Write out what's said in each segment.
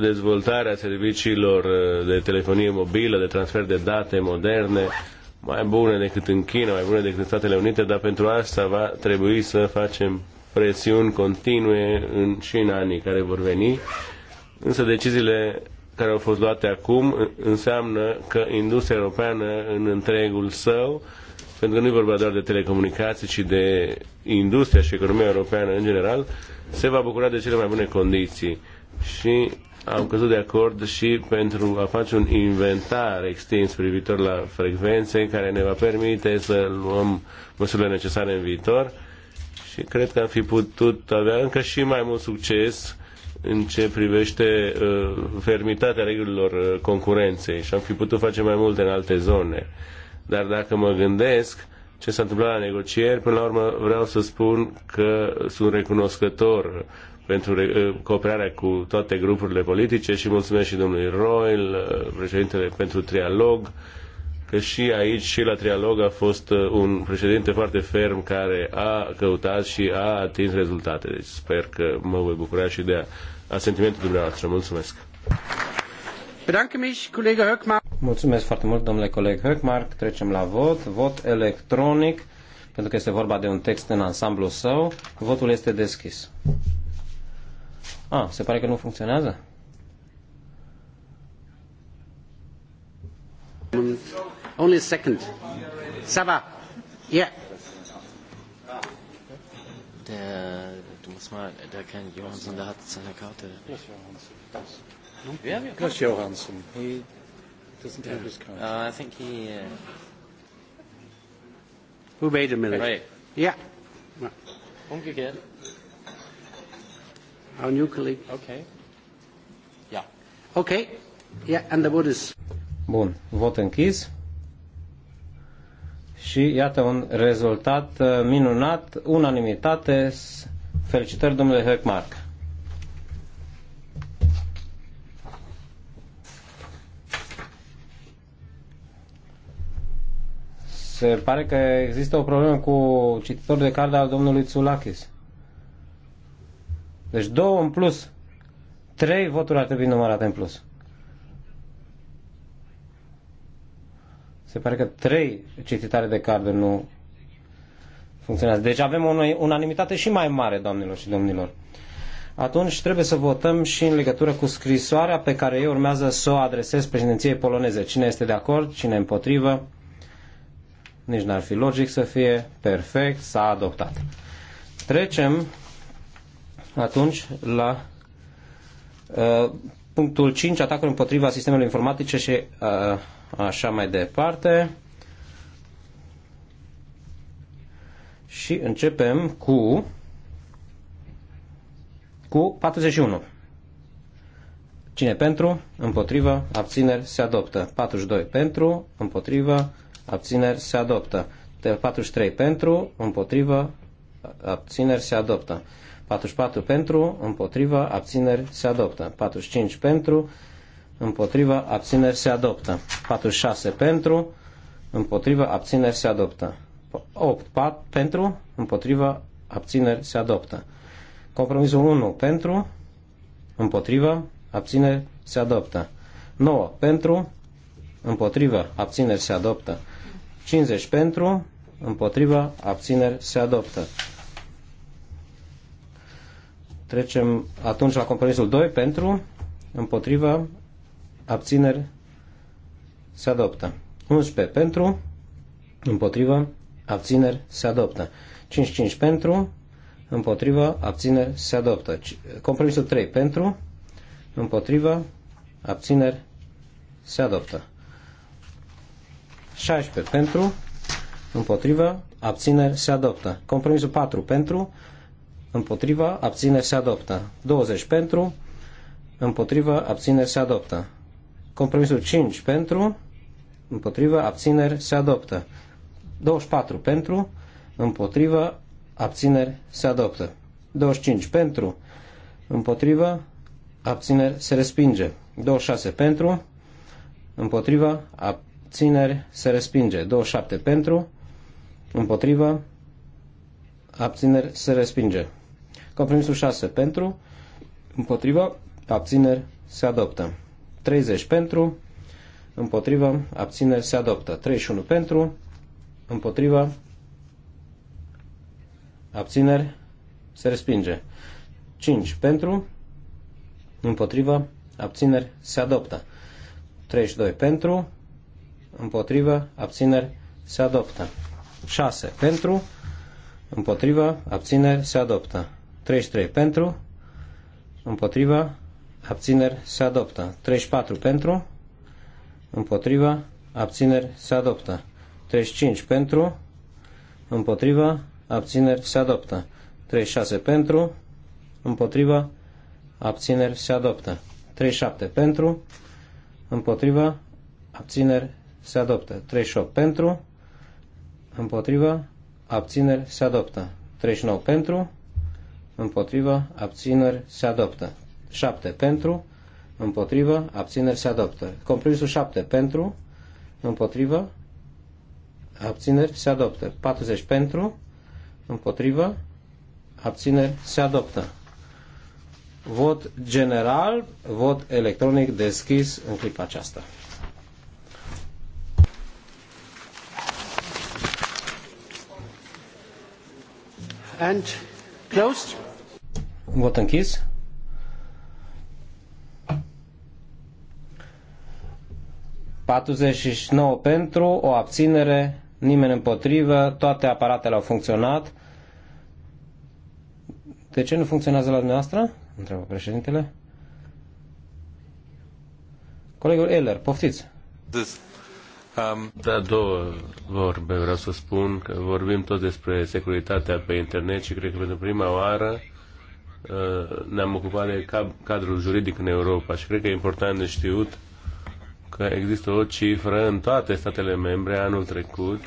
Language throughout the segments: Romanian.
dezvoltarea serviciilor uh, de telefonie mobilă, de transfer de date moderne, mai bune decât în China, mai bune decât în Statele Unite, dar pentru asta va trebui să facem presiuni continue în, și în anii care vor veni. Însă deciziile care au fost luate acum înseamnă că industria europeană în întregul său, pentru că nu e vorba doar de telecomunicații, ci de industria și economia europeană în general, se va bucura de cele mai bune condiții. Și am căzut de acord și pentru a face un inventar extins privitor la frecvențe care ne va permite să luăm măsurile necesare în viitor și cred că am fi putut avea încă și mai mult succes în ce privește uh, fermitatea regulilor uh, concurenței și am fi putut face mai multe în alte zone. Dar dacă mă gândesc ce s-a întâmplat la negocieri, până la urmă vreau să spun că sunt recunoscător pentru uh, cooperarea cu toate grupurile politice și mulțumesc și domnului Royal, uh, președintele pentru trialog, că și aici și la trialog a fost uh, un președinte foarte ferm care a căutat și a atins rezultate. Deci sper că mă voi bucura și de a, a sentimentul dumneavoastră. Mulțumesc! Mulțumesc foarte mult, domnule coleg Höckmark. Trecem la vot. Vot electronic, pentru că este vorba de un text în ansamblu său. Votul este deschis. A, ah, se pare că nu funcționează? Only a second. Sava. Yeah. Der, du musst mal, der kennt Johansson, der hat seine Karte. Klaus Johansson. Wer? Klaus Johansson. He doesn't have his card. Uh, I think he... Uh... Who made a million? Right. Yeah. Umgekehrt. Our new colleague. Okay. Yeah. Okay. Yeah, and the vote is... Bun, vot închis. Și iată un rezultat uh, minunat, unanimitate. Felicitări, domnule Heckmark. Se pare că există o problemă cu cititorul de card al domnului Tsulakis. Deci două în plus, trei voturi ar trebui numărate în plus. Se pare că trei cititare de card nu funcționează. Deci avem o unanimitate și mai mare, doamnelor și domnilor. Atunci trebuie să votăm și în legătură cu scrisoarea pe care eu urmează să o adresez președinției poloneze. Cine este de acord, cine împotrivă, nici n-ar fi logic să fie perfect, s-a adoptat. Trecem atunci la uh, punctul 5, atacuri împotriva sistemelor informatice și uh, așa mai departe. Și începem cu cu 41. Cine pentru, împotriva, abțineri, se adoptă. 42 pentru, împotriva, abțineri, se adoptă. 43 pentru, împotriva, abțineri, se adoptă. 44 pentru, împotriva, abțineri, se adoptă. 45 pentru, împotriva, abțineri, se adoptă. 46 pentru, împotriva, abțineri, se adoptă. 8 4, pentru, împotriva, abțineri, se adoptă. Compromisul 1 pentru, împotriva, abțineri, se adoptă. 9 pentru, împotriva, abțineri, se adoptă. 50 pentru, împotriva, abțineri, se adoptă. Trecem atunci la compromisul 2 pentru, împotrivă, abțineri, se adoptă. 11 pentru, împotrivă, abțineri, se adoptă. 55 pentru, împotrivă, abțineri, se adoptă. Compromisul 3 pentru, împotrivă, abțineri, se adoptă. 16 pentru, împotrivă, abțineri, se adoptă. Compromisul 4 pentru, împotriva, abțineri se adoptă. 20 pentru, împotriva, abțineri se adoptă. Compromisul 5 pentru, împotriva, abțineri se adoptă. 24 pentru, împotriva, abțineri se adoptă. 25 pentru, împotriva, abțineri se respinge. 26 pentru, împotriva, abțineri se respinge. 27 pentru, împotriva, abțineri se respinge. Compromisul 6 pentru, împotrivă, abțineri, se adoptă. 30 pentru, împotrivă, abțineri, se adoptă. 31 pentru, împotrivă, abțineri, se respinge. 5 pentru, împotrivă, abțineri, se adoptă. 32 pentru, împotrivă, abțineri, se adoptă. 6 pentru, împotrivă, abțineri, se adoptă. 33 pentru, împotriva, abțineri se adoptă. 34 pentru, împotriva, abțineri se adoptă. 35 pentru, împotriva, abțineri se adoptă. 36 pentru, împotriva, abțineri se adoptă. 37 pentru, împotriva, abțineri se adoptă. 38 pentru, împotriva, abțineri se adoptă. 39 pentru, împotrivă, abțineri, se adoptă. 7 pentru, împotrivă, abțineri, se adoptă. Compromisul 7 pentru, împotrivă, abțineri, se adoptă. 40 pentru, împotrivă, abțineri, se adoptă. Vot general, vot electronic deschis în clipa aceasta. And closed. Vot închis. Patruzeci pentru, o abținere, nimeni împotrivă, toate aparatele au funcționat. De ce nu funcționează la dumneavoastră? Întreabă președintele. Colegul Eller, poftiți. Um, da, două vorbe vreau să spun, că vorbim tot despre securitatea pe internet și cred că pentru prima oară Uh, ne-am ocupat de cadrul juridic în Europa și cred că e important de știut că există o cifră în toate statele membre anul trecut.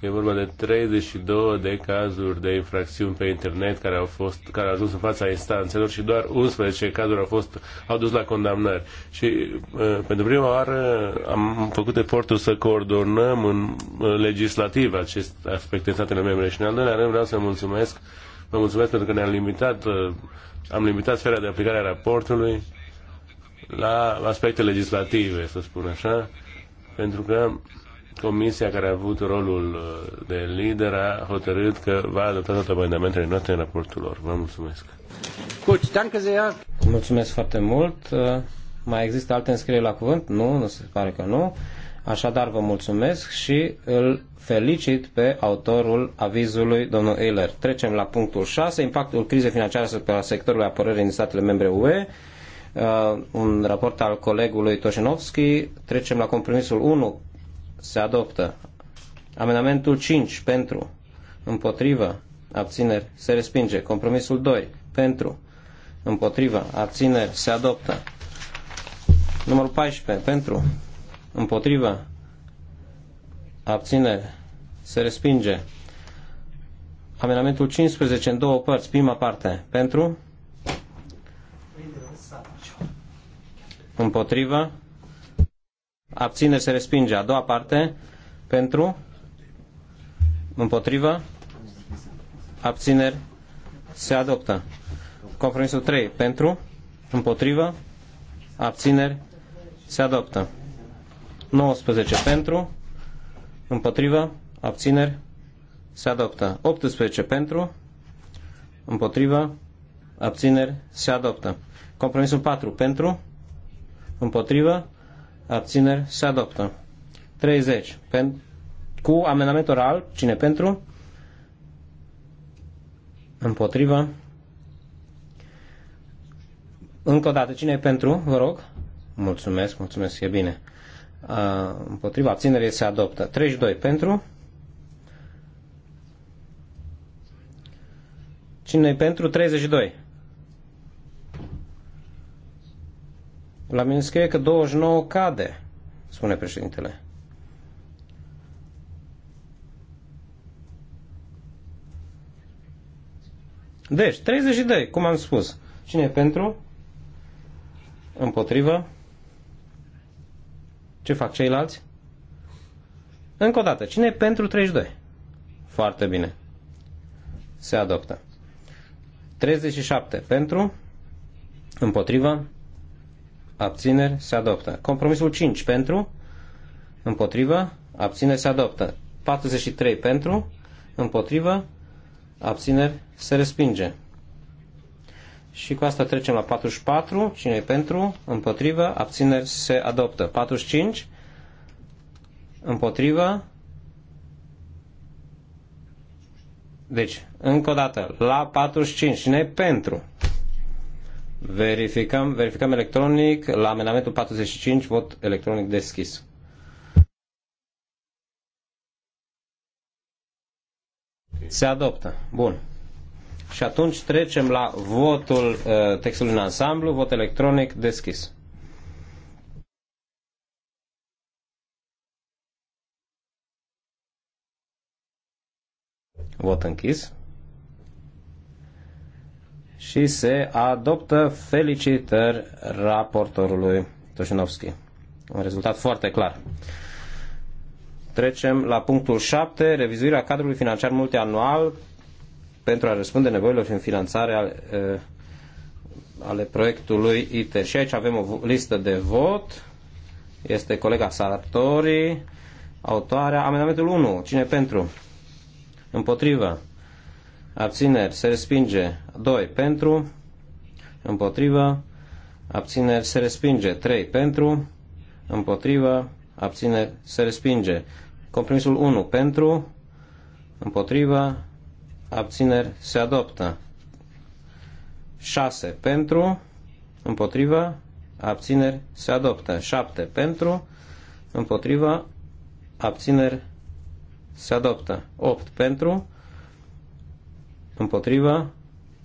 E vorba de 32 de cazuri de infracțiuni pe internet care au, fost, care au ajuns în fața instanțelor și doar 11 cazuri au, fost, au dus la condamnări. Și uh, pentru prima oară am făcut efortul să coordonăm în uh, legislativ acest aspect în statele membre și în al doilea rând vreau să mulțumesc uh, Vă mulțumesc pentru că ne-am limitat, uh, am limitat sfera de aplicare a raportului la aspecte legislative, să spun așa, pentru că comisia care a avut rolul uh, de lider a hotărât că va adopta toate amendamentele noastre în raportul lor. Vă mulțumesc. Mulțumesc foarte mult. Uh, mai există alte înscrieri la cuvânt? Nu, nu se pare că nu. Așadar, vă mulțumesc și îl felicit pe autorul avizului, domnul Eiler. Trecem la punctul 6, impactul crizei financiare asupra sectorului apărării din statele membre UE. Uh, un raport al colegului Toșinovski. Trecem la compromisul 1. Se adoptă. Amendamentul 5 pentru. Împotrivă. Abțineri. Se respinge. Compromisul 2 pentru. Împotrivă. Abțineri. Se adoptă. Numărul 14 pentru împotriva, abțineri, se respinge. Amendamentul 15 în două părți, prima parte, pentru, împotriva, abțineri, se respinge. A doua parte, pentru, împotriva, abțineri, se adoptă. Compromisul 3, pentru, împotriva, abțineri, se adoptă. 19 pentru, împotrivă, abțineri, se adoptă. 18 pentru, împotrivă, abțineri, se adoptă. Compromisul 4 pentru, împotrivă, abțineri, se adoptă. 30 pen, cu amendament oral, cine pentru? Împotrivă. Încă o dată, cine e pentru? Vă rog. Mulțumesc, mulțumesc, e bine împotriva abținerii se adoptă. 32 pentru. Cine e pentru? 32. La mine scrie că 29 cade, spune președintele. Deci, 32, cum am spus. Cine e pentru? Împotrivă? Ce fac ceilalți? Încă o dată, cine e pentru 32? Foarte bine. Se adoptă. 37 pentru, împotriva, abțineri, se adoptă. Compromisul 5 pentru, împotriva, abțineri, se adoptă. 43 pentru, împotriva, abțineri, se respinge. Și cu asta trecem la 44. Cine e pentru? Împotrivă. Abțineri se adoptă. 45. Împotrivă. Deci, încă o dată, la 45. Cine e pentru? Verificăm, verificăm electronic la amendamentul 45, vot electronic deschis. Se adoptă. Bun. Și atunci trecem la votul uh, textului în ansamblu, vot electronic deschis. Vot închis. Și se adoptă felicitări raportorului Toșinovski. Un rezultat foarte clar. Trecem la punctul 7, revizuirea cadrului financiar multianual pentru a răspunde nevoilor în finanțare ale, ale proiectului ITER. Și aici avem o listă de vot. Este colega Sartori, autoarea. Amendamentul 1. Cine pentru? Împotrivă. Abțineri. Se respinge. 2. Pentru. Împotrivă. Abțineri. Se respinge. 3. Pentru. Împotrivă. Abțineri. Se respinge. Compromisul 1. Pentru. Împotrivă abțineri se adoptă. 6 pentru, împotriva, abțineri se adoptă. 7 pentru, împotriva, abțineri se adoptă. 8 pentru, împotriva,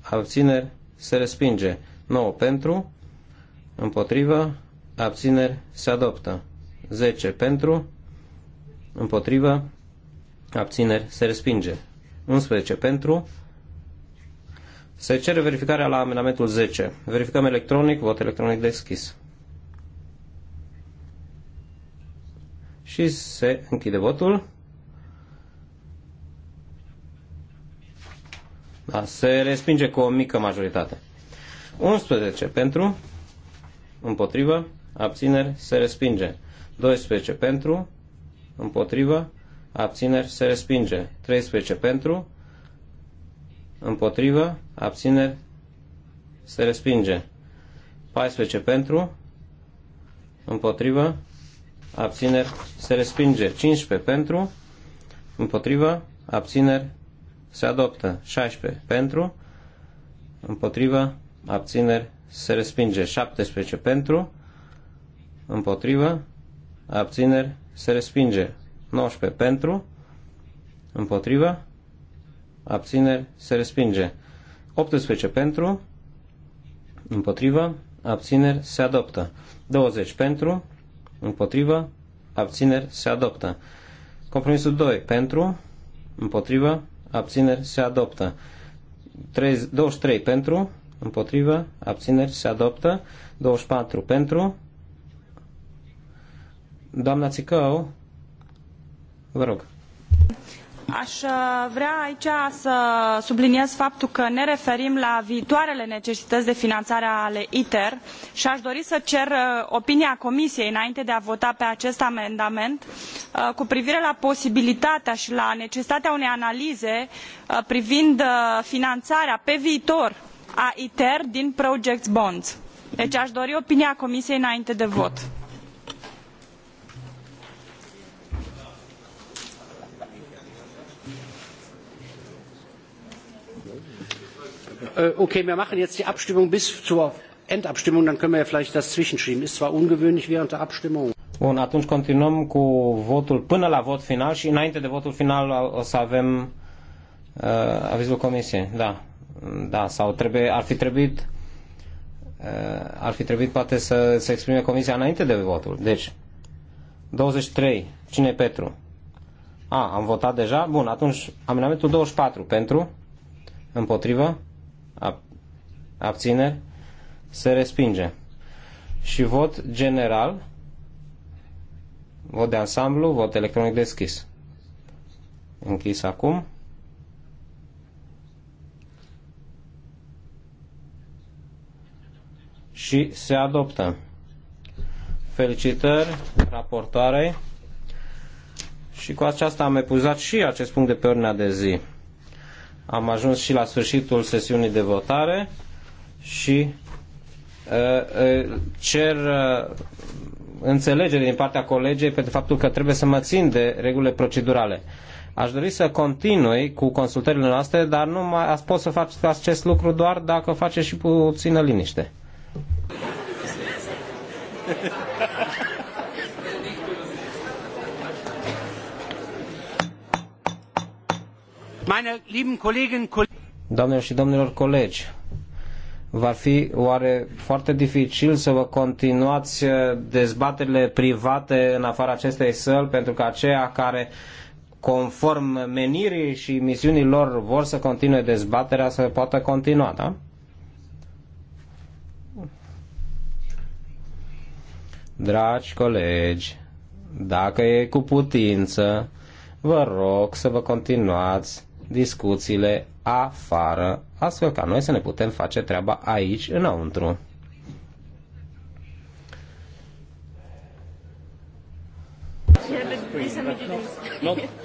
abțineri se respinge. 9 pentru, împotriva, abțineri se adoptă. 10 pentru, împotriva, abțineri se respinge. 11 pentru. Se cere verificarea la amendamentul 10. Verificăm electronic, vot electronic deschis. Și se închide votul. Da, se respinge cu o mică majoritate. 11 pentru, împotrivă, abțineri, se respinge. 12 pentru, împotrivă, abțineri, se respinge. 13 pentru, împotrivă, abțineri, se respinge. 14 pentru, împotrivă, abțineri, se respinge. 15 pentru, împotrivă, abțineri, se adoptă. 16 pentru, împotrivă, abțineri, se respinge. 17 pentru, împotrivă, abțineri, se respinge. 19 pentru, împotrivă, abțineri, se respinge. 18 pentru, împotrivă, abțineri, se adoptă. 20 pentru, împotrivă, abțineri, se adoptă. Compromisul 2 pentru, împotrivă, abțineri, se adoptă. 23 pentru, împotrivă, abțineri, se adoptă. 24 pentru, doamna Țicău, Vă rog. Aș uh, vrea aici să subliniez faptul că ne referim la viitoarele necesități de finanțare ale ITER și aș dori să cer uh, opinia Comisiei înainte de a vota pe acest amendament uh, cu privire la posibilitatea și la necesitatea unei analize privind finanțarea pe viitor a ITER din project bonds. Deci aș dori opinia Comisiei înainte de vot. Äh, okay, wir machen jetzt die Abstimmung bis zur Endabstimmung, dann können wir ja vielleicht das zwischenschieben. Ist zwar ungewöhnlich während der Abstimmung. Bun, atunci continuăm cu votul până la vot final și înainte de votul final o să avem uh, avizul comisiei. Da, da, sau trebuie, ar fi trebuit uh, ar fi trebuit poate să se exprime comisia înainte de votul. Deci, 23. Cine e Petru? A, am votat deja? Bun, atunci amendamentul 24 pentru, împotrivă, abțineri? Se respinge. Și vot general, vot de ansamblu, vot electronic deschis. Închis acum. și se adoptă. Felicitări raportoarei și cu aceasta am epuzat și acest punct de pe ordinea de zi. Am ajuns și la sfârșitul sesiunii de votare și uh, uh, cer uh, înțelegere din partea colegei pentru faptul că trebuie să mă țin de regulile procedurale. Aș dori să continui cu consultările noastre, dar nu mai, ați pot să fac acest lucru doar dacă face și puțină liniște. Doamnelor și domnilor colegi, va fi oare foarte dificil să vă continuați uh, dezbaterile private în afara acestei săli, pentru că aceia care conform menirii și misiunii lor vor să continue dezbaterea să poată continua, da? Dragi colegi, dacă e cu putință, vă rog să vă continuați discuțiile afară, astfel ca noi să ne putem face treaba aici, înăuntru.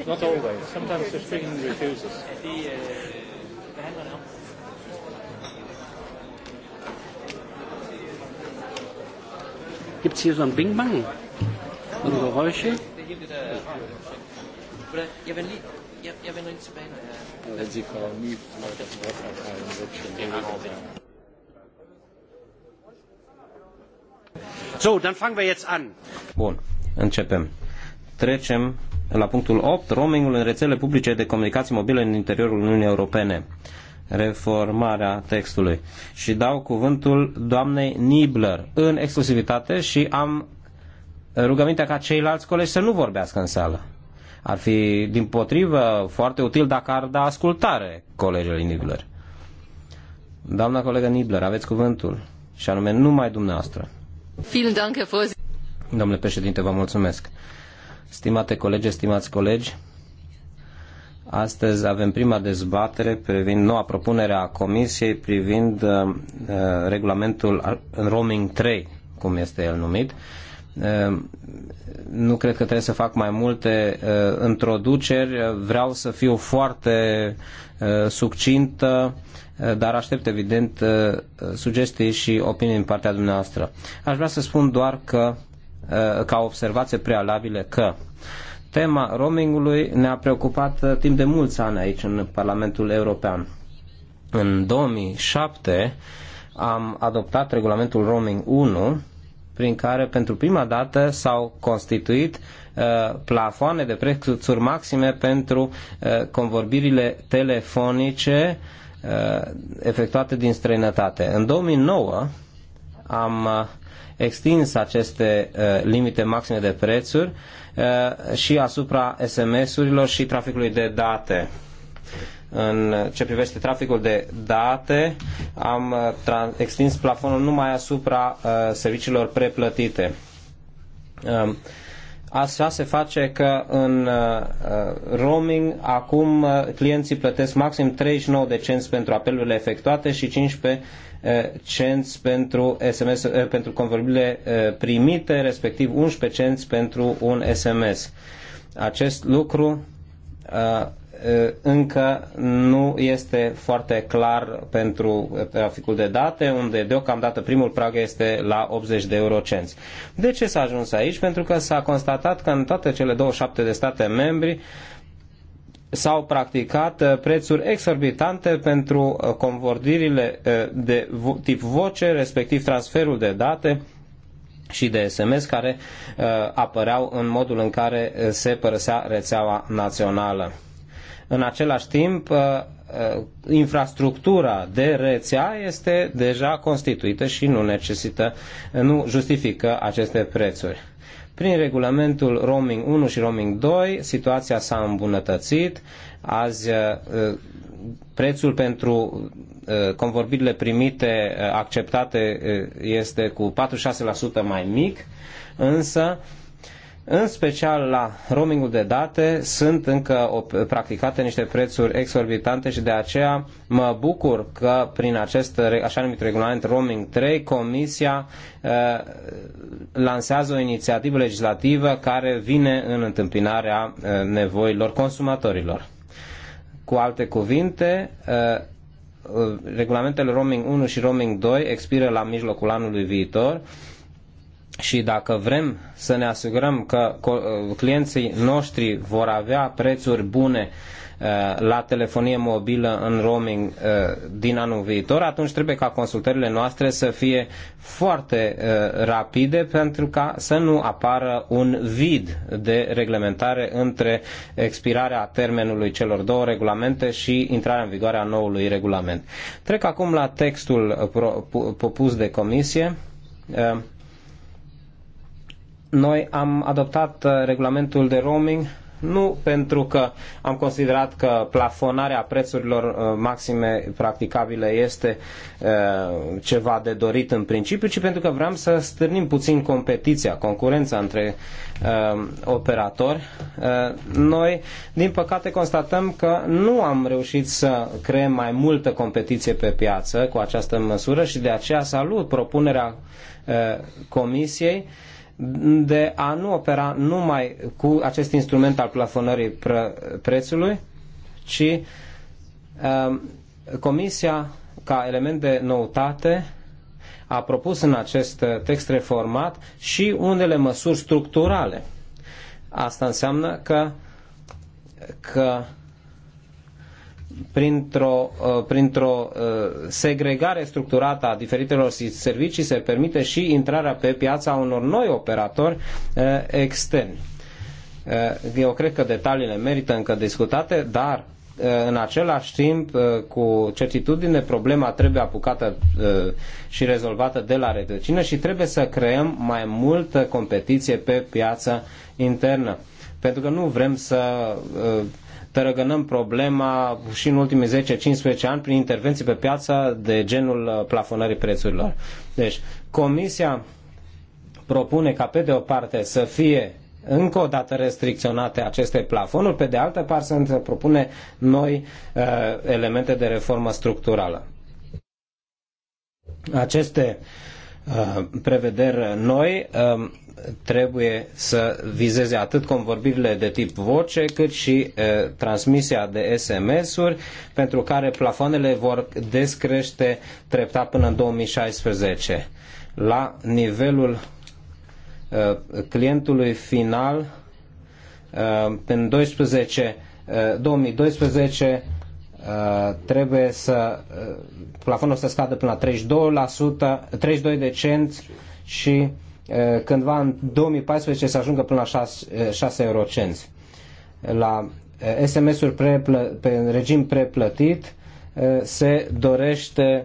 not, always. Sometimes the refuses. Gibt es hier so ein Bing-Bang? Und Geräusche? Oder, ja, wenn jag, jag da. So, dann fangen wir jetzt an. Bun, începem. Trecem la punctul 8, roamingul în rețele publice de comunicații mobile în interiorul Uniunii Europene. Reformarea textului. Și dau cuvântul doamnei Nibler în exclusivitate și am rugămintea ca ceilalți colegi să nu vorbească în sală. Ar fi, din potrivă, foarte util dacă ar da ascultare colegilor Nibler. Doamna colegă Nibler, aveți cuvântul. Și anume, numai dumneavoastră. Domnule președinte, vă mulțumesc. Stimate colegi, stimați colegi, Astăzi avem prima dezbatere privind noua propunere a Comisiei privind uh, uh regulamentul roaming 3, cum este el numit, Ehm, nu cred că trebuie să fac mai multe eh, introduceri, vreau să fiu foarte eh, succintă, eh, dar aștept evident sugestii și opinii din partea dumneavoastră. Aș vrea să spun doar că, ca observație prealabile, că tema roamingului ne-a preocupat timp de mulți ani aici în Parlamentul European. În 2007 am adoptat regulamentul Roaming 1 prin care pentru prima dată s-au constituit uh, plafoane de prețuri maxime pentru uh, convorbirile telefonice uh, efectuate din străinătate. În 2009 am extins aceste limite maxime de prețuri și asupra SMS-urilor și traficului de date în ce privește traficul de date, am uh, extins plafonul numai asupra uh, serviciilor preplătite. Um, așa se face că în uh, roaming acum clienții plătesc maxim 39 de cenți pentru apelurile efectuate și 15 cenți pentru, SMS, pentru convorbirile primite, respectiv 11 cenți pentru un SMS. Acest lucru încă nu este foarte clar pentru traficul de date, unde deocamdată primul prag este la 80 de eurocenți. De ce s-a ajuns aici? Pentru că s-a constatat că în toate cele 27 de state membri s-au practicat prețuri exorbitante pentru convordirile de tip voce, respectiv transferul de date și de SMS care apăreau în modul în care se părăsea rețeaua națională în același timp uh, uh, infrastructura de rețea este deja constituită și nu necesită, nu justifică aceste prețuri. Prin regulamentul roaming 1 și roaming 2, situația s-a îmbunătățit. Azi uh, prețul pentru convorbirile primite acceptate este cu 46% mai mic, însă în special la roamingul de date, sunt încă practicate niște prețuri exorbitante și de aceea mă bucur că prin acest așa numit regulament roaming 3 Comisia uh, lansează o inițiativă legislativă care vine în întâmpinarea uh, nevoilor consumatorilor. Cu alte cuvinte, uh, uh regulamentele roaming 1 și roaming 2 expiră la mijlocul anului viitor și dacă vrem să ne asigurăm că clienții noștri vor avea prețuri bune uh, la telefonie mobilă în roaming uh, din anul viitor, atunci trebuie ca consultările noastre să fie foarte uh, rapide pentru ca să nu apară un vid de reglementare între expirarea termenului celor două regulamente și intrarea în vigoare a noului regulament. Trec acum la textul propus de comisie noi am adoptat uh, regulamentul de roaming nu pentru că am considerat că plafonarea prețurilor uh, maxime practicabile este uh, ceva de dorit în principiu, ci pentru că vrem să stârnim puțin competiția, concurența între operatori. Noi, din păcate, constatăm că nu am reușit să creăm mai multă competiție pe piață cu această măsură și de aceea salut propunerea Comisiei de a nu opera numai cu acest instrument al plafonării prețului, ci um, Comisia, ca element de noutate, a propus în acest text reformat și unele măsuri structurale. Asta înseamnă că, că printr-o, uh, printr-o uh, segregare structurată a diferitelor servicii se permite și intrarea pe piața unor noi operatori uh, externi. Eu cred că detaliile merită încă discutate, dar în același timp, cu certitudine, problema trebuie apucată și rezolvată de la rădăcină și trebuie să creăm mai multă competiție pe piața internă. Pentru că nu vrem să tărăgănăm problema și în ultimii 10-15 ani prin intervenții pe piață de genul uh, plafonării prețurilor. Deci, Comisia propune ca pe de o parte să fie încă o dată restricționate aceste plafonuri, pe de altă parte se propune noi uh, elemente de reformă structurală. Aceste uh, Uh, prevederi noi um, trebuie să vizeze atât convorbirile de tip voce, cât și uh, transmisia de SMS-uri, pentru care plafoanele vor descrește treptat până în 2016. La nivelul uh, clientului final, în 12, 2012, Uh, trebuie să uh, plafonul să scadă până la 32%, 32 de cenți și uh, cândva în 2014 să ajungă până la 6, 6 eurocenți. La SMS-uri preplă, pe regim preplătit se dorește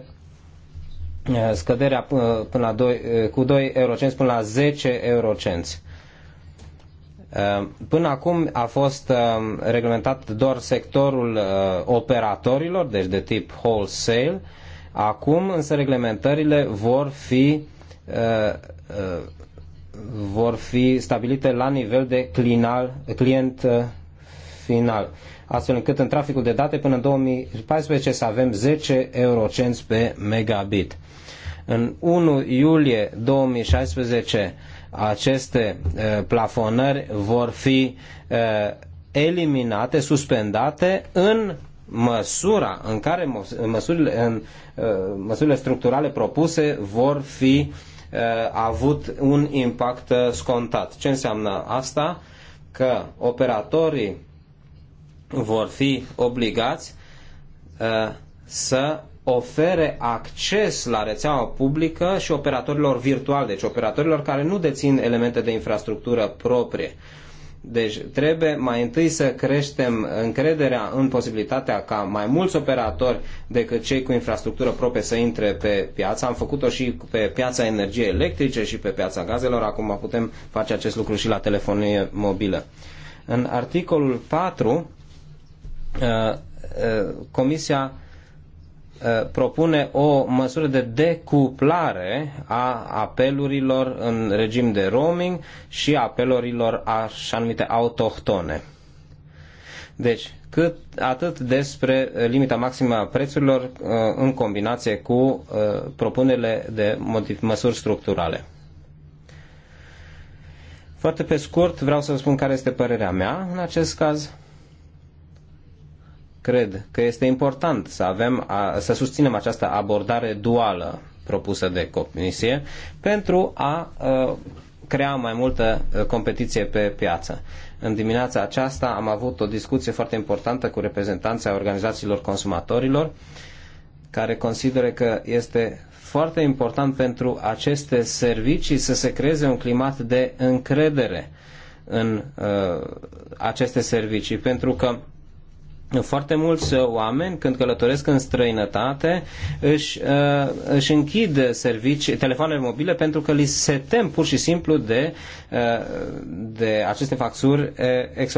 scăderea până la 2, cu 2 eurocenți până la 10 eurocenți. Ehm, până acum a fost ehm, reglementat doar sectorul eh, operatorilor, deci de tip wholesale. Acum însă reglementările vor fi eh, eh, vor fi stabilite la nivel de clinal, client final, astfel încât în traficul de date până în 2014 să avem 10 eurocenți pe megabit. În 1 iulie 2016 aceste eh, plafonări vor fi eh, eliminate, suspendate în măsura în care măsurile, în, eh, măsurile structurale propuse vor fi avut un impact scontat. Ce înseamnă asta? Că operatorii vor fi obligați să ofere acces la rețeaua publică și operatorilor virtuali, deci operatorilor care nu dețin elemente de infrastructură proprie. Deci trebuie mai întâi să creștem încrederea în posibilitatea ca mai mulți operatori decât cei cu infrastructură proprie să intre pe piață. Am făcut-o și pe piața energiei electrice și pe piața gazelor. Acum putem face acest lucru și la telefonie mobilă. În articolul 4, uh, uh, Comisia Uh, propune o măsură de decuplare a apelurilor în regim de roaming și a apelurilor așa numite autohtone. Deci, cât, atât despre limita maximă a prețurilor uh, în combinație cu uh, propunerile de motiv, măsuri structurale. Foarte pe scurt, vreau să vă spun care este părerea mea în acest caz. Cred că este important să, avem, să susținem această abordare duală propusă de comisie pentru a crea mai multă competiție pe piață. În dimineața aceasta am avut o discuție foarte importantă cu reprezentanța organizațiilor consumatorilor care consideră că este foarte important pentru aceste servicii să se creeze un climat de încredere în uh, aceste servicii, pentru că foarte mulți oameni când călătoresc în străinătate își, uh, își închid servicii, telefoanele mobile pentru că li se tem pur și simplu de, uh, de aceste facturi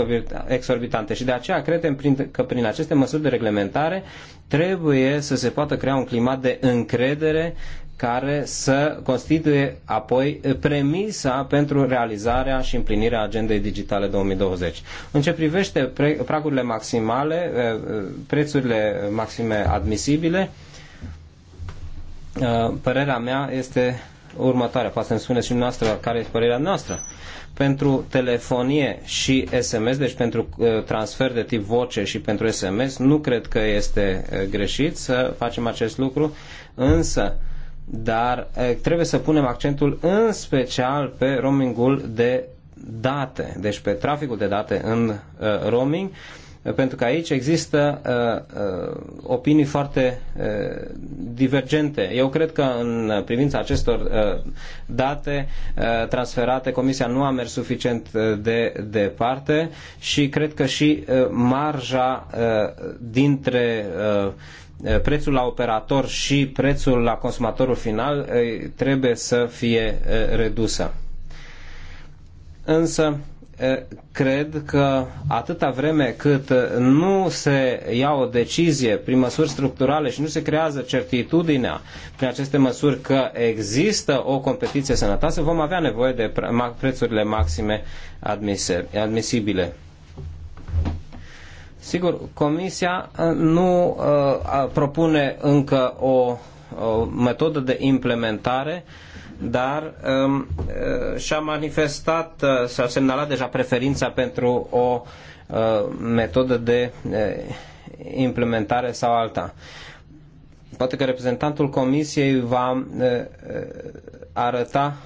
uh, exorbitante și de aceea credem prin, că prin aceste măsuri de reglementare trebuie să se poată crea un climat de încredere care să constituie apoi premisa pentru realizarea și împlinirea agendei digitale 2020. În ce privește pragurile maximale, eh, eh, prețurile maxime admisibile, eh, părerea mea este următoarea. Poate să-mi spuneți și noastră care este părerea noastră. Pentru telefonie și SMS, deci pentru transfer de tip voce și pentru SMS, nu cred că este greșit să facem acest lucru, însă dar trebuie să punem accentul în special pe roamingul de date, deci pe traficul de date în roaming, pentru că aici există opinii foarte divergente. Eu cred că în privința acestor date transferate, Comisia nu a mers suficient de departe și cred că și marja dintre Eh, prețul la operator și prețul la consumatorul final eh, trebuie să fie eh, redusă. Însă, cred că atâta vreme cât nu se ia o decizie prin măsuri structurale și nu se creează certitudinea prin aceste măsuri că există o competiție sănătoasă, vom avea nevoie de prețurile maxime admise, admisibile. Sigur, Comisia uh, nu uh, propune încă o, o metodă de implementare, dar um, uh, și-a manifestat, s-a semnalat deja preferința pentru o uh, metodă de uh, implementare sau alta. Poate că reprezentantul Comisiei va uh, arăta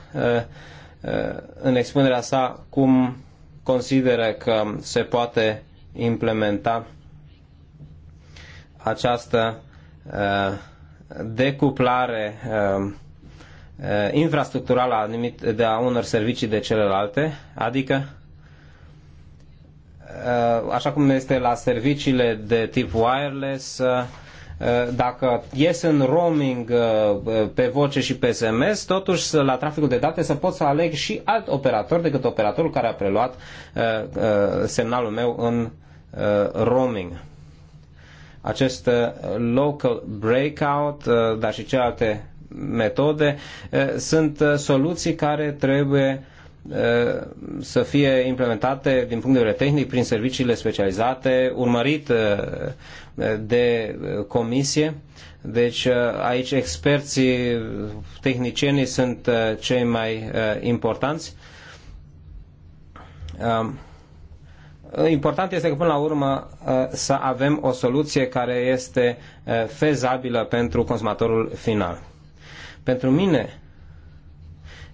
în expunerea sa cum consideră că se poate implementa această uh, decuplare uh, uh, infrastructurală de a unor servicii de celelalte, adică așa cum este la serviciile de tip wireless, dacă ies în roaming pe voce și pe SMS, totuși la traficul de date să pot să aleg și alt operator decât operatorul care a preluat semnalul meu în Uh, roaming. Acest uh, local breakout, uh, dar și celelalte metode sunt soluții care trebuie să fie implementate din punct de vedere tehnic prin serviciile specializate, urmărit de comisie. Deci aici experții, tehnicienii sunt cei mai importanți. Um, important este că până la urmă uh, să avem o soluție care este uh, fezabilă pentru consumatorul final. Pentru mine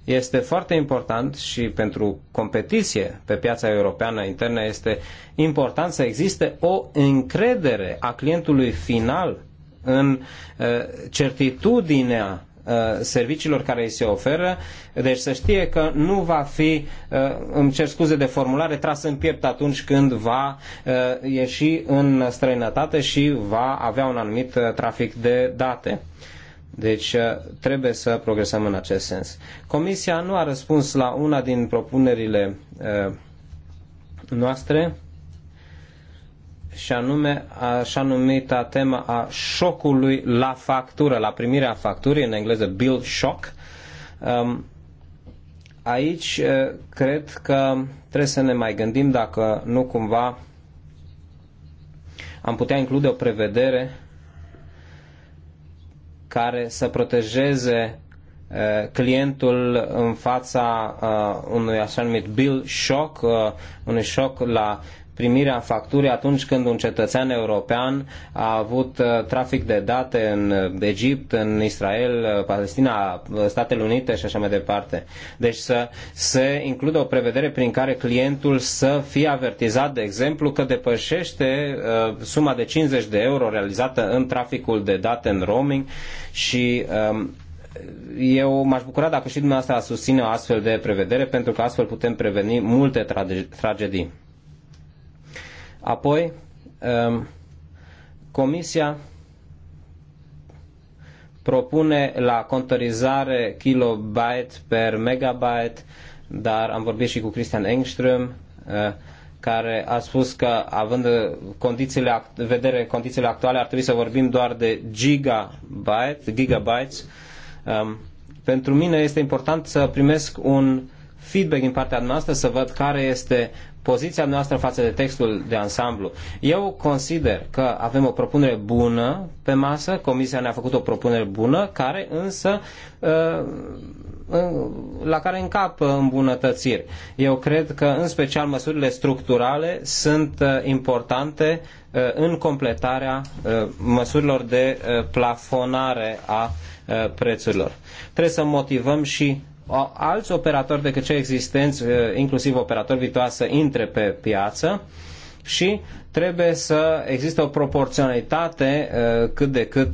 este foarte important și pentru competiție pe piața europeană internă este important să existe o încredere a clientului final în uh, certitudinea Uh, serviciilor care îi se oferă, deci să știe că nu va fi, uh, îmi cer scuze de formulare, tras în piept atunci când va uh, ieși în străinătate și va avea un anumit trafic de date. Deci trebuie să progresăm în acest sens. Comisia nu a răspuns la una din propunerile noastre și anume așa numita tema a șocului la factură, la primirea facturii, în engleză bill shock. Um, aici uh, cred că trebuie să ne mai gândim dacă nu cumva am putea include o prevedere care să protejeze uh, clientul în fața uh, unui așa numit bill shock, unui șoc la primirea facturii atunci când un cetățean european a avut uh, trafic de date în uh, Egipt, în Israel, uh, Palestina, Statele Unite și așa mai departe. Deci să se includă o prevedere prin care clientul să fie avertizat, de exemplu, că depășește suma de 50 de euro realizată în traficul de date în roaming și um, eu m-aș bucura dacă și dumneavoastră susține o astfel de prevedere, pentru că astfel putem preveni multe tragedii. Apoi, um, Comisia propune la contorizare kilobyte per megabyte, dar am vorbit și cu Christian Engström, uh, care a spus că, având condițiile, vedere condițiile actuale, ar trebui să vorbim doar de gigabyte, gigabytes. Um, pentru mine este important să primesc un feedback din partea noastră, să văd care este poziția noastră față de textul de ansamblu. Eu consider că avem o propunere bună pe masă, Comisia ne-a făcut o propunere bună, care însă uh, la care încap îmbunătățiri. Eu cred că, în special, măsurile structurale sunt uh, importante uh, în completarea măsurilor de plafonare a prețurilor. Trebuie să motivăm și alți operatori decât cei existenți, inclusiv operatori viitoare, să intre pe piață și trebuie să existe o proporționalitate cât de cât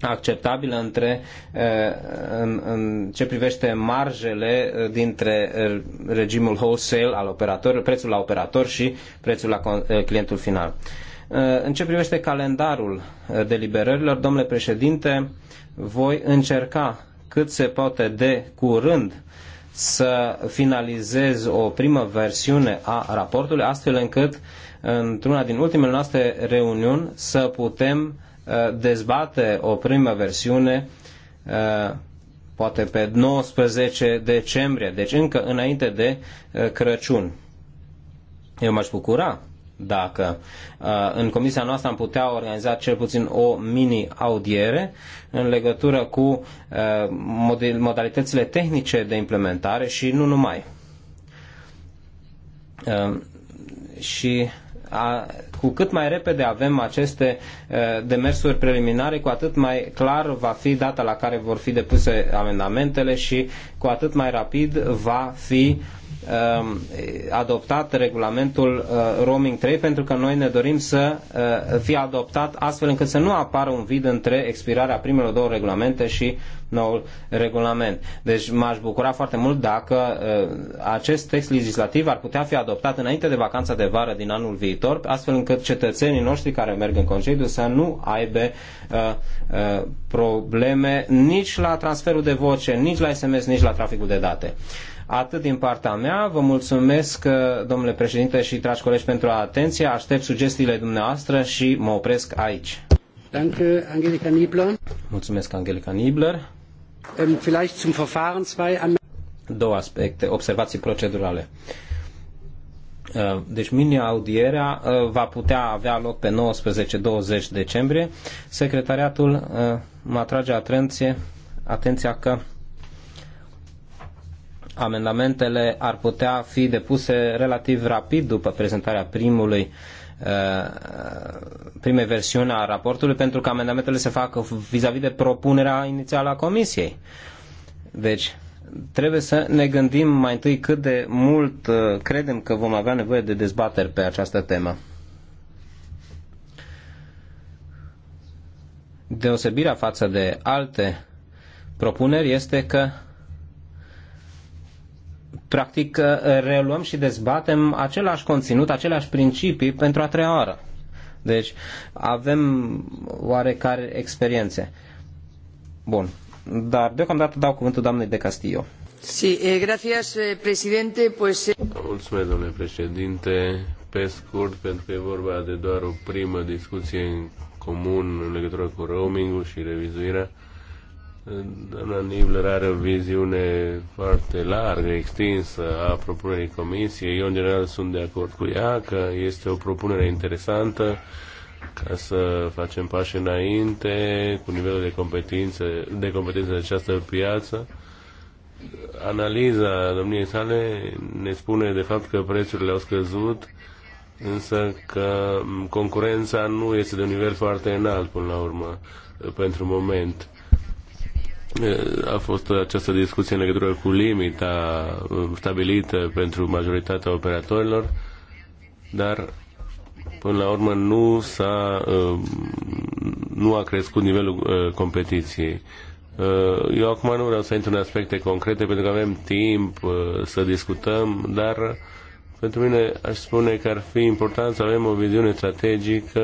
acceptabilă între, în, în ce privește marjele dintre regimul wholesale al operatorului, prețul la operator și prețul la clientul final. În ce privește calendarul deliberărilor, domnule președinte, voi încerca cât se poate de curând să finalizez o primă versiune a raportului, astfel încât într-una din ultimele noastre reuniuni să putem uh, dezbate o primă versiune uh, poate pe 19 decembrie, deci încă înainte de uh, Crăciun. Eu m-aș bucura dacă uh, în comisia noastră am putea organiza cel puțin o mini-audiere în legătură cu uh, modalitățile tehnice de implementare și nu numai. Uh, și a, cu cât mai repede avem aceste a, demersuri preliminare, cu atât mai clar va fi data la care vor fi depuse amendamentele și cu atât mai rapid va fi Um, adoptat regulamentul uh, roaming 3 pentru că noi ne dorim să uh, fie adoptat astfel încât să nu apară un vid între expirarea primelor două regulamente și noul regulament. Deci m-aș bucura foarte mult dacă uh, acest text legislativ ar putea fi adoptat înainte de vacanța de vară din anul viitor, astfel încât cetățenii noștri care merg în concediu să nu aibă probleme nici la transferul de voce, nici la SMS, nici la traficul de date. Atât din partea mea, vă mulțumesc, uh, domnule președinte și dragi colegi, pentru atenție. Aștept sugestiile dumneavoastră și mă opresc aici. Angelica Mulțumesc, Angelica Niebler. Um, vielleicht zum Verfahren zwei Două aspecte, observații procedurale. Uh, deci mini-audierea uh, va putea avea loc pe 19-20 decembrie. Secretariatul mă atrage atenție, atenția că Amendamentele ar putea fi depuse relativ rapid după prezentarea primului eh, primei versiuni a raportului pentru că amendamentele se fac vis-a-vis -vis de propunerea inițială a Comisiei. Deci, trebuie să ne gândim mai întâi cât de mult eh, credem că vom avea nevoie de dezbateri pe această temă. Deosebirea față de alte propuneri este că practic uh, reluăm și dezbatem același conținut, aceleași principii pentru a treia oară. Deci avem oarecare experiențe. Bun. Dar deocamdată dau cuvântul doamnei de Castillo. Sí, eh, gracias, eh, presidente. Pues, eh... Mulțumesc, domnule președinte. Pe scurt, pentru că e vorba de doar o primă discuție în comun în legătură cu roamingul și revizuirea Doamna Nibler are o viziune foarte largă, extinsă a propunerii comisiei. Eu, în general, sunt de acord cu ea că este o propunere interesantă ca să facem pași înainte cu nivelul de competență de, competență de această piață. Analiza domniei sale ne spune, de fapt, că prețurile au scăzut însă că concurența nu este de un nivel foarte înalt până la urmă pentru moment a fost această discuție în legătură cu limita uh, stabilită pentru majoritatea operatorilor, dar până la urmă nu, s-a, uh, nu a crescut nivelul uh, competiției. Eu acum nu vreau să intru în aspecte concrete pentru că avem timp să discutăm, dar pentru mine aș spune că ar fi important să avem o viziune strategică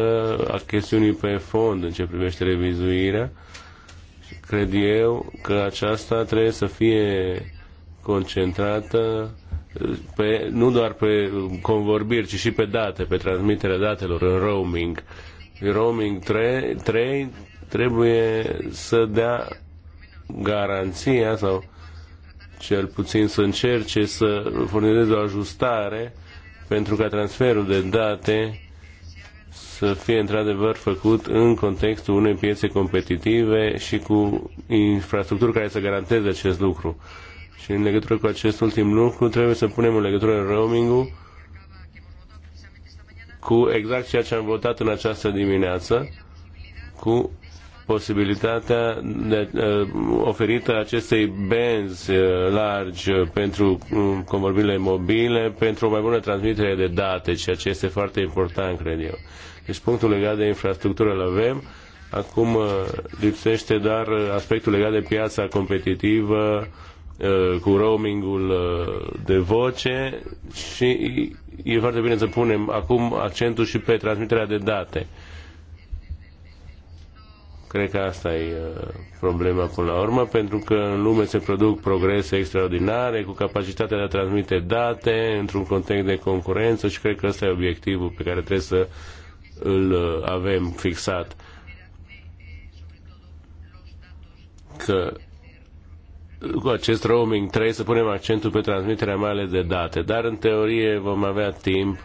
a chestiunii pe fond în ce privește revizuirea cred eu că aceasta trebuie să fie concentrată uh, pe, nu doar pe convorbiri, ci și pe date, pe transmiterea datelor în roaming. Roaming 3, 3 trebuie să dea garanția sau cel puțin să încerce să furnizeze o ajustare pentru ca transferul de date să fie într-adevăr făcut în contextul unei piețe competitive și cu infrastructuri care să garanteze acest lucru. Și în legătură cu acest ultim lucru trebuie să punem în legătură roaming-ul cu exact ceea ce am votat în această dimineață, cu posibilitatea de, uh, oferită acestei benzi uh, largi uh, pentru uh, um, convorbirile mobile, pentru o mai bună transmitere de date, ceea ce este foarte important, cred eu. Deci punctul legat de infrastructură îl avem. Acum uh, lipsește dar uh, aspectul legat de piața competitivă, uh, cu roamingul de voce și e foarte bine să punem acum accentul și pe transmiterea de date. Cred că asta e problema până la urmă, pentru că în lume se produc progrese extraordinare cu capacitatea de a transmite date într-un context de concurență și cred că ăsta e obiectivul pe care trebuie să îl uh, avem fixat că cu acest roaming trebuie să punem accentul pe transmiterea mai ales de date, dar în teorie vom avea timp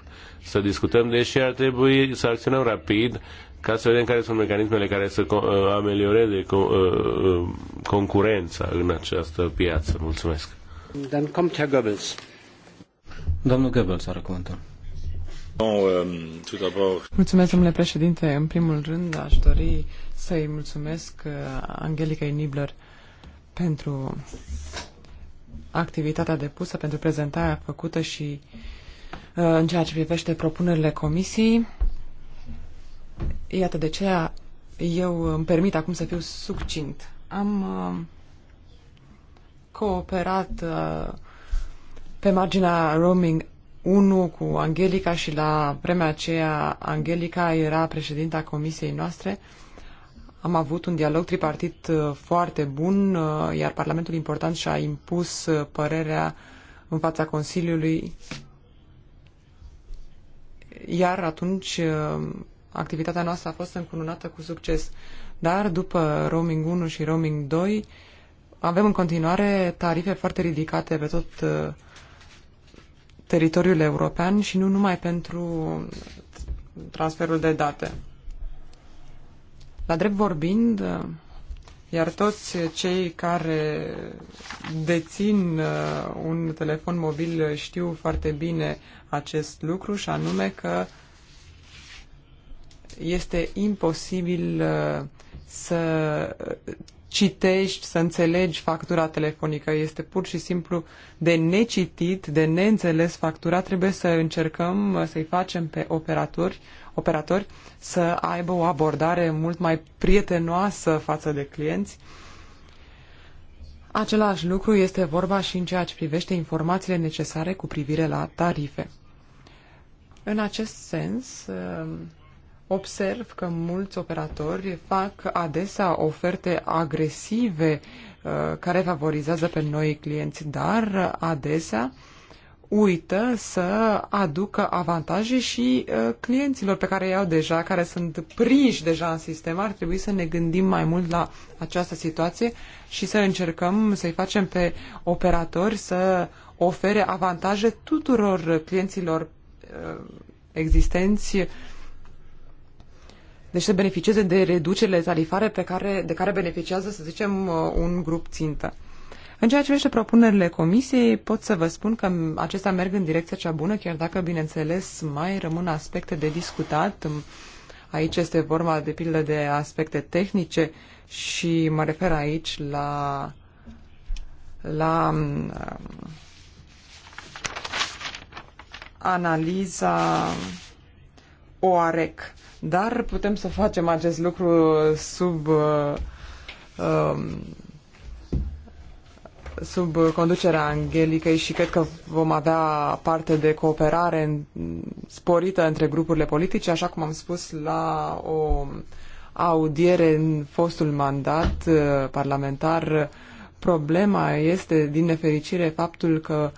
să discutăm, deși ar trebui să acționăm rapid ca să vedem care sunt mecanismele care să uh, amelioreze uh, concurența în această piață. Mulțumesc. Dan kommt Herr Goebbels. Domnul Goebbels are cuvântul. Mulțumesc, domnule președinte. În primul rând, aș dori să-i mulțumesc uh, Angelicăi Nibler pentru activitatea depusă, pentru prezentarea făcută și uh, în ceea ce privește propunerile comisiei. Iată de ce eu îmi permit acum să fiu succint. Am uh, cooperat pe marginea roaming 1 cu Angelica și la vremea aceea Angelica era președinta comisiei noastre. Am avut un dialog tripartit uh, foarte bun, uh, iar Parlamentul important și-a impus uh, părerea în fața Consiliului. Iar atunci activitatea noastră a fost încununată cu succes. Dar după roaming 1 și roaming 2 avem în continuare tarife foarte ridicate pe tot teritoriul european și nu numai pentru transferul de date. La drept vorbind, iar toți cei care dețin uh, un telefon mobil știu foarte bine acest lucru și anume că este imposibil uh, să citești, să înțelegi factura telefonică. Este pur și simplu de necitit, de neînțeles factura. Trebuie să încercăm să-i facem pe operatori, operatori să aibă o abordare mult mai prietenoasă față de clienți. Același lucru este vorba și în ceea ce privește informațiile necesare cu privire la tarife. În acest sens, observ că mulți operatori fac adesea oferte agresive uh, care favorizează pe noi clienți, dar adesea uită să aducă avantaje și uh, clienților pe care i-au deja, care sunt prinși deja în sistem. Ar trebui să ne gândim mai mult la această situație și să încercăm să-i facem pe operatori să ofere avantaje tuturor clienților uh, existenți deci să beneficieze de reducerile tarifare pe care, de care beneficiază, să zicem, uh, un grup țintă. În ceea ce privește propunerile comisiei, pot să vă spun că acestea merg în direcția cea bună, chiar dacă, bineînțeles, mai rămân aspecte de discutat. Aici este vorba, de pildă, de aspecte tehnice și mă refer aici la, la um, analiza OAREC. Dar putem să facem acest lucru sub, uh, um, sub conducerea Angelicăi și cred că vom avea parte de cooperare sporită între grupurile politice, așa cum am spus la o audiere în fostul mandat uh, parlamentar. Problema este, din nefericire, faptul că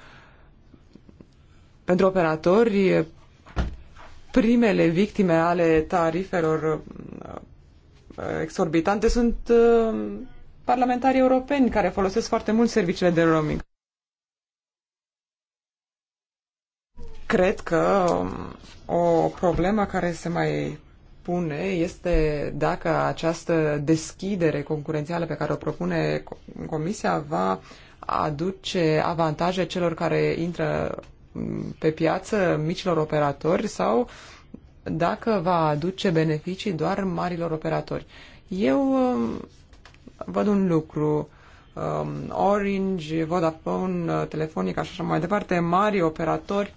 pentru operatori primele victime ale tarifelor uh, uh, exorbitante sunt uh, parlamentarii europeni care folosesc foarte mult serviciile de roaming. Cred că um, o problemă care se mai pune este dacă această deschidere concurențială pe care o propune Comisia va aduce avantaje celor care intră pe piață micilor operatori sau dacă va aduce beneficii doar marilor operatori. Eu um, văd un lucru, um, Orange, Vodafone, uh, Telefonica și așa mai departe, mari operatori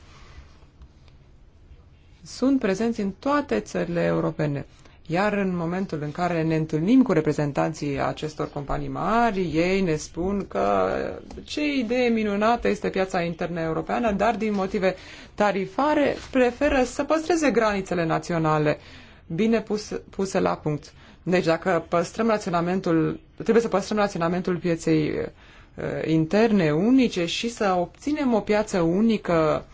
sunt prezenți în toate țările europene. Iar în momentul în care ne întâlnim cu reprezentanții acestor companii mari, ei ne spun că ce idee minunată este piața internă europeană, dar din motive tarifare preferă să păstreze granițele naționale bine pus, puse la punct. Deci dacă păstrăm raționamentul, trebuie să păstrăm raționamentul pieței uh, interne unice și să obținem o piață unică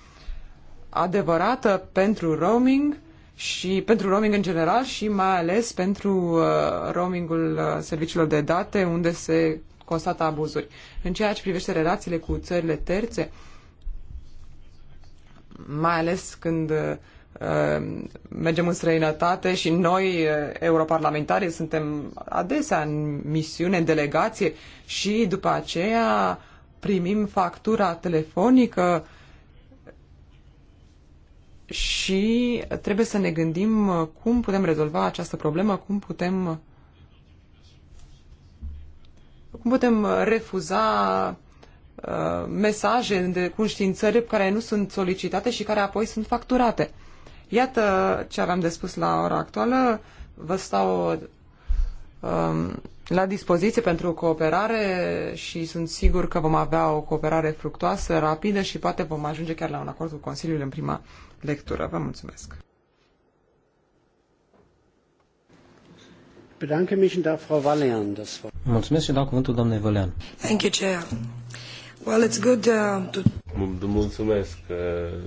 adevărată pentru roaming, și pentru roaming în general și mai ales pentru uh, roamingul uh, serviciilor de date unde se constată abuzuri. În ceea ce privește relațiile cu țările terțe, mai ales când uh, mergem în străinătate și noi, uh, europarlamentarii, suntem adesea în misiune, în delegație și după aceea primim factura telefonică uh, și trebuie să ne gândim uh, cum putem rezolva această problemă, cum putem uh, cum putem uh, refuza uh, mesaje de conștiințări care nu sunt solicitate și care apoi sunt facturate. Iată ce aveam de spus la ora actuală. Vă stau uh, la dispoziție pentru cooperare și sunt sigur că vom avea o cooperare fructoasă, rapidă și poate vom ajunge chiar la un acord cu Consiliul în prima lectură. Vă mulțumesc! Mulțumesc și dau cuvântul doamnei Vălean. Thank you, Chair. Well, it's good uh, to... Mulțumesc. Uh,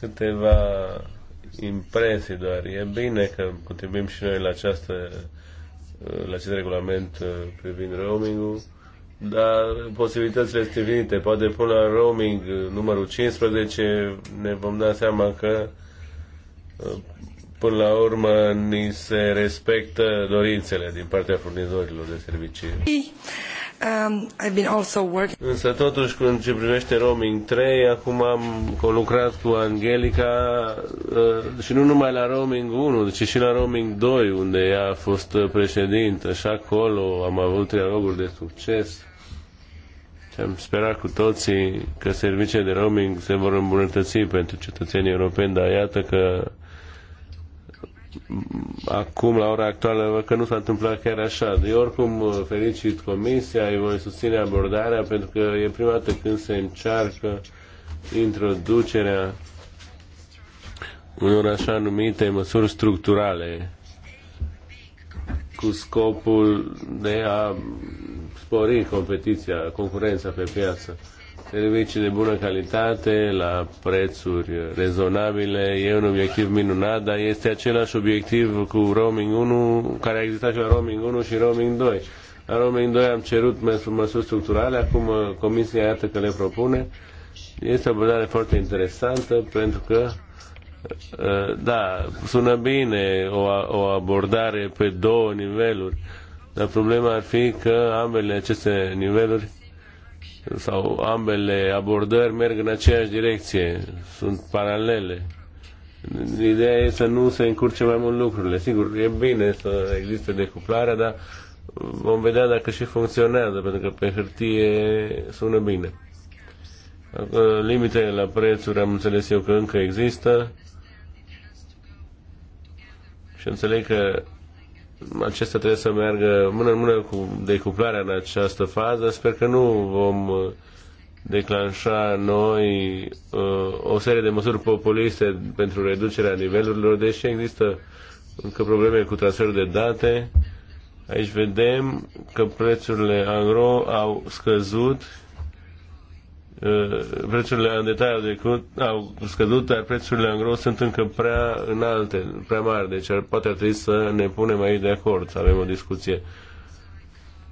câteva impresii doar. E bine că contribuim și noi la această Uh, la acest regulament uh, privind roamingul, dar posibilitățile sunt infinite. Poate până la roaming uh, numărul 15 ne vom da seama că până la urmă ni se respectă dorințele din partea furnizorilor de servicii. Um, I've been also working... Însă totuși când ce privește roaming 3, acum am lucrat cu Angelica uh, și nu numai la roaming 1, ci și la roaming 2, unde ea a fost uh, președintă și acolo am avut trialoguri de succes. am sperat cu toții că serviciile de roaming se vor îmbunătăți pentru cetățenii europeni, dar iată că acum, la ora actuală, că nu s-a întâmplat chiar așa. De oricum, felicit comisia, îi voi susține abordarea, pentru că e prima dată când se încearcă introducerea unor așa numite măsuri structurale cu scopul de a spori competiția, concurența pe piață servicii de bună calitate, la prețuri rezonabile. E un obiectiv minunat, dar este același obiectiv cu roaming 1, care a existat și la roaming 1 și roaming 2. La roaming 2 am cerut măsuri structurale, acum uh, Comisia iată că le propune. Este o abordare foarte interesantă pentru că uh, da, sună bine o, o abordare pe două niveluri, dar problema ar fi că ambele aceste niveluri sau ambele abordări merg în aceeași direcție, sunt paralele. Ideea e să nu se încurce mai mult lucrurile. Sigur, e bine să existe decuplarea, dar vom vedea dacă și funcționează, pentru că pe hârtie sună bine. Limitele la prețuri am înțeles eu că încă există și înțeleg că acestea trebuie să meargă mână în mână cu decuplarea în această fază. Sper că nu vom uh, declanșa noi uh, o serie de măsuri populiste pentru reducerea nivelurilor, deși există încă probleme cu transferul de date. Aici vedem că prețurile agro au scăzut Uh, prețurile în detaliu decât au scăzut, dar prețurile în gros sunt încă prea înalte, prea mari, deci ar, poate ar trebui să ne punem aici de acord, să avem o discuție.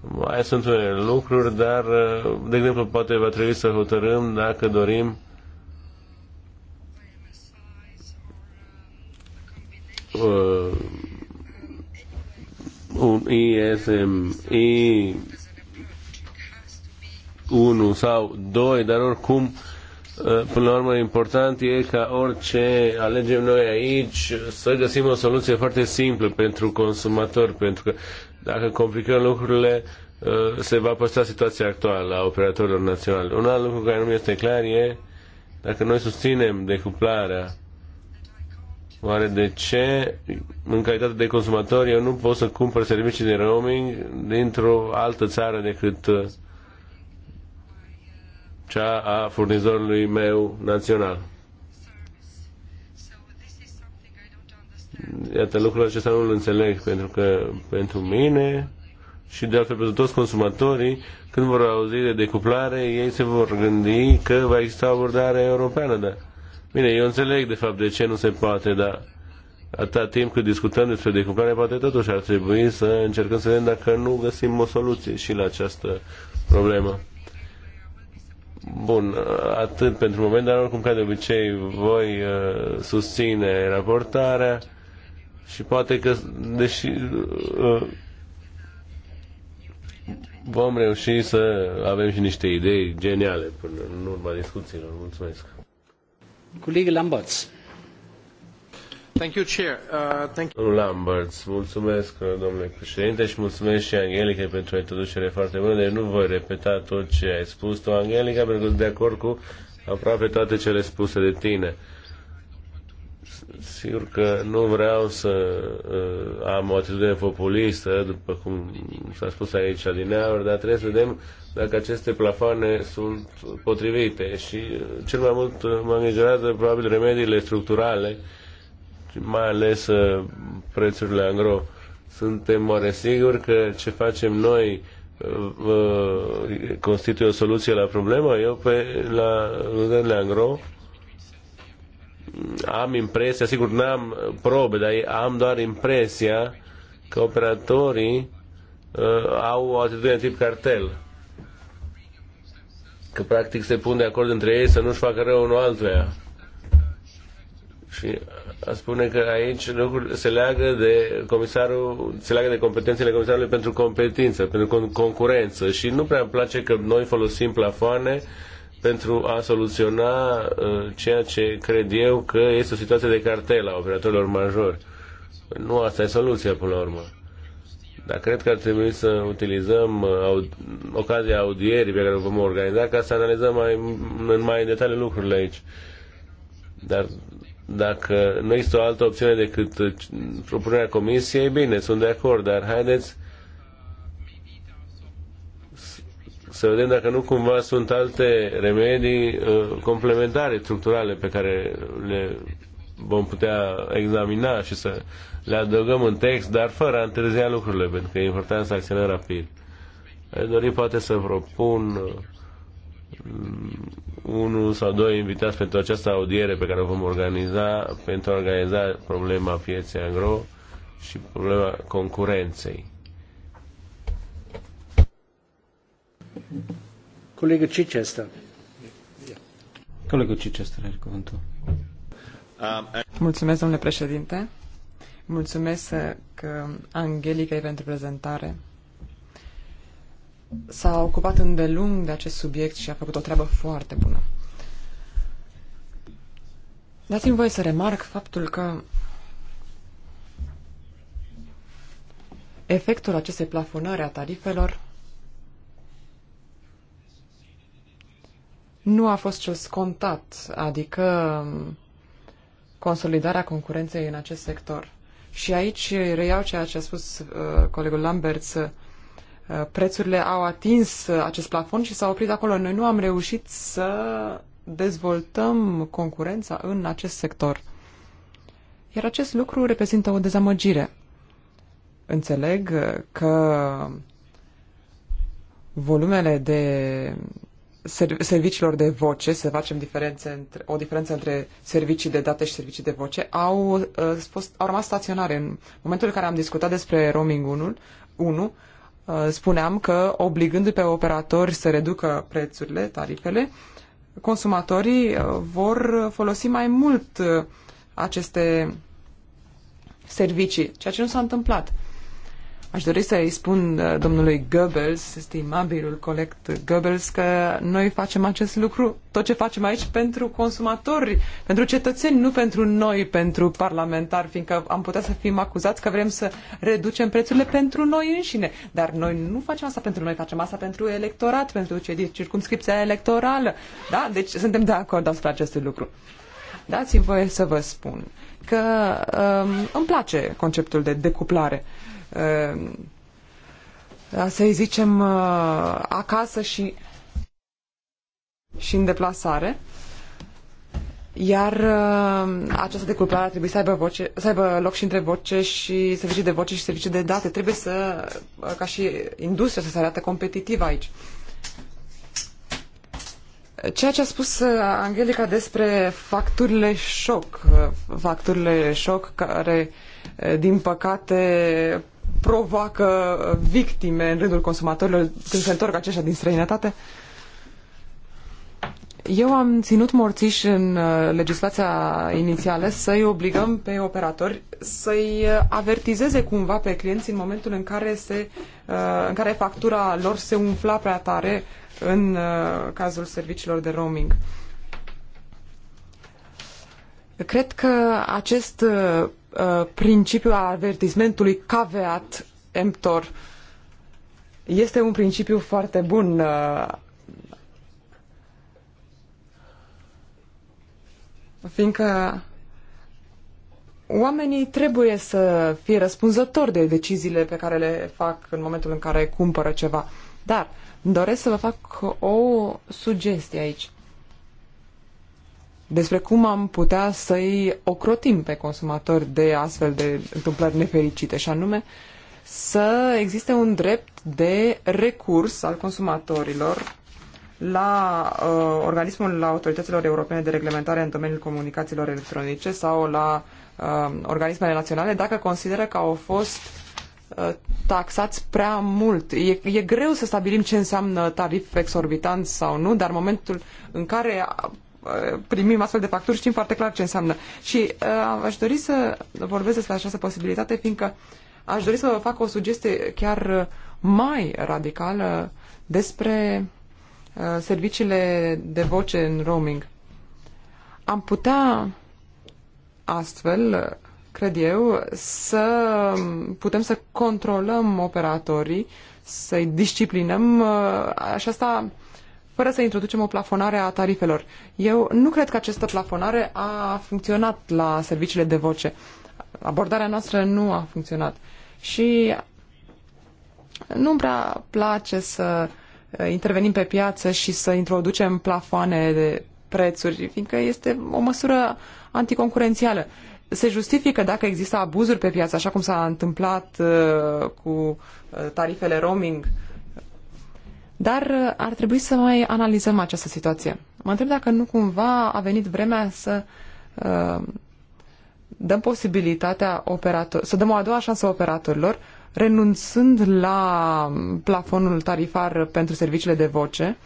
Mai sunt unele lucruri, dar, uh, de exemplu, poate va trebui să hotărâm dacă dorim uh, un ISMI 1 sau 2, dar oricum ă, Până la urmă, important e ca orice alegem noi aici să găsim o soluție foarte simplă pentru consumator, pentru că dacă complicăm lucrurile, ă, se va păstra situația actuală a operatorilor naționale. Un alt lucru care nu este clar e dacă noi susținem decuplarea, oare de ce, în calitate de consumator, eu nu pot să cumpăr servicii de roaming dintr-o altă țară decât ă, cea a furnizorului meu național. Iată, lucrul acesta nu-l înțeleg, pentru că pentru mine și de altfel pentru toți consumatorii, când vor auzi de decuplare, ei se vor gândi că va exista o abordare europeană, dar Bine, eu înțeleg de fapt de ce nu se poate, dar atâta timp cât discutăm despre decuplare, poate totuși ar trebui să încercăm să vedem dacă nu găsim o soluție și la această problemă. Bun, atât pentru moment, dar oricum ca de obicei voi uh, susține raportarea și poate că, deși uh, vom reuși să avem și niște idei geniale până în urma discuțiilor. Mulțumesc. Colegul Lamberts. Thank uh, Lamberts, mulțumesc, domnule președinte, și mulțumesc și Angelica pentru introducere foarte bună. Deci nu voi repeta tot ce ai spus tu, Angelica, pentru că sunt de acord cu aproape toate cele spuse de tine. Sigur că nu vreau să uh, am o atitudine populistă, după cum s-a spus aici din adineauri, dar trebuie să vedem dacă aceste plafoane sunt potrivite. Și uh, cel mai mult mă îngrijorează probabil remediile structurale uh, mai ales uh, prețurile angro. Suntem oare siguri că ce facem noi uh, uh, constituie o soluție la problemă? Eu pe la vânzările angro am impresia, sigur n-am probe, dar am doar impresia că operatorii uh, au o atitudine tip cartel. Că practic se pun de acord între ei să nu-și facă rău unul altuia. Și spune că aici lucruri se leagă de comisarul, se leagă de competențele comisarului pentru competință, pentru concurență și nu prea îmi place că noi folosim plafoane pentru a soluționa uh, ceea ce cred eu că este o situație de cartel a operatorilor majori. Nu asta e soluția până la urmă. Dar cred că ar trebui să utilizăm uh, aud- ocazia audierii pe care o vom organiza ca să analizăm mai, în mai în detaliu lucrurile aici. Dar dacă nu există o altă opțiune decât uh, propunerea comisiei, bine, sunt de acord, dar haideți să vedem dacă nu cumva sunt alte remedii uh, complementare, structurale, pe care le vom putea examina și să le adăugăm în text, dar fără a întârzia lucrurile, pentru că e important să acționăm rapid. Aș dori poate să propun uh, unul sau doi invitați pentru această audiere pe care o vom organiza pentru a organiza problema pieței angro și problema concurenței. Colegă Cicester. Colegă Cicester, are cuvântul. Um, Mulțumesc, domnule președinte. Mulțumesc că Angelica e pentru prezentare s-a ocupat îndelung de acest subiect și a făcut o treabă foarte bună. Dați-mi voie să remarc faptul că efectul acestei plafonări a tarifelor nu a fost cel scontat, adică consolidarea concurenței în acest sector. Și aici reiau ceea ce a spus uh, colegul Lambert, Uh, prețurile au atins uh, acest plafon și s-au oprit acolo. Noi nu am reușit să dezvoltăm concurența în acest sector. Iar acest lucru reprezintă o dezamăgire. Înțeleg uh, că volumele de serviciilor de voce, să facem diferențe între, o diferență între servicii de date și servicii de voce, au, fost, au rămas staționare. În momentul în care am discutat despre roaming 1, 1 Uh, spuneam că obligându-i pe operatori să reducă prețurile, tarifele, consumatorii uh, vor folosi mai mult uh, aceste servicii, ceea ce nu s-a întâmplat. Aș dori să îi spun uh, domnului Goebbels, estimabilul coleg Goebbels, că noi facem acest lucru, tot ce facem aici, pentru consumatori, pentru cetățeni, nu pentru noi, pentru parlamentari, fiindcă am putea să fim acuzați că vrem să reducem prețurile pentru noi înșine. Dar noi nu facem asta pentru noi, facem asta pentru electorat, pentru cei din circumscripția electorală. Da? Deci suntem de acord asupra acestui lucru. Dați-mi voie să vă spun că um, îmi place conceptul de decuplare. Uh, Ehm, să-i zicem, uh, acasă și, și în deplasare. Iar uh, această decuplare ar trebui să aibă, voce, să aibă loc și între voce și servicii de voce și servicii de date. Trebuie să, uh, ca și industria, să se arate competitivă aici. Ceea ce a spus Angelica despre facturile șoc, facturile șoc care, din păcate, provoacă victime în rândul consumatorilor când se întorc aceștia din străinătate. Eu am ținut morțiș în uh, legislația inițială să-i obligăm pe operatori să-i uh, avertizeze cumva pe clienți în momentul în care, se, uh, în care factura lor se umfla prea tare în cazul serviciilor de roaming. Cred că acest Uh, principiul avertismentului caveat emptor. Este un principiu foarte bun. Uh, fiindcă oamenii trebuie să fie răspunzători de deciziile pe care le fac în momentul în care cumpără ceva. Dar doresc să vă fac o sugestie aici despre cum am putea să-i ocrotim pe consumatori de astfel de întâmplări nefericite, și anume să existe un drept de recurs al consumatorilor la uh, organismul la autorităților europene de reglementare în domeniul comunicațiilor electronice sau la uh, organismele naționale dacă consideră că au fost uh, taxați prea mult. E, e greu să stabilim ce înseamnă tarif exorbitant sau nu, dar momentul în care primim astfel de facturi, știm foarte clar ce înseamnă. Și uh, aș dori să vorbesc despre această posibilitate, fiindcă aș dori să vă fac o sugestie chiar mai radicală despre uh, serviciile de voce în roaming. Am putea astfel, cred eu, să putem să controlăm operatorii, să-i disciplinăm uh, și asta fără să introducem o plafonare a tarifelor. Eu nu cred că această plafonare a funcționat la serviciile de voce. Abordarea noastră nu a funcționat. Și nu prea place să uh, intervenim pe piață și să introducem plafoane de prețuri, fiindcă este o măsură anticoncurențială. Se justifică dacă există abuzuri pe piață, așa cum s-a întâmplat uh, cu uh, tarifele roaming uh, dar uh, ar trebui să mai analizăm această situație. Mă întreb dacă nu cumva a venit vremea să uh, dăm posibilitatea operator, să dăm o a doua șansă operatorilor, renunțând la plafonul tarifar pentru serviciile de voce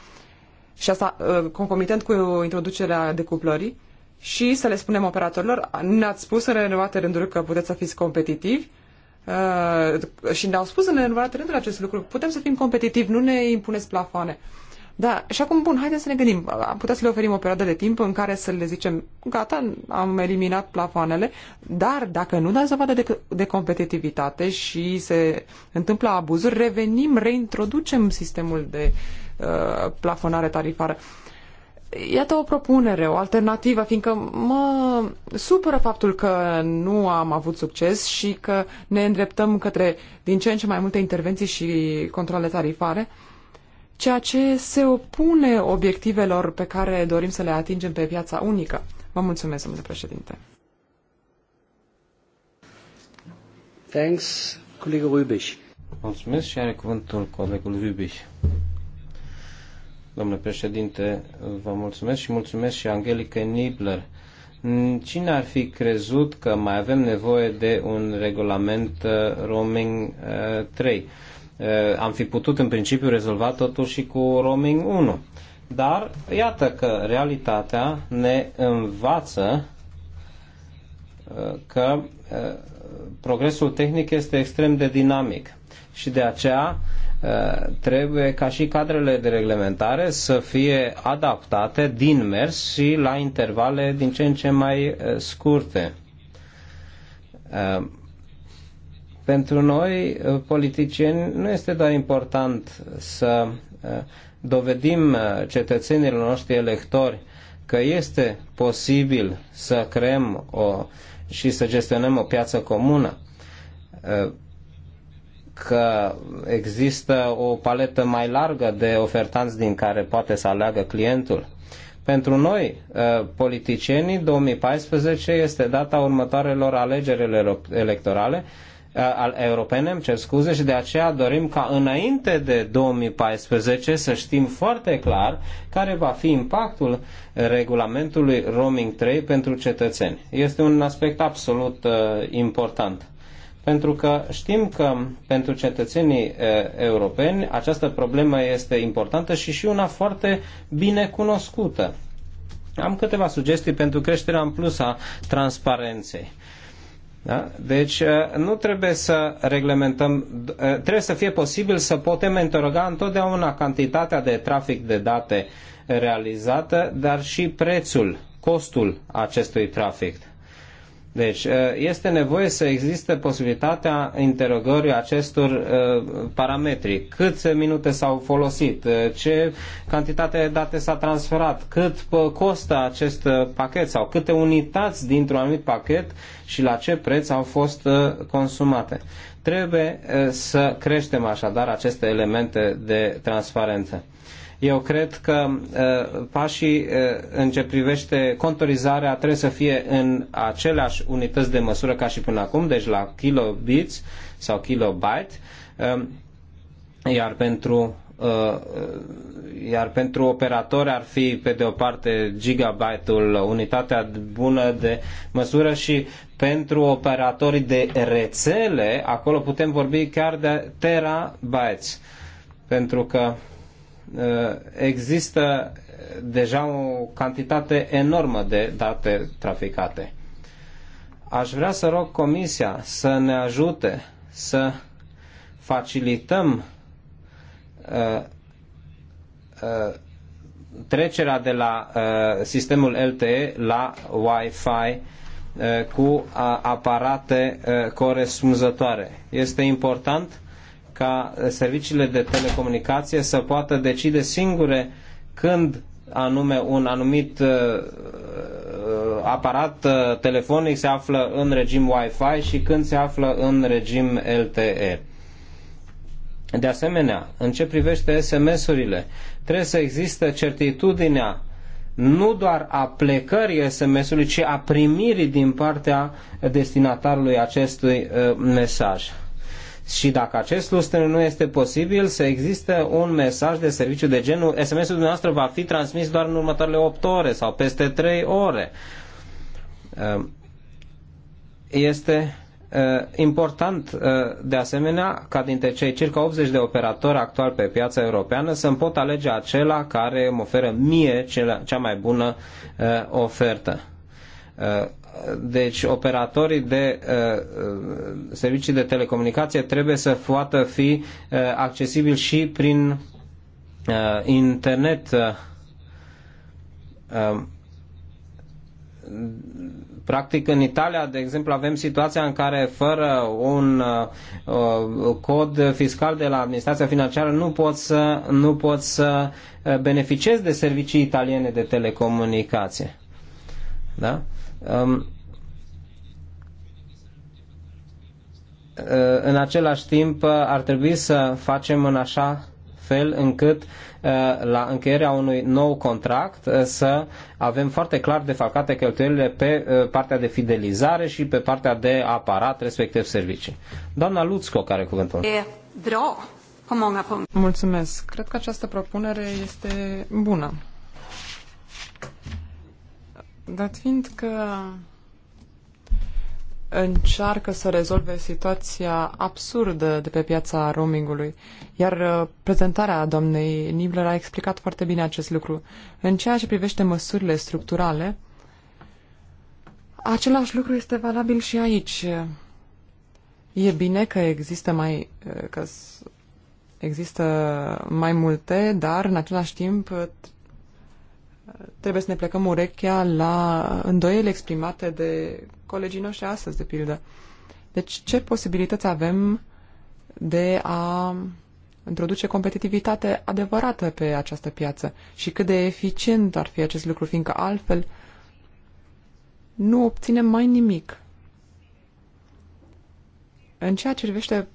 și asta uh, concomitent cu introducerea decuplării și să le spunem operatorilor, ne-ați spus în renovate rânduri că puteți să fiți competitivi, Uh, și ne-au spus în nenumărate rânduri acest lucru. Putem să fim competitivi, nu ne impuneți plafoane. Da, și acum, bun, haideți să ne gândim. Am putea să le oferim o perioadă de timp în care să le zicem, gata, am eliminat plafoanele, dar dacă nu dați dovadă de, de competitivitate și se întâmplă abuzuri, revenim, reintroducem sistemul de uh, plafonare tarifară. Uh, Iată o propunere, o alternativă, fiindcă mă supără faptul că nu am avut succes și că ne îndreptăm către din ce în ce mai multe intervenții și controle tarifare, ceea ce se opune obiectivelor pe care dorim să le atingem pe piața unică. Vă mulțumesc, domnule președinte. Thanks, colegul Rubiș. Mulțumesc și are cuvântul colegul Rubiș. Domnule președinte, vă mulțumesc și mulțumesc și Angelica Nibler. Cine ar fi crezut că mai avem nevoie de un regulament uh, roaming 3? Uh, uh, am fi putut în principiu rezolva totul și cu roaming 1. Dar iată că realitatea ne învață că progresul tehnic este extrem de dinamic și de aceea Eh, trebuie ca și cadrele de reglementare să fie adaptate din mers și la intervale din ce în ce mai eh, scurte. Eh, pentru noi, politicieni, nu este doar important să dovedim cetățenilor noștri electori că este posibil să creăm o, și să gestionăm o piață comună că există o paletă mai largă de ofertanți din care poate să aleagă clientul. Pentru noi, uh, politicienii, 2014 este data următoarelor alegeri electorale uh, europene, îmi cer scuze, și de aceea dorim ca înainte de 2014 să știm foarte clar care va fi impactul regulamentului Roaming 3 pentru cetățeni. Este un aspect absolut uh, important pentru că știm că pentru cetățenii europeni această problemă este importantă și și una foarte bine cunoscută. Am câteva sugestii pentru creșterea în plus a transparenței. Da? Deci nu trebuie să reglementăm, trebuie să fie posibil să putem interoga întotdeauna cantitatea de trafic de date realizată, dar și prețul, costul acestui trafic. Deci uh, este nevoie să existe posibilitatea interogării acestor uh, parametri. Câte minute s-au folosit, uh, ce cantitate de date s-a transferat, cât costă acest pachet sau câte unități dintr-un anumit pachet și la ce preț au fost consumate. Trebuie să creștem așadar aceste elemente de transparență. Eu cred că pașii în ce privește contorizarea trebuie să fie în aceleași unități de măsură ca și până acum, deci la kilobits sau kilobyte, iar pentru iar pentru operatori ar fi pe de o parte gigabyte-ul, unitatea bună de măsură și pentru operatorii de rețele, acolo putem vorbi chiar de terabytes. Pentru că Uh, există deja o cantitate enormă de date traficate. Aș vrea să rog Comisia să ne ajute să facilităm uh, uh, trecerea de la uh, sistemul LTE la Wi-Fi uh, cu uh, aparate corespunzătoare. Este important ca eh, serviciile de telecomunicație să poată decide singure când anume un anumit uh, aparat uh, telefonic se află în regim Wi-Fi și când se află în regim LTE. De asemenea, în ce privește SMS-urile, trebuie să existe certitudinea nu doar a plecării SMS-ului, ci a primirii din partea destinatarului acestui uh, mesaj. Și dacă acest lucru nu este posibil, să existe un mesaj de serviciu de genul SMS-ul dumneavoastră va fi transmis doar în următoarele 8 ore sau peste 3 ore. Uh, este uh, important uh, de asemenea ca dintre cei circa 80 de operatori actuali pe piața europeană să-mi pot alege acela care îmi oferă mie cea mai bună ofertă deci operatorii de uh, uh, servicii de telecomunicație trebuie să poată fi uh, accesibil și prin internet um, practic în Italia, de exemplu, avem situația în care fără un uh, cod fiscal de la administrația financiară nu poți să, nu poți să beneficiezi de servicii italiene de telecomunicație. Da? Um, uh, în același timp, uh, ar trebui să facem în așa fel încât uh, la încheierea unui nou contract să avem foarte clar defalcate cheltuielile pe partea de fidelizare și pe partea de aparat, respectiv servicii. Doamna Luțco, care cuvântul. E bra, Mulțumesc. Cred că această propunere este bună. Dat fiind că încearcă să rezolve situația absurdă de pe piața roamingului, iar uh, prezentarea doamnei Nibler a explicat foarte bine acest lucru. În ceea ce privește măsurile structurale, același lucru este valabil și aici. E bine că există mai, uh, că există mai multe, dar în același timp trebuie să ne plecăm urechea la îndoiele exprimate de colegii noștri astăzi, de pildă. Deci, ce posibilități avem de a introduce competitivitate adevărată pe această piață și cât de eficient ar fi acest lucru, fiindcă altfel nu obținem mai nimic. În ceea ce privește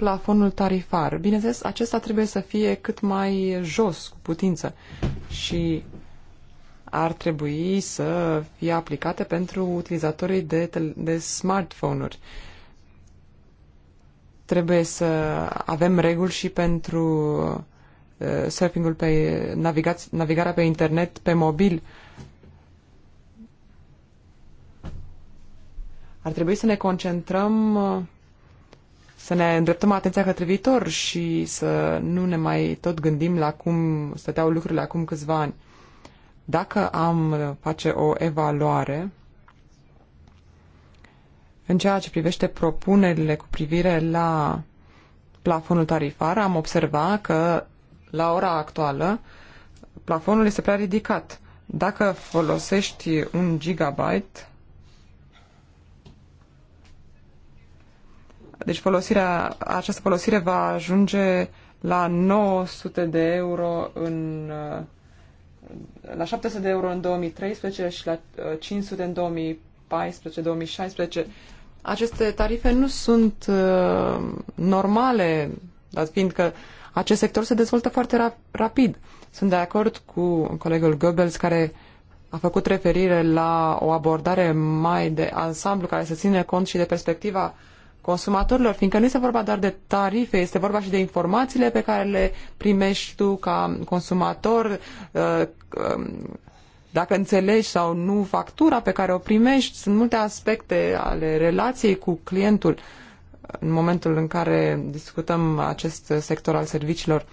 plafonul tarifar. Bineînțeles, acesta trebuie să fie cât mai jos, cu putință, și ar trebui să fie aplicate pentru utilizatorii de, de smartphone-uri. Trebuie să avem reguli și pentru uh, surfingul pe navigați, navigarea pe internet, pe mobil. Ar trebui să ne concentrăm uh, să ne îndreptăm atenția către viitor și să nu ne mai tot gândim la cum stăteau lucrurile acum câțiva ani. Dacă am face o evaluare în ceea ce privește propunerile cu privire la plafonul tarifar, am observat că la ora actuală plafonul este prea ridicat. Dacă folosești un gigabyte, Deci folosirea, această folosire va ajunge la 900 de euro în la 700 de euro în 2013 și la 500 uh, în 2014-2016. Aceste tarife nu sunt uh, normale, dar fiindcă acest sector se dezvoltă foarte rap- rapid. Sunt de acord cu colegul Goebbels care a făcut referire la o abordare mai de ansamblu care să ține cont și de perspectiva uh, consumatorilor, fiindcă nu este vorba doar de tarife, este vorba și de informațiile pe care le primești tu ca consumator, uh, um, dacă înțelegi sau nu factura pe care o primești. Sunt multe aspecte ale relației cu clientul uh, în momentul în care discutăm acest sector al serviciilor.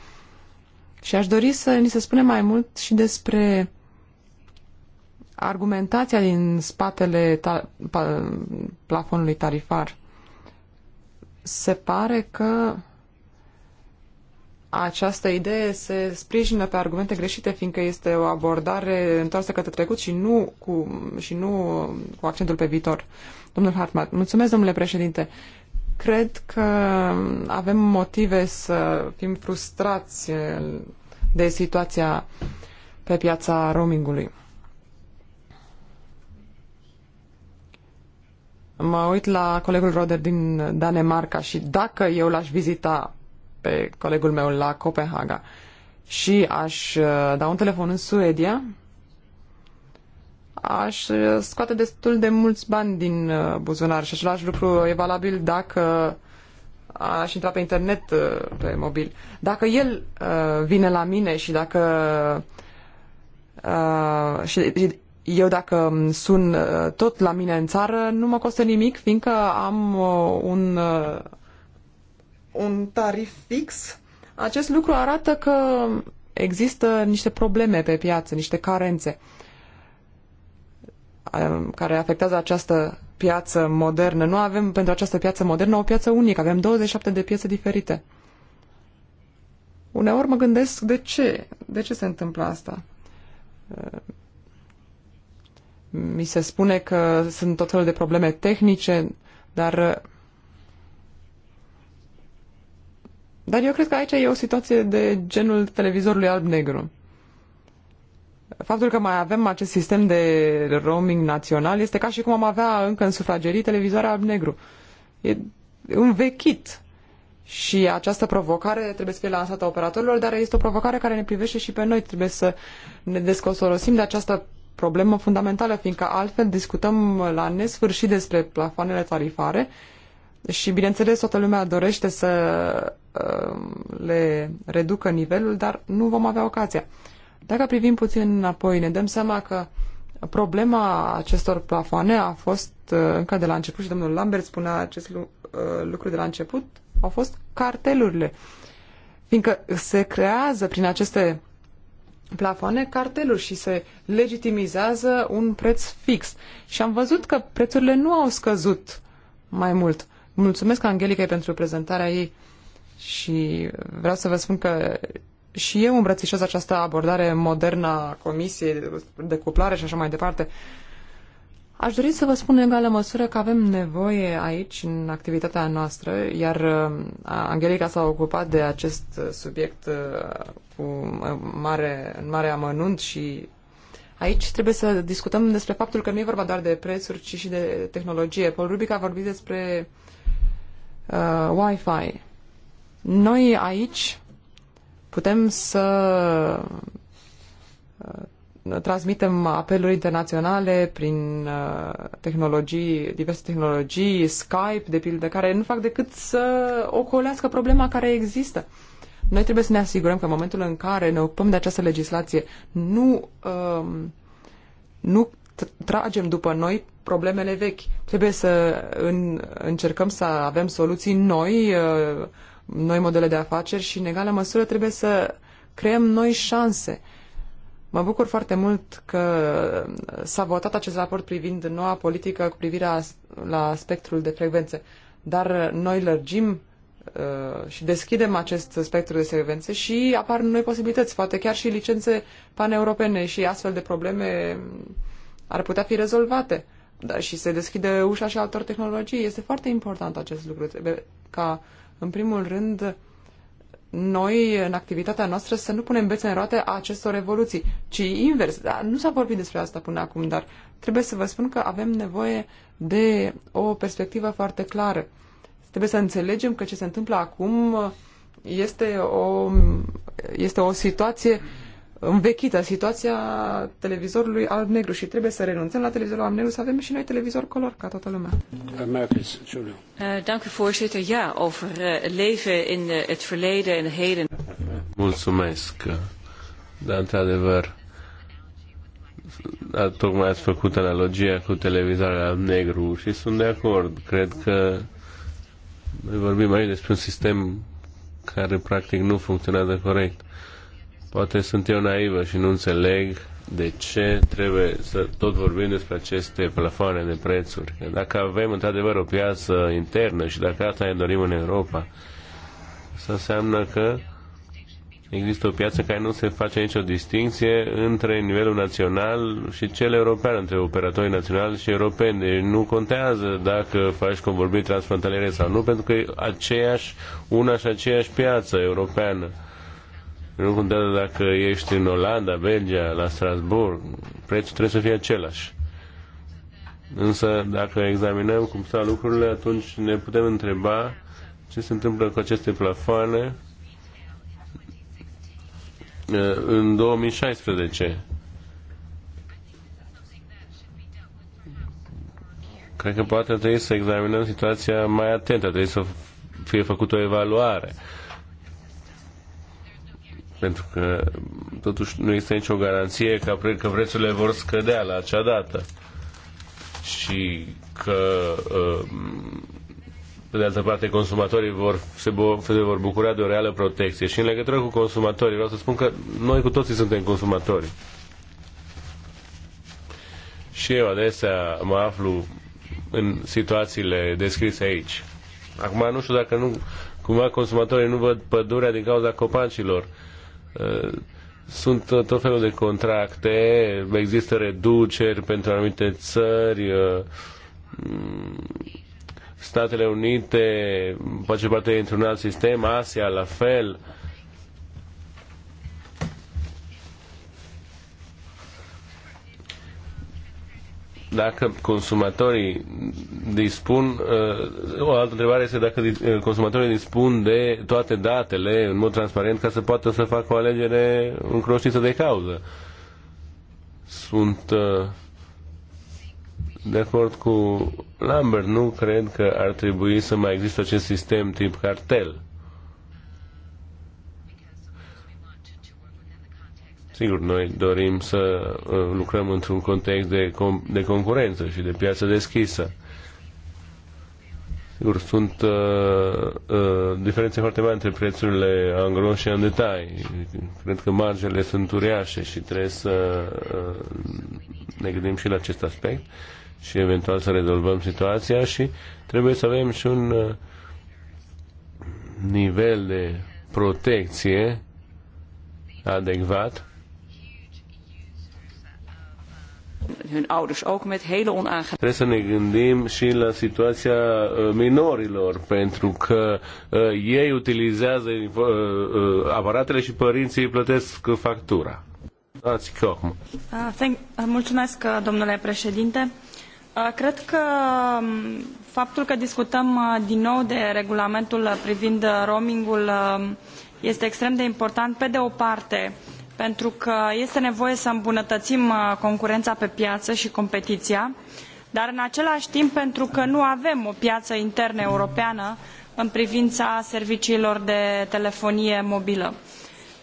Și aș dori să ni se spune mai mult și despre argumentația din spatele ta, pa, plafonului tarifar se pare că această idee se sprijină pe argumente greșite, fiindcă este o abordare întoarsă către trecut și nu cu, și nu cu accentul pe viitor. Domnul Hartmann, mulțumesc, domnule președinte. Cred că avem motive să fim frustrați de situația pe piața roamingului. Mă uit la colegul Roder din Danemarca și dacă eu l-aș vizita pe colegul meu la Copenhaga și aș uh, da un telefon în Suedia, aș uh, scoate destul de mulți bani din uh, buzunar și același lucru e valabil dacă aș intra pe internet pe mobil. Dacă el vine la mine și dacă Uh, și, eu dacă sun uh, tot la mine în țară, nu mă costă nimic, fiindcă am uh, un, uh, un tarif fix. Acest lucru arată că există niște probleme pe piață, niște carențe um, care afectează această piață modernă. Nu avem pentru această piață modernă o piață unică, avem 27 de piețe diferite. Uneori mă gândesc de ce, de ce se întâmplă asta mi se spune că sunt tot felul de probleme tehnice, dar Dar eu cred că aici e o situație de genul televizorului alb-negru. Faptul că mai avem acest sistem de roaming național este ca și cum am avea încă în sufragerii televizoare alb-negru. E învechit. Și această provocare trebuie să fie lansată operatorilor, dar este o provocare care ne privește și pe noi. Trebuie să ne descosorosim de această problemă fundamentală, fiindcă altfel discutăm la nesfârșit despre plafoanele tarifare și, bineînțeles, toată lumea dorește să uh, le reducă nivelul, dar nu vom avea ocazia. Dacă privim puțin înapoi, ne dăm seama că problema acestor plafoane a fost uh, încă de la început și domnul Lambert spunea acest uh, lucru de la început, au fost cartelurile. Fiindcă se creează prin aceste plafoane carteluri și se legitimizează un preț fix. Și am văzut că prețurile nu au scăzut mai mult. Mulțumesc, Angelica, pentru prezentarea ei și vreau să vă spun că și eu îmbrățișez această abordare modernă a Comisiei de cuplare și așa mai departe. Uh, Aș dori să vă spun în egală măsură că avem nevoie aici, în activitatea noastră, iar uh, Angelica s-a ocupat de acest uh, subiect uh, cu mare, în mare amănunt și aici trebuie să discutăm despre faptul că nu e vorba doar de prețuri, ci și de tehnologie. Paul Rubic a vorbit despre uh, Wi-Fi. Noi aici putem să transmitem apeluri internaționale prin uh, tehnologii, diverse tehnologii, Skype, de pildă, care nu fac decât să ocolească problema care există. Noi trebuie să ne asigurăm că în momentul în care ne ocupăm de această legislație, nu, um, nu tragem după noi problemele vechi. Trebuie să în, încercăm să avem soluții noi, uh, noi modele de afaceri și, în egală măsură, trebuie să creăm noi șanse uh, Mă bucur foarte mult că s-a votat acest raport privind noua politică cu privire la spectrul de frecvențe, dar noi lărgim uh, și deschidem acest spectru de secvențe și apar noi posibilități, poate chiar și licențe paneuropene și astfel de probleme ar putea fi rezolvate. Da, și se deschide ușa și altor tehnologii. Este foarte important acest lucru. Trebuie ca, în primul rând, noi, în activitatea noastră, să nu punem bețe în roate a acestor revoluții, ci invers. Da, nu s-a vorbit despre asta până acum, dar trebuie să vă spun că avem nevoie de o perspectivă foarte clară. Trebuie să înțelegem că ce se întâmplă acum este o, este o situație uh, învechită situația televizorului alb-negru și trebuie să renunțăm la televizorul alb-negru să avem și noi televizor color ca toată lumea. Merkis, Julia. Eh, dank u voorzitter. Ja, over eh, leven in eh, het verleden en heden. Mulțumesc. Da, într-adevăr, da, tocmai ați făcut analogia cu televizorul alb-negru și sunt de acord. Cred că noi vorbim aici despre un sistem care practic nu funcționează corect Poate sunt eu naivă și nu înțeleg de ce trebuie să tot vorbim despre aceste plafoane de prețuri. Că dacă avem într-adevăr o piață internă și dacă asta ne dorim în Europa, să înseamnă că există o piață care nu se face nicio distinție între nivelul național și cel european, între operatorii naționali și europeni. Deci nu contează dacă faci convorbiri transfrontaliere sau nu, pentru că e aceeași, una și aceeași piață europeană nu contează dacă ești în Olanda, Belgia, la Strasburg, prețul trebuie să fie același. Însă, dacă examinăm cum stau lucrurile, atunci ne putem întreba ce se întâmplă cu aceste plafoane uh, în 2016. Cred că poate trebuie să examinăm situația mai atentă, trebuie să fie făcută o evaluare. Uh, pentru că totuși nu există nicio garanție că, că prețurile vor scădea la acea dată. Și că um, pe de altă parte consumatorii vor, se, bo- se vor bucura de o reală protecție. Și în legătură cu consumatorii, vreau să spun că noi cu toții suntem consumatori. Și eu adesea mă aflu în situațiile descrise aici. Acum nu știu dacă nu, cumva consumatorii nu văd pădurea din cauza copacilor. Eh, sunt tot felul de contracte, există reduceri pentru anumite țări, eh, Statele Unite face parte dintr-un alt sistem, Asia la fel. dacă consumatorii dispun, uh, o altă întrebare este dacă uh, consumatorii dispun de toate datele în mod transparent ca să poată să facă o alegere în cunoștință de cauză. Sunt uh, de acord cu Lambert, nu cred că ar trebui să mai există acest sistem tip cartel. Sigur, noi dorim să uh, lucrăm într-un context de, com- de concurență și de piață deschisă. Sigur, sunt uh, uh, diferențe foarte mari între prețurile gros și în detalii. Cred că marjele sunt uriașe și trebuie să uh, ne gândim și la acest aspect și eventual să rezolvăm situația și trebuie să avem și un uh, nivel de protecție adecvat hun ouders ook met hele onaangename... Trebuie să ne gândim și la situația uh, minorilor, pentru că uh, ei utilizează uh, uh, aparatele și părinții plătesc factura. Dați ah, ah, uh, thank, mulțumesc, domnule președinte. Ah, cred că um, faptul că discutăm uh, din nou de regulamentul uh, privind roamingul um, este extrem de important, pe de o parte, pentru că este nevoie să îmbunătățim uh, concurența pe piață și competiția, dar în același timp pentru că nu avem o piață internă europeană în privința serviciilor de telefonie mobilă.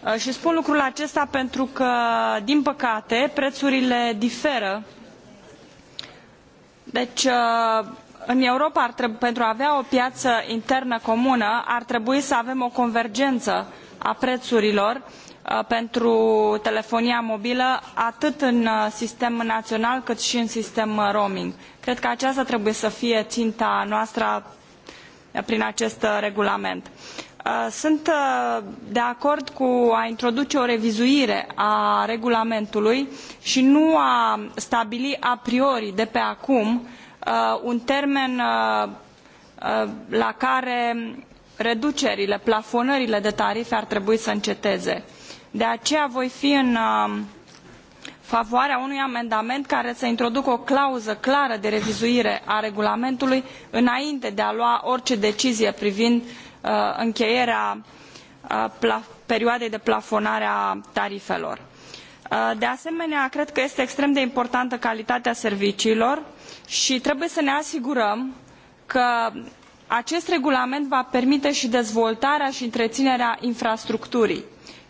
Uh, și spun lucrul acesta pentru că, din păcate, prețurile diferă. Deci, uh, în Europa, pentru a avea o piață internă comună, ar trebui să avem o convergență a prețurilor uh, Uh, pentru telefonia mobilă atât în uh, sistem național cât și în sistem uh, roaming. Cred că aceasta trebuie să fie inta noastră prin acest regulament. Sunt de acord cu a introduce o revizuire a regulamentului și nu a stabili a priori de pe acum un termen la care reducerile, plafonările de tarife ar trebui să înceteze de aceea voi fi în um, favoarea unui amendament care să introducă o clauză clară de revizuire a regulamentului înainte de a lua orice decizie privind uh, încheierea uh, perioadei de plafonare a tarifelor. Uh, de asemenea, cred că este extrem de importantă calitatea serviciilor și trebuie să ne asigurăm că acest regulament va permite și dezvoltarea și întreținerea infrastructurii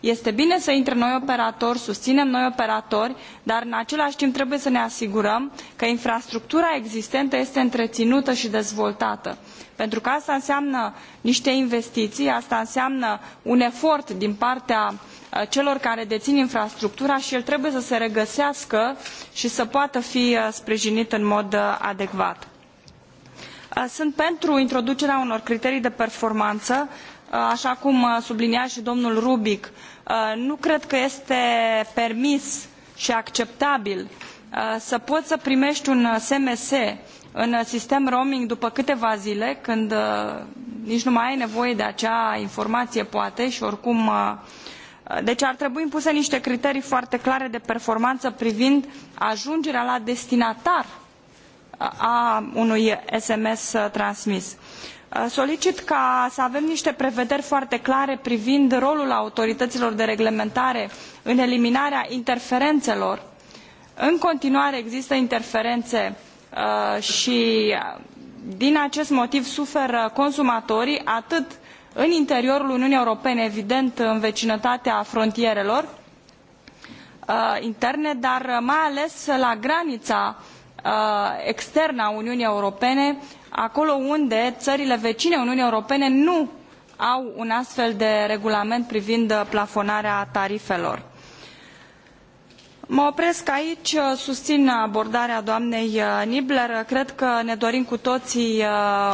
este bine să intre noi operatori susinem noi operatori dar în acelai timp trebuie să ne asigurăm că infrastructura existentă este întreinută i dezvoltată pentru că asta înseamnă nite investiii asta înseamnă un efort din partea uh, celor care dein infrastructura i el trebuie să se regăsească i să poată fi uh, sprijinit în mod uh, adecvat. sunt pentru introducerea unor criterii de performană Uh, așa cum uh, sublinia și domnul rbig uh, nu cred că este permis și acceptabil să poți să primești un SMS în sistem roaming după câteva zile, când nici nu mai ai nevoie de acea informație, poate, și oricum... Deci ar trebui impuse nite criterii foarte clare de performanță privind ajungerea la destinatar a unui SMS transmis Uh, solicit să avem nite prevederi foarte clare privind rolul autorităilor de reglementare în eliminarea interferenelor în continuare există interferene uh, i uh, din acest motiv suferă consumatorii atât în interiorul uniunii europene evident în vecinătatea frontierelor interne dar mai ales la grania externă a uniunii europene acolo unde țările vecine Uniunii Europene nu au un astfel de regulament privind uh, plafonarea tarifelor. Mă opresc aici, uh, susțin abordarea doamnei uh, Nibler. Cred că ne dorim cu toții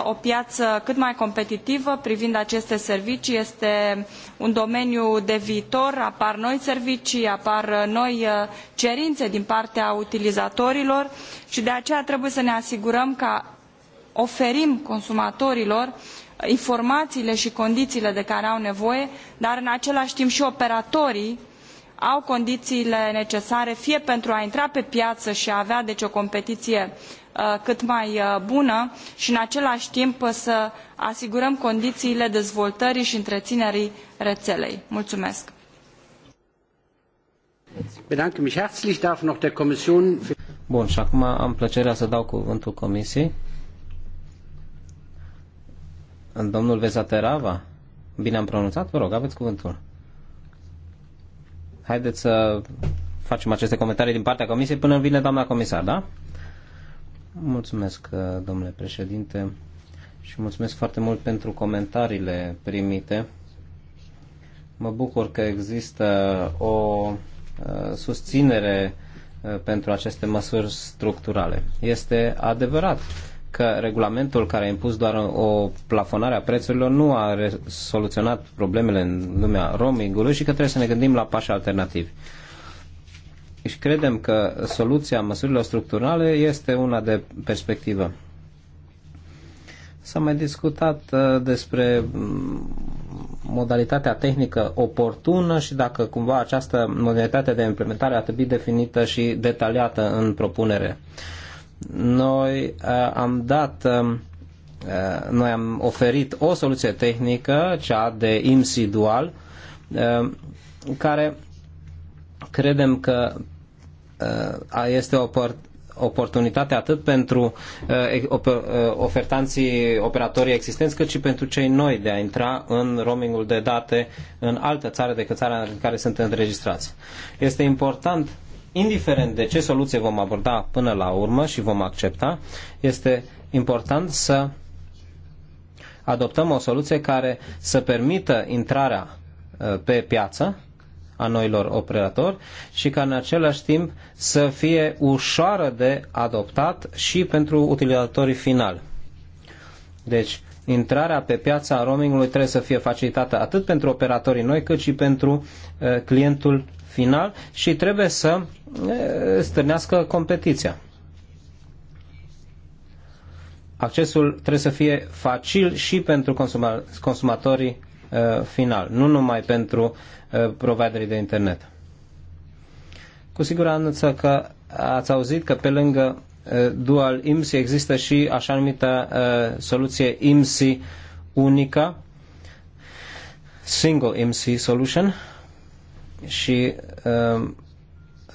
o piață cât mai competitivă privind aceste servicii. Este un domeniu de viitor, apar noi servicii, apar noi cerințe din partea utilizatorilor și de aceea trebuie să ne asigurăm ca oferim consumatorilor uh, informaiile i condiiile de care au nevoie dar în acelai timp i operatorii au condiiile necesare fie pentru a intra pe piaă i a avea deci o competiie uh, cât mai uh, bună i în acelai timp să asigurăm condiiile dezvoltării i întreinerii reelei. mulumesc. Bun, și acum am plăcerea să dau cuvântul Comisiei. Domnul Vezaterava, bine am pronunțat? Vă rog, aveți cuvântul. Haideți să facem aceste comentarii din partea comisiei până vine doamna comisar, da? Mulțumesc, uh, domnule președinte, și mulțumesc foarte mult pentru comentariile primite. Mă bucur că există o uh, susținere uh, pentru aceste măsuri structurale. Este adevărat că regulamentul care a impus doar o plafonare a prețurilor nu a soluționat problemele în lumea roamingului și că trebuie să ne gândim la pași alternativi. Și credem că soluția măsurilor structurale este una de perspectivă. S-a mai discutat uh, despre mm, modalitatea tehnică oportună și dacă cumva această modalitate de implementare ar trebui definită și detaliată în propunere. Noi eh, am dat eh, eh, noi am oferit o soluție tehnică, cea de IMSI dual, care credem că este o oportunitate atât pentru ofertanții operatorii existenți, cât și pentru cei noi de a intra în roamingul de date în altă țară decât țara în care sunt înregistrați. Este important indiferent de ce soluție vom aborda până la urmă și vom accepta, este important să adoptăm o soluție care să permită intrarea uh, pe piață a noilor operatori și ca în același timp să fie ușoară de adoptat și pentru utilizatorii finali. Deci, intrarea pe piața roamingului trebuie să fie facilitată atât pentru operatorii noi cât și pentru uh, clientul final și trebuie să stârnească competiția. Accesul trebuie să fie facil și pentru consuma consumatorii final, nu numai pentru providerii de internet. Cu siguranță că ați auzit că pe lângă dual IMSI există și așa numită soluție IMSI unică, single IMSI solution, și uh,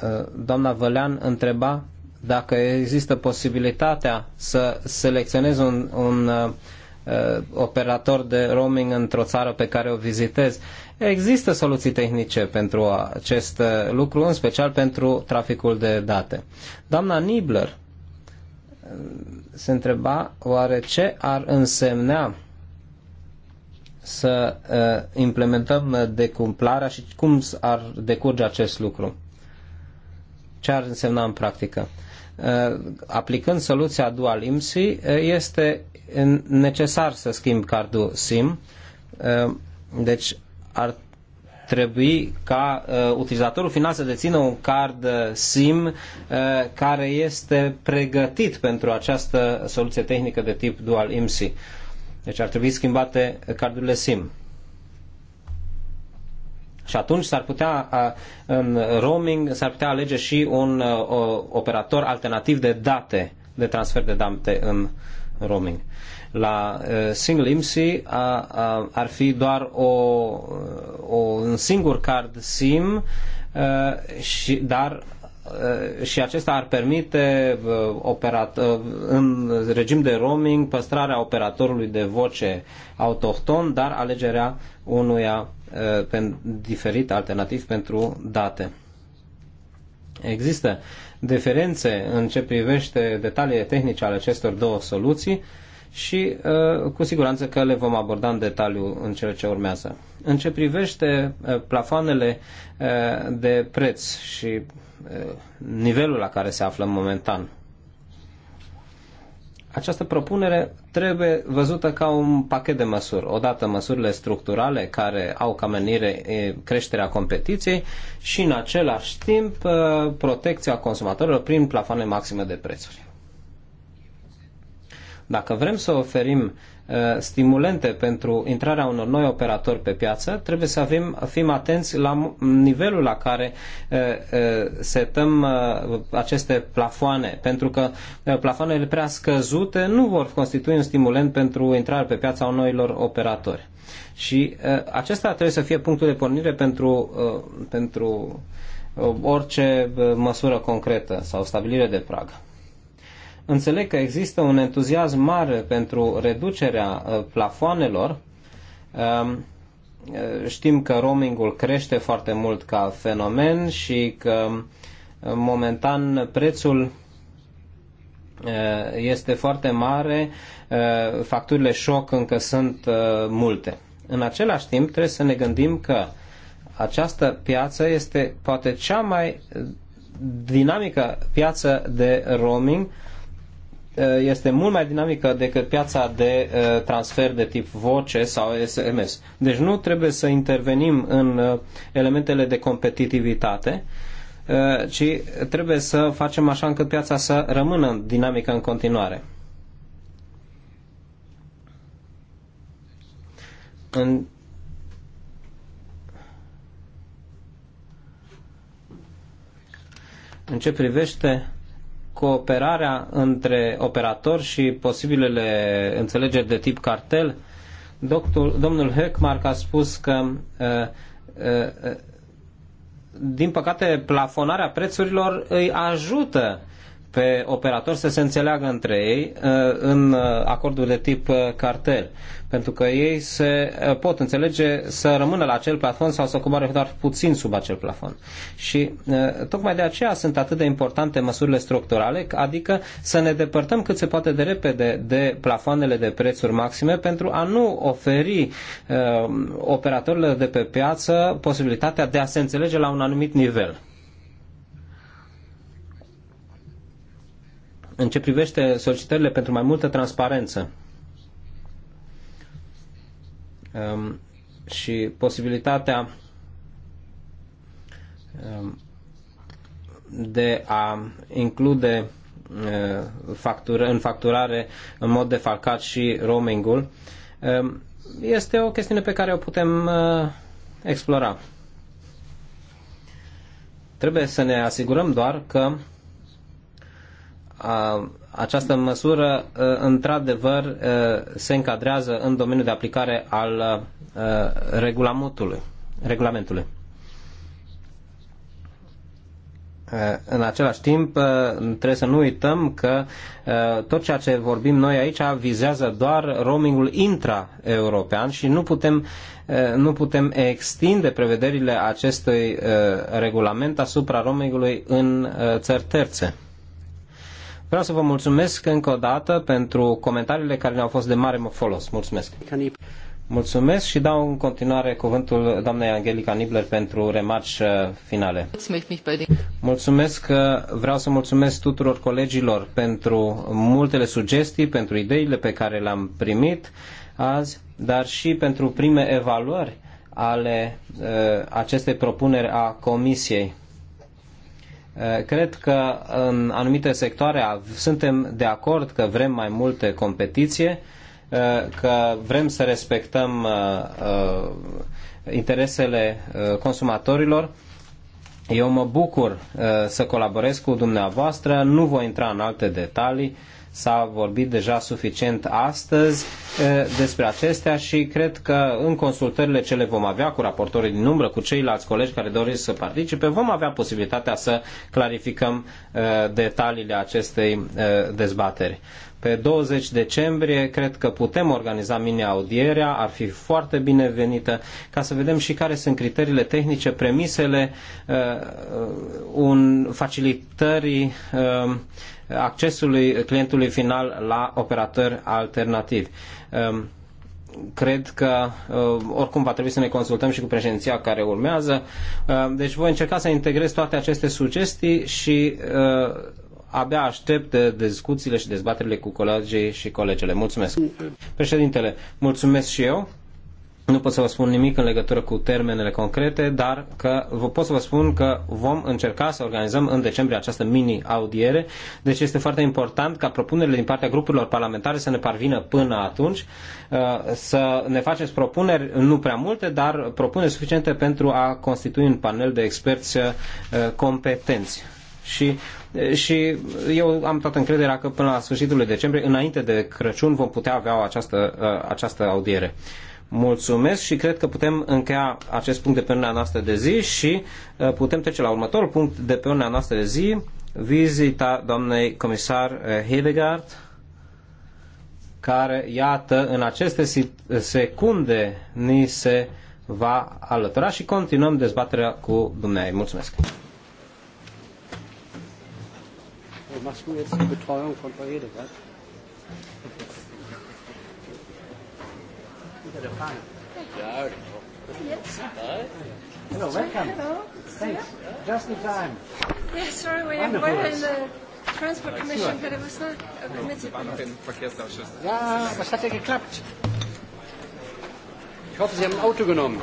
uh, doamna Vălean întreba dacă există posibilitatea să selecționez un, un uh, uh, operator de roaming într-o țară pe care o vizitez. Există soluții tehnice pentru acest lucru, în special pentru traficul de date. Doamna Nibler se întreba oare ce ar însemna să uh, implementăm decumplarea și cum ar decurge acest lucru. Ce ar însemna în practică? Uh, aplicând soluția dual IMSI, uh, este necesar să schimb cardul SIM, deci ar trebui ca uh, utilizatorul final să dețină un card SIM uh, care este pregătit pentru această soluție tehnică de tip dual IMSI. Uh, deci ar trebui schimbate cardurile SIM. Și atunci s-ar putea, în roaming, s-ar putea alege și un operator alternativ de date, de transfer de date în roaming. La single IMSI ar fi doar o, o, un singur card SIM, și, dar Uh, și acesta ar permite uh, operat, uh, în regim de roaming păstrarea operatorului de voce autohton, dar alegerea unuia diferit, alternativ pentru date. Există diferențe în ce privește detaliile tehnice ale acestor două soluții, și uh, cu siguranță că le vom aborda în detaliu în cele ce urmează. În ce privește uh, plafoanele uh, de preț și nivelul la care se află momentan, această propunere trebuie văzută ca un pachet de măsuri. Odată măsurile structurale care au ca menire creșterea competiției și în același timp protecția consumatorilor prin plafoane maxime de prețuri. Dacă vrem să oferim uh, stimulente pentru intrarea unor noi operatori pe piață, trebuie să avem, fim atenți la nivelul la care uh, uh, setăm aceste plafoane, pentru că plafoanele prea scăzute nu vor constitui un stimulent pentru intrarea pe piața noilor operatori. Și acesta trebuie să fie punctul de pornire pentru, pentru orice măsură concretă sau stabilire de prag. Înțeleg că există un entuziasm mare pentru reducerea uh, plafoanelor. Um, uh, știm că roamingul crește foarte mult ca fenomen și că um, momentan prețul uh, este foarte mare, facturile șoc încă sunt multe. În același timp trebuie să ne gândim că această piață este poate cea mai dinamică piață de roaming Uh, este mult mai dinamică decât piața de uh, transfer de tip voce sau SMS. Deci nu trebuie să intervenim în uh, elementele de competitivitate, ci trebuie să facem așa încât piața să rămână dinamică în continuare. În în ce privește cooperarea între operatori și posibilele înțelegeri de tip cartel. Doctor, domnul Höckmark a spus că uh, uh, din păcate plafonarea prețurilor îi ajută pe operatori să se înțeleagă între ei uh, în acorduri de tip cartel pentru că ei se uh, pot înțelege să rămână la acel plafon sau să coboare doar puțin sub acel plafon. Și uh, tocmai de aceea sunt atât de importante măsurile structurale, adică să ne depărtăm cât se poate de repede de plafoanele de prețuri maxime pentru a nu oferi uh, operatorilor de pe piață posibilitatea de a se înțelege la un anumit nivel. În ce privește solicitările pentru mai multă transparență, Um, și posibilitatea um, de a include uh, factură, în facturare în mod defalcat și roamingul um, este o chestiune pe care o putem uh, explora. Trebuie să ne asigurăm doar că această măsură, într-adevăr, se încadrează în domeniul de aplicare al regulamentului. regulamentului. În același timp, trebuie să nu uităm că tot ceea ce vorbim noi aici vizează doar roamingul intra-european și nu putem, nu putem extinde prevederile acestui regulament asupra roamingului în țări terțe. Vreau să vă mulțumesc încă o dată pentru comentariile care ne-au fost de mare folos. Mulțumesc! Mulțumesc și dau în continuare cuvântul doamnei Angelica Nibler pentru remarci uh, finale. Mulțumesc, uh, vreau să mulțumesc tuturor colegilor pentru multele sugestii, pentru ideile pe care le-am primit azi, dar și pentru prime evaluări ale uh, acestei propuneri a Comisiei Eh, cred că în anumite sectoare suntem de acord că vrem mai multe competiție, eh, că vrem să respectăm eh, interesele consumatorilor. Eu mă bucur să colaborez cu dumneavoastră, nu voi intra în alte detalii S-a vorbit deja suficient astăzi despre acestea și cred că în consultările ce le vom avea cu raportorii din umbră, cu ceilalți colegi care doresc să participe, vom avea posibilitatea să clarificăm detaliile acestei dezbateri. Pe 20 decembrie cred că putem organiza mini-audierea, ar fi foarte binevenită, ca să vedem și care sunt criteriile tehnice, premisele uh, un, facilitării uh, accesului clientului final la operatori alternativi. Um, cred că uh, oricum va trebui să ne consultăm și cu președinția care urmează. Uh, deci voi încerca să integrez toate aceste sugestii și uh, abia aștept discuțiile și dezbaterile cu colegii și colegele. Mulțumesc. Președintele, mulțumesc și eu. Nu pot să vă spun nimic în legătură cu termenele concrete, dar că vă pot să vă spun că vom încerca să organizăm în decembrie această mini-audiere, deci este foarte important ca propunerile din partea grupurilor parlamentare să ne parvină până atunci, uh, să ne faceți propuneri, nu prea multe, dar propuneri suficiente pentru a constitui un panel de experți uh, competenți și, și eu am toată încrederea că până la sfârșitul decembrie, înainte de Crăciun, vom putea avea această, această audiere. Mulțumesc și cred că putem încheia acest punct de pe ordinea noastră de zi și putem trece la următorul punct de pe ordinea noastră de zi, vizita doamnei comisar Hedegaard, care, iată, în aceste secunde ni se va alătura și continuăm dezbaterea cu dumneavoastră. Mulțumesc! Wo machst du jetzt die Betreuung von Frau Ja, Hello, welcome. Hello. Thanks. Just in time. Yeah, sorry, we Wonderful. were in the Transport Commission, but it was not a committee. war noch im Verkehrsausschuss. Ja, aber hat ja geklappt. Ich hoffe, Sie haben ein Auto genommen.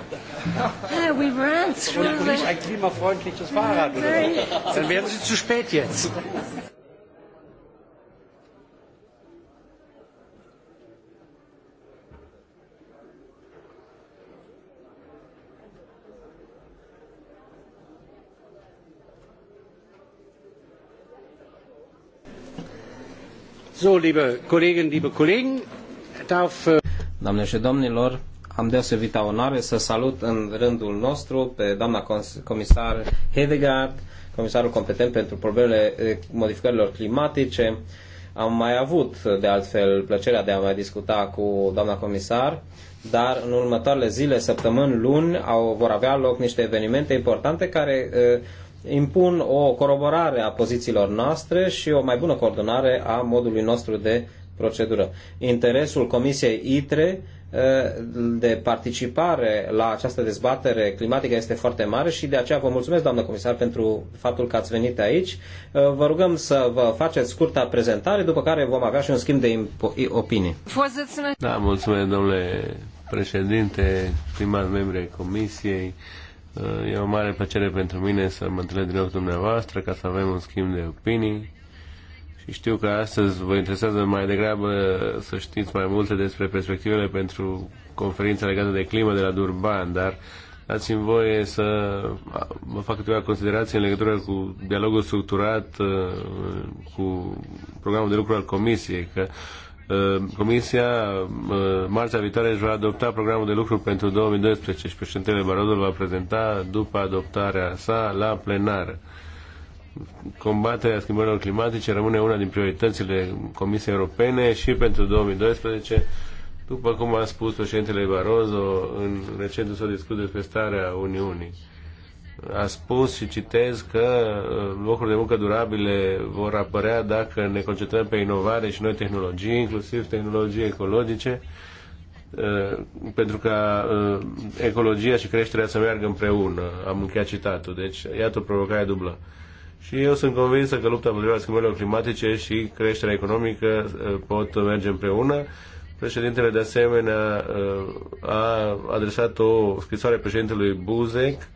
Yeah, we ran through und, ein klimafreundliches Fahrrad. Dann wären Sie zu spät jetzt. Äh, Doamne și domnilor, am deosebită onoare să salut în rândul nostru pe doamna comisar Hedegaard, comisarul competent pentru problemele eh, modificărilor climatice. Am mai avut, eh, de altfel, plăcerea de a mai discuta cu doamna comisar, dar în următoarele zile, săptămâni, luni, au, vor avea loc niște evenimente importante care uh, impun o coroborare a pozițiilor noastre și o mai bună coordonare a modului nostru de procedură. Interesul Comisiei ITRE eh, de participare la această dezbatere climatică este foarte mare și de aceea vă mulțumesc, doamnă comisar, pentru faptul că ați venit aici. Eh, vă rugăm să vă faceți scurta prezentare, după care vom avea și un schimb de opinii. Da, mulțumesc, domnule președinte, primar membre Comisiei. Uh, e o mare plăcere pentru mine să mă întâlnesc din nou cu dumneavoastră ca să avem un schimb de opinii. Și știu că astăzi vă interesează mai degrabă să știți mai multe despre perspectivele pentru conferința legată de climă de la Durban, dar dați-mi voie să vă fac câteva considerații în legătură cu dialogul structurat, uh, cu programul de lucru al Comisiei, că Ă, Comisia ă, marțea viitoare își va adopta programul de lucru pentru 2012 și președintele Barodul va prezenta după adoptarea sa la plenar. Combaterea schimbărilor climatice rămâne una din prioritățile Comisiei Europene și pentru 2012 după cum a spus președintele Barozo în recentul său discurs despre starea Uniunii a spus și citez că uh, locuri de muncă durabile vor apărea dacă ne concentrăm pe inovare și noi tehnologii, inclusiv tehnologii ecologice, uh, pentru ca uh, ecologia și creșterea să meargă împreună. Am încheiat citatul. Deci, iată o provocare dublă. Și eu sunt convinsă că lupta împotriva schimbărilor climatice și creșterea economică pot merge împreună. Președintele, de asemenea, a adresat o scrisoare președintelui Buzek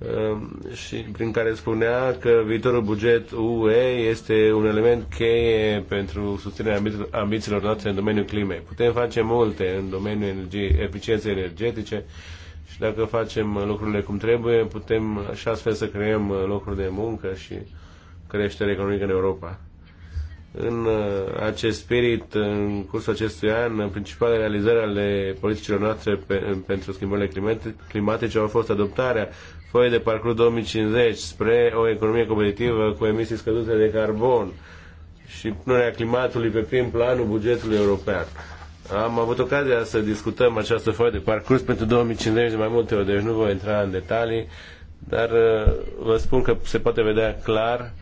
Ehm, și prin care spunea că viitorul buget UE este un element cheie pentru susținerea ambițiilor noastre în domeniul climei. Putem face multe în domeniul eficienței energetice și dacă facem lucrurile cum trebuie, putem și astfel să creăm locuri de muncă și creștere economică în Europa. În uh, acest spirit, în cursul acestui an, principale realizări ale politicilor noastre pe, pentru schimbările climatice au fost adoptarea foie de parcurs 2050 spre o economie competitivă cu emisii scăzute de carbon și punerea climatului pe prim planul bugetului european. Am avut ocazia să discutăm această foaie de parcurs pentru 2050 de mai multe ori, deci nu voi intra în detalii, dar uh, vă spun că se poate vedea clar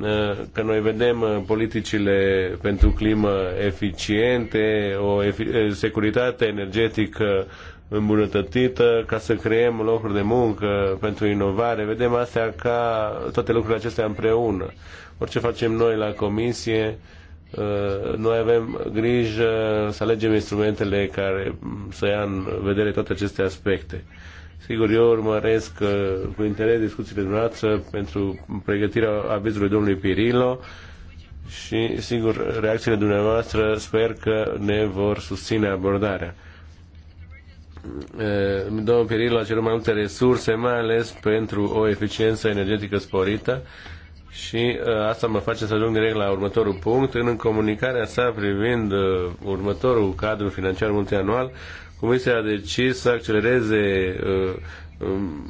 uh, că noi vedem uh, politicile pentru climă eficiente, o securitate energetică îmbunătățită ca să creăm locuri de muncă pentru inovare. Vedem astea ca toate lucrurile acestea împreună. Orice facem noi la comisie, uh, noi avem grijă să alegem instrumentele care mm, să ia în vedere toate aceste aspecte. Sigur, eu urmăresc uh, cu interes discuțiile dumneavoastră pentru pregătirea avizului domnului Pirilo și, sigur, reacțiile dumneavoastră sper că ne vor susține abordarea. Domnul Pirilo a cerut mai multe resurse, mai ales pentru o eficiență energetică sporită și uh, asta mă face să ajung direct la următorul punct. În comunicarea sa privind uh, următorul cadru financiar multianual, Comisia a decis să accelereze uh, um,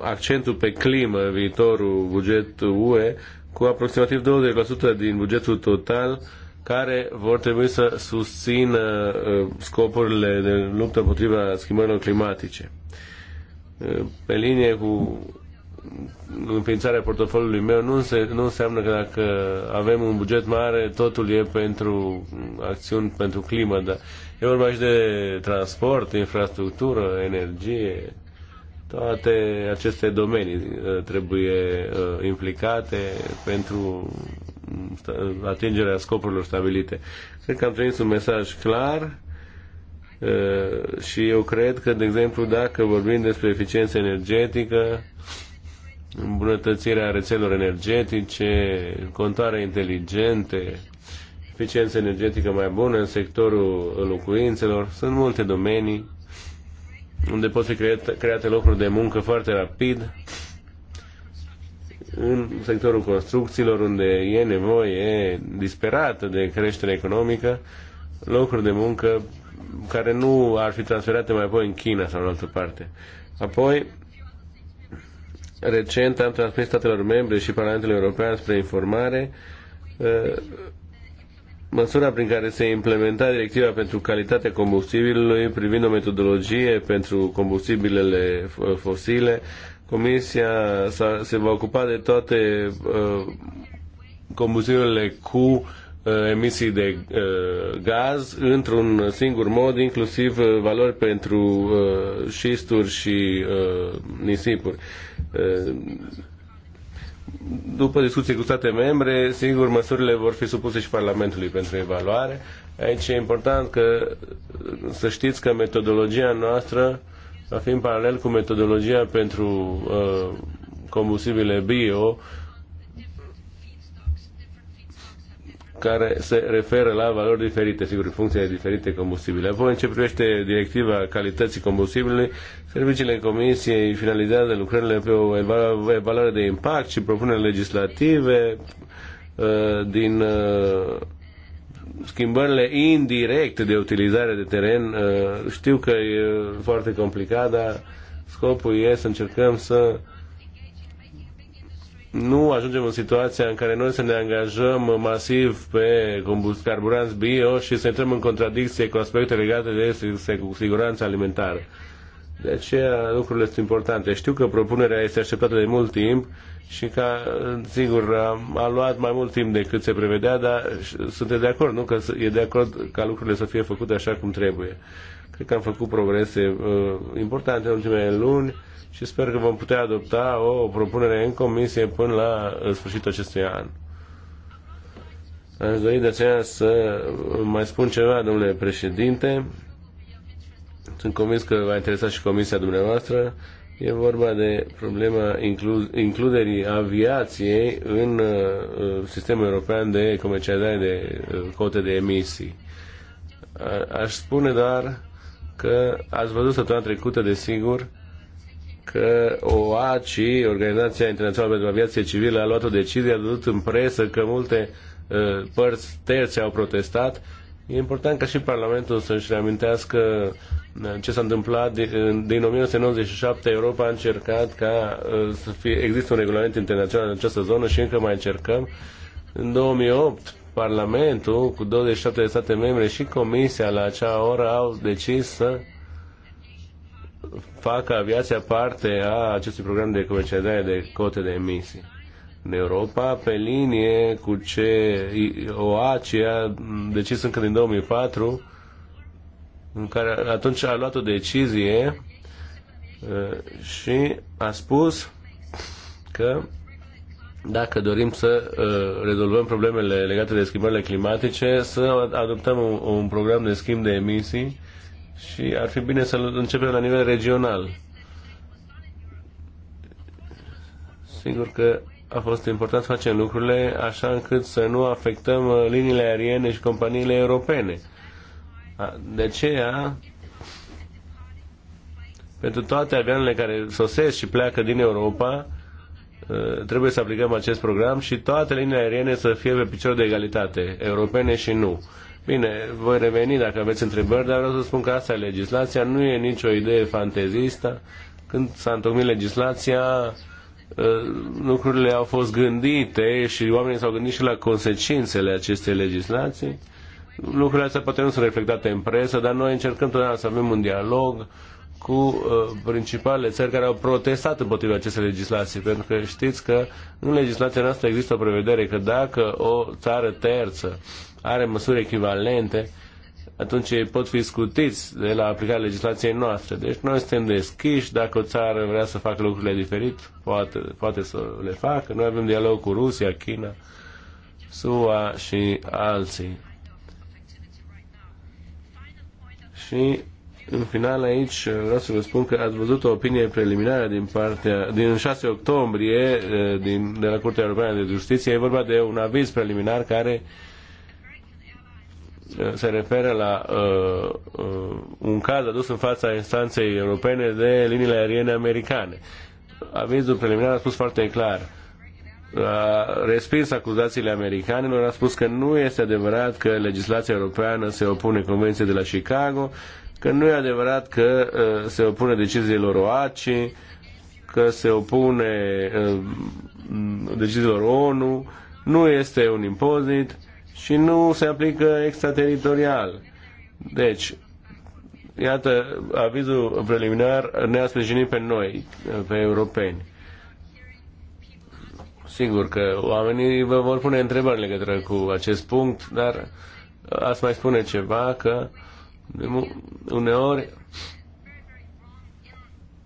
accentul pe climă viitorul buget UE cu aproximativ 20% din bugetul total uh, care vor trebui să susțină uh, scopurile de luptă împotriva schimbărilor climatice. Uh, pe linie cu înființarea portofoliului meu nu, înse- nu înseamnă că dacă avem un buget mare, totul e pentru acțiuni pentru climă, dar e vorba și de transport, infrastructură, energie, toate aceste domenii uh, trebuie implicate pentru atingerea scopurilor stabilite. Cred că am trimis un mesaj clar și eu cred că, de exemplu, dacă vorbim despre eficiență energetică, îmbunătățirea rețelor energetice, contoare inteligente, eficiență energetică mai bună în sectorul locuințelor, sunt multe domenii unde pot fi create locuri de muncă foarte rapid în sectorul construcțiilor, unde e nevoie disperată de creștere economică, locuri de muncă care nu ar fi transferate mai apoi în China sau în altă parte. Apoi, recent am transmis statelor membre și Parlamentul European spre informare uh, măsura prin care se implementa directiva pentru calitatea combustibilului privind o metodologie pentru combustibilele fosile Comisia se va ocupa de toate uh, combustibilele cu uh, emisii de uh, gaz într-un singur mod, inclusiv uh, valori pentru uh, șisturi și uh, nisipuri. Uh, după discuții cu state membre, sigur, măsurile vor fi supuse și Parlamentului pentru evaluare. Aici e important că să știți că metodologia noastră uh, va fi în paralel cu metodologia pentru uh, combustibile bio, care se referă la valori diferite, sigur, în funcție de diferite combustibile. Apoi, în ce privește directiva calității combustibilului, serviciile Comisiei finalizează lucrările pe o evaluare de impact și propuneri legislative uh, din uh, schimbările indirecte de utilizare de teren, uh, știu că e foarte complicat, dar scopul e să încercăm să nu ajungem în situația în care noi să ne angajăm masiv pe carburanți bio și să intrăm în contradicție cu aspecte legate de siguranța alimentară. De aceea lucrurile sunt importante. Știu că propunerea este așteptată de mult timp și că, sigur, a luat mai mult timp decât se prevedea, dar sunteți de acord, nu? Că e de acord ca lucrurile să fie făcute așa cum trebuie. Cred că am făcut progrese uh, importante în ultimele luni și sper că vom putea adopta o propunere în comisie până la uh, sfârșitul acestui an. Aș dori de aceea să uh, mai spun ceva, domnule președinte. Sunt convins că va interesa și comisia dumneavoastră. E vorba de problema inclu- includerii aviației în uh, uh, sistemul european de comercializare de uh, cote de emisii. A- aș spune doar că ați văzut săptămâna trecută, desigur, că OACI, Organizația Internațională pentru Aviație Civilă, a luat o decizie, a dat în presă că multe uh, părți terțe au protestat E important ca și Parlamentul să-și reamintească uh, ce s-a întâmplat din 1997. Uh, Europa a încercat ca uh, să fie, există un regulament internațional în această zonă și încă mai încercăm. În 2008, Parlamentul cu 27 de state membre și Comisia la acea oră au decis să facă aviația parte a acestui program de comercializare de cote de emisii în Europa pe linie cu ce OACIA decis încă din 2004 în care atunci a luat o decizie uh, și a spus că dacă dorim să uh, rezolvăm problemele legate de schimbările climatice, să adoptăm un, un program de schimb de emisii și ar fi bine să începem la nivel regional. Sigur că a fost important să facem lucrurile așa încât să nu afectăm uh, liniile aeriene și companiile europene. De aceea, pentru toate avioanele care sosesc și pleacă din Europa, uh, trebuie să aplicăm acest program și toate liniile aeriene să fie pe picior de egalitate, europene și nu. Bine, voi reveni dacă aveți întrebări, dar vreau să spun că asta e legislația, nu e nicio idee fantezistă. Când s-a întocmit legislația, Eh, lucrurile au fost gândite și oamenii s-au gândit și la consecințele acestei legislații. Lucrurile astea poate nu sunt reflectate în presă, dar noi încercăm totdeauna să avem un dialog cu uh, principalele țări care au protestat împotriva acestei legislații, pentru că știți că în legislația noastră există o prevedere că dacă o țară terță are măsuri echivalente, uh, atunci ei pot fi scutiți de la aplicarea legislației noastre. Deci noi suntem deschiși, dacă o țară vrea să facă lucrurile diferit, poate, poate să le facă. Noi avem dialog cu Rusia, China, SUA și alții. Și în final aici vreau să vă spun că ați văzut o opinie preliminară din partea din 6 octombrie eh, din, de la Curtea Europeană de Justiție. E vorba de un aviz preliminar care uh, se referă la uh, uh, un caz adus în fața instanței europene de liniile aeriene americane. Avizul preliminar a spus foarte clar. A respins acuzațiile americanilor, a spus că nu este adevărat că legislația europeană se opune convenției de la Chicago, că nu e adevărat că uh, se opune deciziilor OACI, că se opune uh, deciziilor ONU, nu este un impozit, și nu se aplică extrateritorial. Deci, iată, avizul preliminar ne-a sprijinit pe noi, pe europeni. Sigur că oamenii vă vor pune întrebări legătură cu acest punct, dar ați mai spune ceva că uneori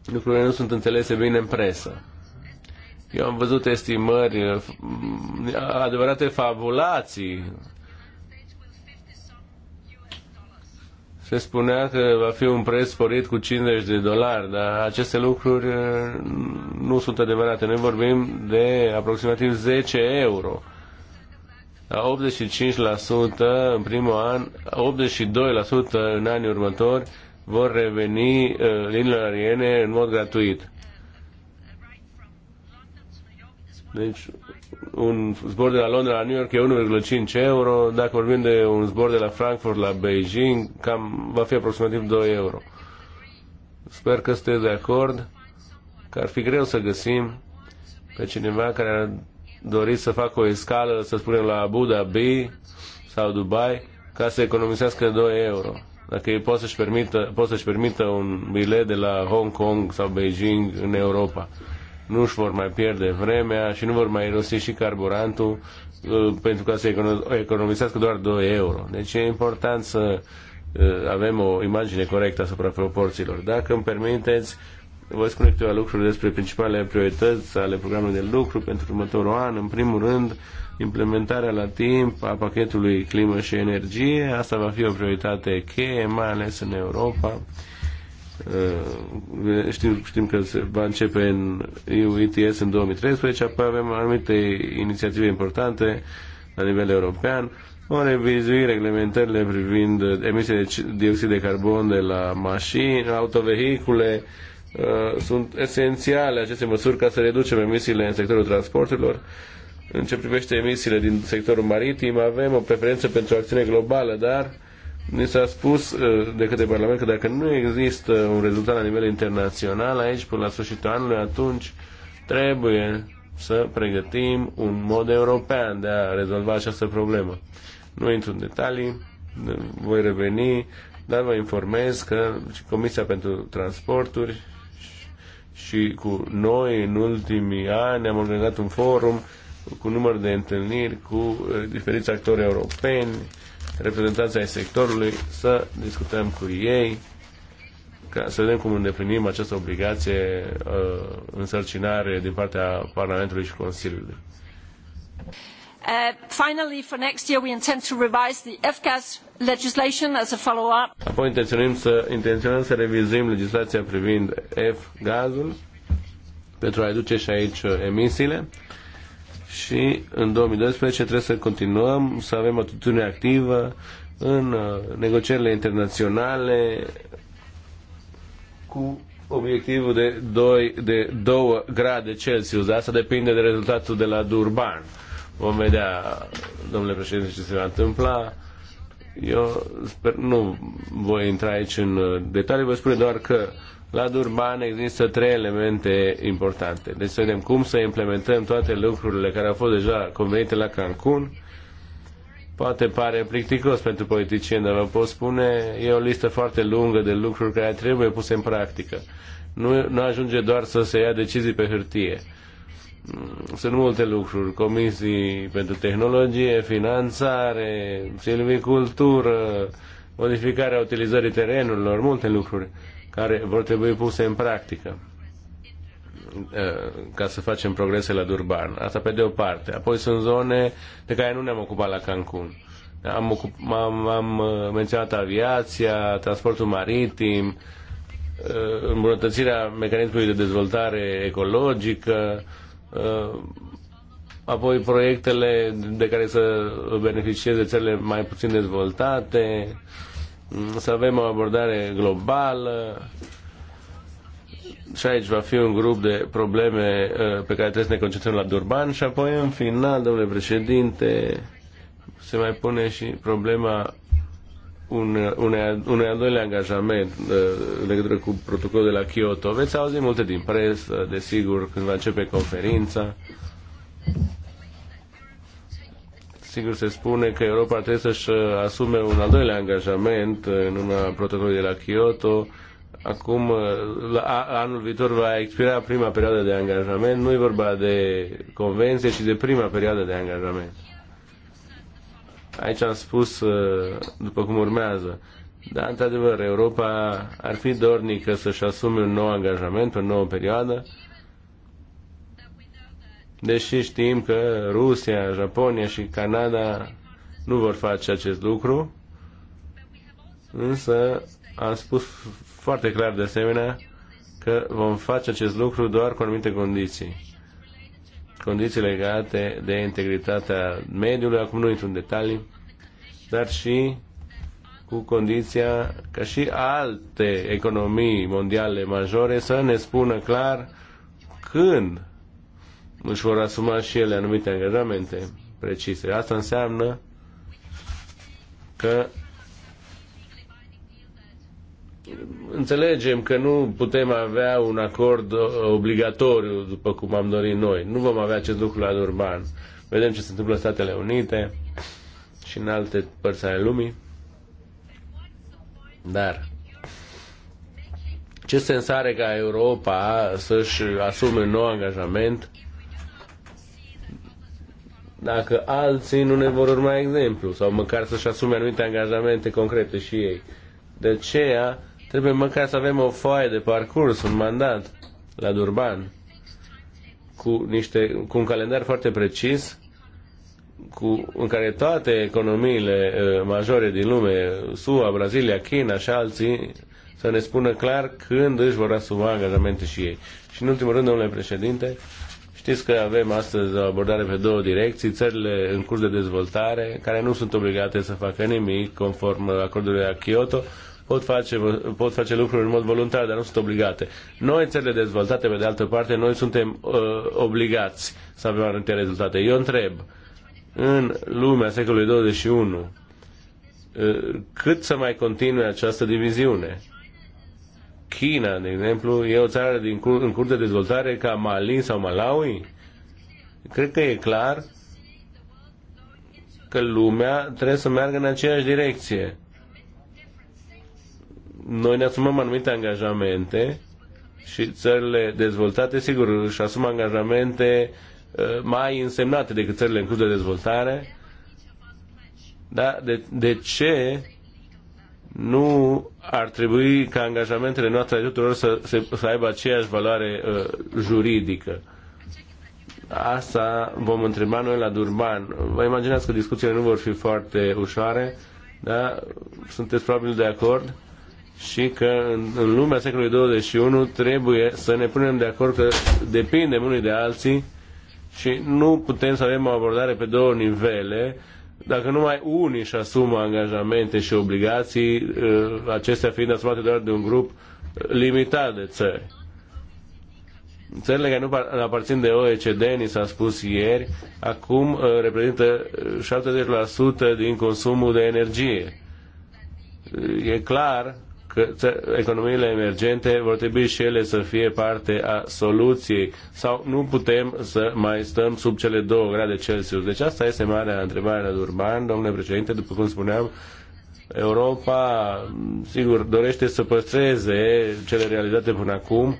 lucrurile nu sunt înțelese bine în presă. Eu am văzut estimări, uh, adevărate fabulații. Se spunea că va fi un preț sporit cu 50 de dolari, dar aceste lucruri uh, nu sunt adevărate. Noi vorbim de aproximativ 10 euro. 85% în primul an, 82% în anii următori vor reveni uh, linile aeriene în mod gratuit. Deci, un zbor de la Londra la New York e 1,5 euro, dacă vorbim de un zbor de la Frankfurt la Beijing, cam va fi aproximativ 2 euro. Sper că sunteți de acord că ar fi greu să găsim pe cineva care ar dori să facă o escală, să spunem, la Abu Dhabi sau Dubai, ca să economisească 2 euro. Dacă ei pot să-și permită, pot să-și permită un bilet de la Hong Kong sau Beijing în Europa nu își vor mai pierde vremea și nu vor mai irosi și carburantul uh, pentru ca să economisească doar 2 euro. Deci e important să uh, avem o imagine corectă asupra proporțiilor. Dacă îmi permiteți, voi spune câteva lucruri despre principalele priorități ale programului de lucru pentru următorul an. În primul rând, implementarea la timp a pachetului climă și energie. Asta va fi o prioritate cheie, mai ales în Europa. Uh, știm, știm că se va începe în EU ETS în 2013, apoi avem anumite inițiative importante la nivel european, o revizuire reglementările privind emisiile de dioxid de carbon de la mașini, autovehicule, uh, sunt esențiale aceste măsuri ca să reducem emisiile în sectorul transporturilor. În ce privește emisiile din sectorul maritim, avem o preferință pentru acțiune globală, dar Ni s-a spus uh, de către Parlament că dacă nu există un rezultat la nivel internațional aici până la sfârșitul anului, atunci trebuie să pregătim un mod european de a rezolva această problemă. Nu intru în detalii, voi reveni, dar vă informez că Comisia pentru Transporturi și cu noi în ultimii ani am organizat un forum cu număr de întâlniri cu uh, diferiți actori europeni, reprezentanții ai sectorului, să discutăm cu ei, ca să vedem cum îndeplinim această obligație uh, însărcinare din partea Parlamentului și Consiliului. Uh, finally, for next year, we intend to revise the FCAS legislation as a follow-up. Apoi intenționăm să, intenționăm să revizuim legislația privind F-gazul pentru a reduce și aici uh, emisiile și în 2012 trebuie să continuăm să avem atitudine activă în uh, negocierile internaționale cu obiectivul de 2, de 2 grade Celsius. Asta depinde de rezultatul de la Durban. Vom vedea, domnule președinte, ce se va întâmpla. Eu sper, nu voi intra aici în uh, detalii, vă spun doar că uh, la Durban există trei elemente importante. Deci să vedem cum să implementăm toate lucrurile care au fost deja convenite la Cancun. Poate pare plicticos pentru politicieni, dar vă pot spune, e o listă foarte lungă de lucruri care trebuie puse în practică. Nu, nu ajunge doar să se ia decizii pe hârtie. Sunt multe lucruri, comisii pentru tehnologie, finanțare, silvicultură, modificarea utilizării terenurilor, multe lucruri care vor trebui puse în practică uh, ca să facem progrese la Durban. Asta pe de o parte. Apoi sunt zone de care nu ne-am ocupat la Cancun. Am, ocup, am, am uh, menționat aviația, transportul maritim, uh, îmbunătățirea mecanismului de dezvoltare ecologică, apoi proiectele de care să beneficieze țările mai puțin dezvoltate, să avem o abordare globală și aici va fi un grup de probleme uh, pe care trebuie să ne concentrăm la Durban și apoi în final, domnule președinte, se mai pune și problema unui, unei, unui al doilea angajament uh, în legătură cu protocolul de la Kyoto. Veți auzi multe din presă, desigur, când va începe conferința sigur se spune că Europa trebuie să-și uh, asume un al doilea angajament uh, în urma protocolului de la Kyoto. Acum, uh, la, anul viitor va expira prima perioadă de angajament. Nu e vorba de convenție, ci de prima perioadă de angajament. Aici am spus după cum urmează. Dar, într-adevăr, Europa ar fi dornică să-și asume un nou angajament, o nouă perioadă deși știm că Rusia, Japonia și Canada nu vor face acest lucru, însă am spus foarte clar de asemenea că vom face acest lucru doar cu anumite condiții. Condiții legate de integritatea mediului, acum nu intru în detalii, dar și cu condiția ca și alte economii mondiale majore să ne spună clar când își vor asuma și ele anumite angajamente precise. Asta înseamnă că înțelegem că nu putem avea un acord obligatoriu după cum am dorit noi. Nu vom avea acest lucru la Durban. Vedem ce se întâmplă în Statele Unite și în alte părți ale lumii. Dar ce sens are ca Europa să-și asume un nou angajament dacă alții nu ne vor urma exemplu sau măcar să-și asume anumite angajamente concrete și ei. De aceea trebuie măcar să avem o foaie de parcurs, un mandat la Durban cu, niște, cu un calendar foarte precis cu, în care toate economiile uh, majore din lume, SUA, Brazilia, China și alții, să ne spună clar când își vor asuma angajamente și ei. Și în ultimul rând, domnule președinte, Știți că avem astăzi o abordare pe două direcții, țările în curs de dezvoltare, care nu sunt obligate să facă nimic conform acordului a Kyoto, pot face, pot face lucruri în mod voluntar, dar nu sunt obligate. Noi, țările dezvoltate, pe de altă parte, noi suntem uh, obligați să avem anumite rezultate. Eu întreb, în lumea secolului 21, uh, cât să mai continue această diviziune? China, de exemplu, e o țară din cur- în curs de dezvoltare ca Mali sau Malawi? Cred că e clar că lumea trebuie să meargă în aceeași direcție. Noi ne asumăm anumite angajamente și țările dezvoltate, sigur, își asumă angajamente uh, mai însemnate decât țările în curs de dezvoltare. Dar de, de ce nu ar trebui ca angajamentele noastre ale tuturor să, să, să aibă aceeași valoare uh, juridică. Asta vom întreba noi la Durban. Vă imaginați că discuțiile nu vor fi foarte ușoare, dar sunteți probabil de acord și că în, în lumea secolului 21 trebuie să ne punem de acord că depindem unii de alții și nu putem să avem o abordare pe două nivele dacă numai unii își asumă angajamente și obligații, uh, acestea fiind asumate doar de un grup uh, limitat de țări. Țările care nu aparțin de OECD, ni s-a spus ieri, acum uh, reprezintă 70% din consumul de energie. E clar că economiile emergente vor trebui și ele să fie parte a soluției sau nu putem să mai stăm sub cele două grade Celsius. Deci asta este marea întrebare la Durban, domnule președinte, după cum spuneam, Europa, sigur, dorește să păstreze cele realizate până acum,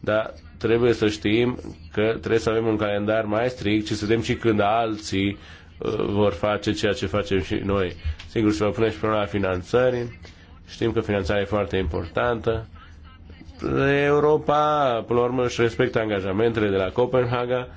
dar trebuie să știm că trebuie să avem un calendar mai strict și să vedem și când alții uh, vor face ceea ce facem și noi. Sigur, se va pune și problema finanțării Știm că finanțarea e foarte importantă. Europa, până la urmă, își respectă angajamentele de la Copenhaga,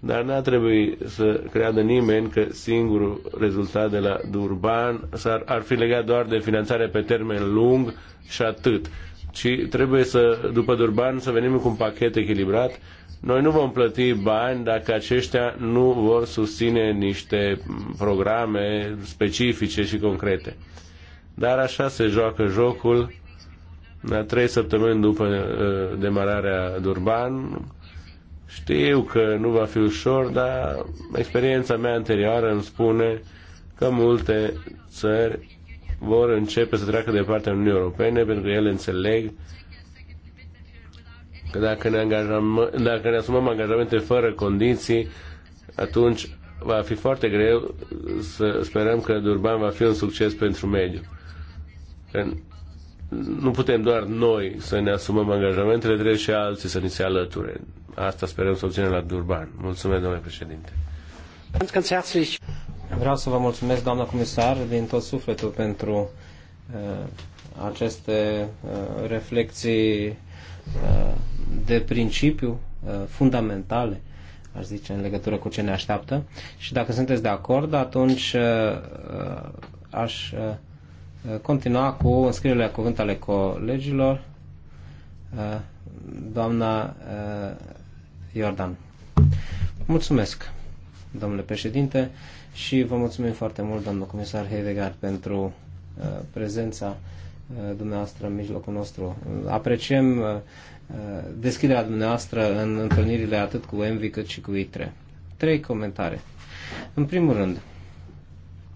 dar n-a trebuit să creadă nimeni că singurul rezultat de la Durban ar ar fi legat doar de finanțare pe termen lung și atât. Ci trebuie să, după Durban, să venim cu un pachet echilibrat. Noi nu vom plăti bani dacă aceștia nu vor susține niște programe specifice și concrete. Dar așa se joacă jocul. La trei săptămâni după uh, demararea Durban, știu că nu va fi ușor, dar experiența mea anterioară îmi spune că multe țări vor începe să treacă de partea Uniunii Europene pentru că ele înțeleg că dacă ne, angajăm, dacă ne asumăm angajamente fără condiții, atunci va fi foarte greu să sperăm că Durban va fi un succes pentru mediu nu putem doar noi să ne asumăm angajamentele, trebuie și alții să ni se alăture. Asta sperăm să obținem la Durban. Mulțumesc, domnule președinte. Vreau să vă mulțumesc, doamna comisar, din tot sufletul pentru uh, aceste uh, reflexii uh, de principiu uh, fundamentale, aș zice, în legătură cu ce ne așteaptă. Și dacă sunteți de acord, atunci uh, uh aș. Uh, Eh, continua cu înscrierile cuvânt ale colegilor. Eh, doamna eh, Iordan. Mulțumesc, domnule președinte, și vă mulțumim foarte mult, domnul comisar Hevegar, pentru prezența dumneavoastră în mijlocul nostru. Apreciem deschiderea dumneavoastră în întâlnirile atât cu Envi cât și cu ITRE. Trei comentare. În primul rând,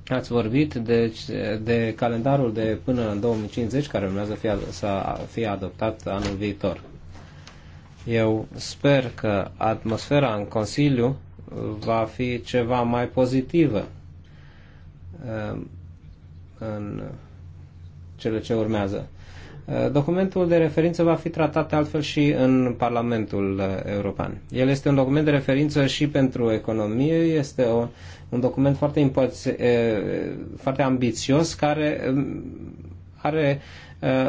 Ați vorbit de, deci, de calendarul de până în 2050 care urmează fie, să fie adoptat anul viitor. Eu sper că atmosfera în Consiliu va fi ceva mai pozitivă uh, în cele ce urmează. Eh, documentul de referință va fi tratat altfel și în Parlamentul eh, European. El este un document de referință și pentru economie, este o, un document foarte, impăț, eh, foarte ambițios care mm, are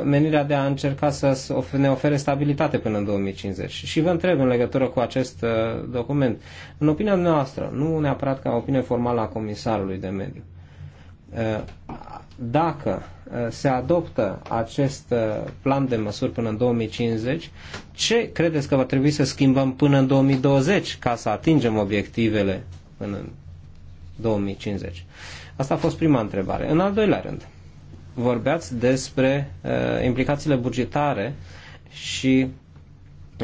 menirea de a încerca să ne ofere stabilitate până în 2050. Și vă întreb în legătură cu acest document, în opinia noastră, nu neapărat ca opinie formală a Comisarului de Mediu, Uh, dacă uh, se adoptă acest uh, plan de măsuri până în 2050, ce credeți că va trebui să schimbăm până în 2020 ca să atingem obiectivele până în 2050? Asta a fost prima întrebare. În al doilea rând, vorbeați despre uh, implicațiile bugetare și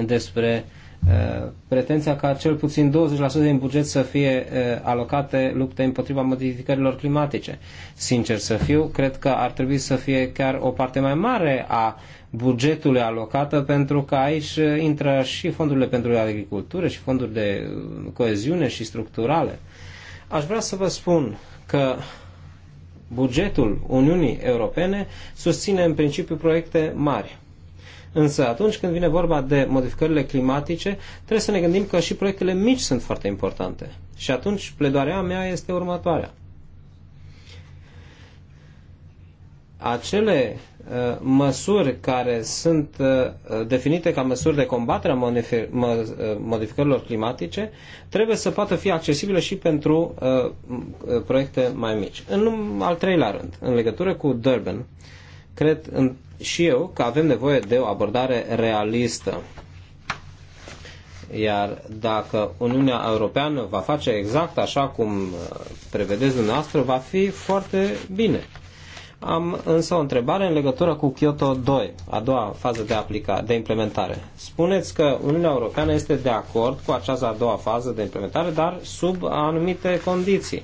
despre uh, Eh, pretenția ca cel puțin 20% din buget să fie eh, alocate lupte împotriva modificărilor climatice. Sincer să fiu, cred că ar trebui să fie chiar o parte mai mare a bugetului alocată pentru că aici eh, intră și fondurile pentru agricultură și fonduri de coeziune și structurale. Aș vrea să vă spun că bugetul Uniunii Europene susține în principiu proiecte mari Însă atunci când vine vorba de modificările climatice, trebuie să ne gândim că și proiectele mici sunt foarte importante. Și atunci pledoarea mea este următoarea. Acele uh, măsuri care sunt uh, definite ca măsuri de combatere a uh, modificărilor climatice trebuie să poată fi accesibile și pentru uh, uh, proiecte mai mici. În al treilea rând, în legătură cu Durban, cred în și eu că avem nevoie de o abordare realistă. Iar dacă Uniunea Europeană va face exact așa cum uh, prevedeți dumneavoastră, va fi foarte bine. Am însă o întrebare în legătură cu Kyoto 2, a doua fază de, aplica, de implementare. Spuneți că Uniunea Europeană este de acord cu această a doua fază de implementare, dar sub anumite condiții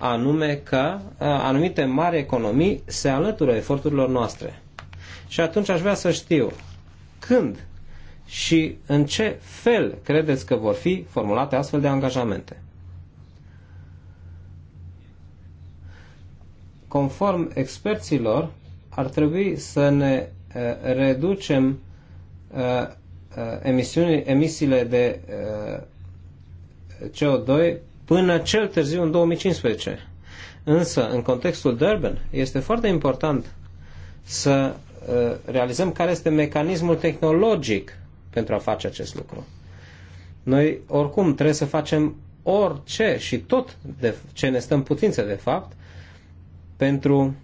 anume că anumite mari economii se alătură eforturilor noastre. Și atunci aș vrea să știu când și în ce fel credeți că vor fi formulate astfel de angajamente. Conform experților, ar trebui să ne reducem emisiile de CO2 până cel târziu în 2015. Însă, în contextul Durban, este foarte important să uh, realizăm care este mecanismul tehnologic pentru a face acest lucru. Noi, oricum, trebuie să facem orice și tot de ce ne stăm putință, de fapt, pentru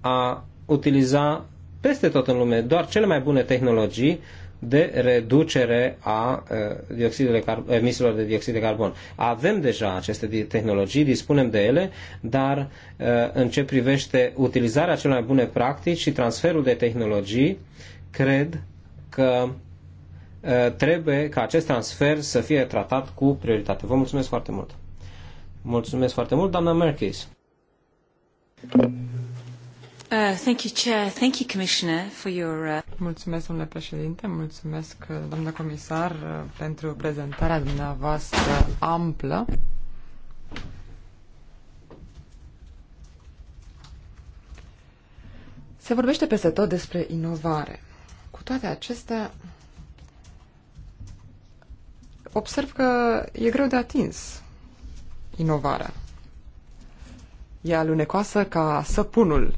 a utiliza peste tot în lume doar cele mai bune tehnologii de reducere a dioxidului, emisiilor de dioxid de carbon. Avem deja aceste tehnologii, dispunem de ele, dar în ce privește utilizarea celor mai bune practici și transferul de tehnologii, cred că trebuie ca acest transfer să fie tratat cu prioritate. Vă mulțumesc foarte mult! Mulțumesc foarte mult, doamna Merkis! Uh, thank you, Chair. Thank you, Commissioner, for your... Uh... Mulțumesc, domnule președinte, mulțumesc, uh, domnule comisar, uh, pentru prezentarea dumneavoastră amplă. Se vorbește peste tot despre inovare. Cu toate acestea, observ că e greu de atins inovarea. E alunecoasă ca săpunul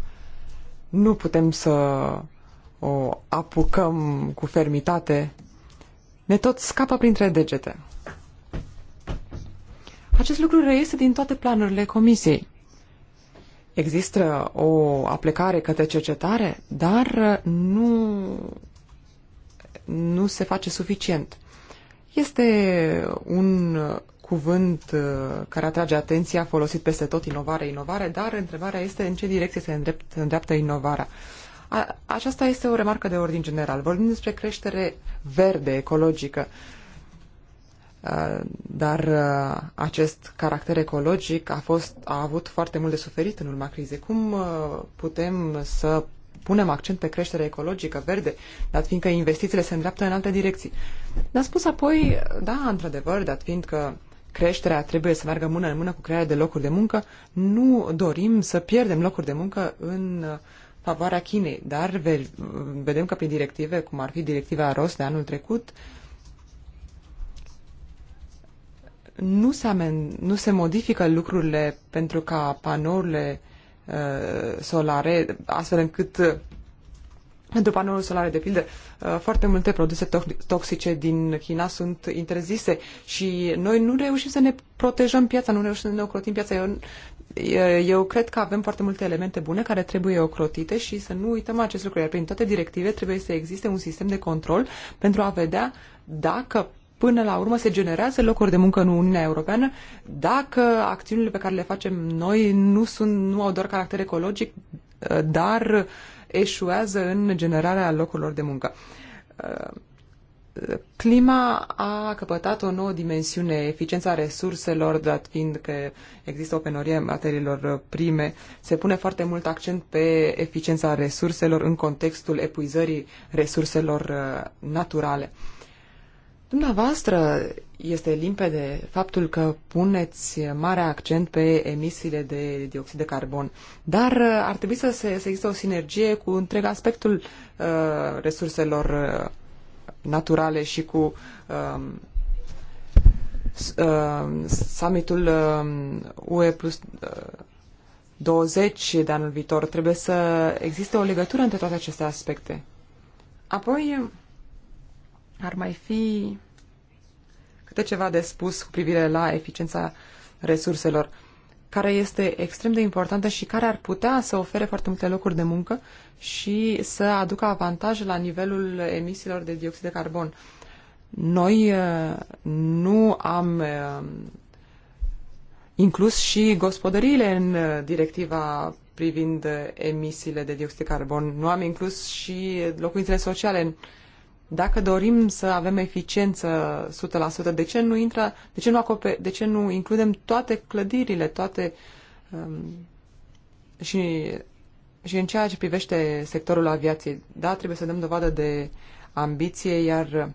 nu putem să o apucăm cu fermitate, ne tot scapă printre degete. Acest lucru reiese din toate planurile comisiei. Există o aplicare către cercetare, dar nu, nu se face suficient. Este un cuvânt uh, care atrage atenția, folosit peste tot, inovare, inovare, dar întrebarea este în ce direcție se îndrept, îndreaptă inovarea. A, aceasta este o remarcă de ordin general. Vorbim despre creștere verde, ecologică, uh, dar uh, acest caracter ecologic a, fost, a avut foarte mult de suferit în urma crizei. Cum putem să punem accent pe creștere ecologică, verde, dat fiindcă investițiile se îndreaptă în alte direcții. Ne-a spus apoi, da, într-adevăr, dat fiindcă creșterea trebuie să meargă mână în mână cu crearea de locuri de muncă. Nu dorim să pierdem locuri de muncă în uh, favoarea Chinei, dar vedem că prin directive, cum ar fi directiva ROS de anul trecut, nu se, amen, nu se modifică lucrurile pentru ca panourile uh, solare, astfel încât pentru panouri solare, de pildă, uh, foarte multe produse toxice din China sunt interzise și noi nu reușim să ne protejăm piața, nu reușim să ne ocrotim piața. Eu, uh, eu cred că avem foarte multe elemente bune care trebuie ocrotite și să nu uităm acest lucru. Iar prin toate directive trebuie să existe un sistem de control pentru a vedea dacă până la urmă se generează locuri de muncă în Uniunea Europeană dacă acțiunile pe care le facem noi nu, sunt, nu au doar caracter ecologic, uh, dar uh, eșuează în generarea locurilor de muncă. Clima a căpătat o nouă dimensiune, eficiența resurselor, dat fiind că există o penorie materiilor prime, se pune foarte mult accent pe eficiența resurselor în contextul epuizării resurselor naturale. Dumneavoastră este limpede faptul că puneți mare accent pe emisiile de dioxid de carbon, dar uh, ar trebui să, se, să existe o sinergie cu întreg aspectul uh, resurselor uh, naturale și cu uh, uh, summitul uh, um, UE plus uh, 20 de anul viitor. Trebuie să existe o legătură între toate aceste aspecte. Apoi, ar mai fi câte ceva de spus cu privire la eficiența resurselor, care este extrem de importantă și care ar putea să ofere foarte multe locuri de muncă și să aducă avantaje la nivelul emisiilor de dioxid de carbon. Noi uh, nu am uh, inclus și gospodăriile în directiva privind emisiile de dioxid de carbon. Nu am inclus și locuințele sociale în dacă dorim să avem eficiență 100%, de ce nu intră, de ce nu, acope, de ce nu includem toate clădirile, toate um, și, și în ceea ce privește sectorul aviației, da, trebuie să dăm dovadă de ambiție, iar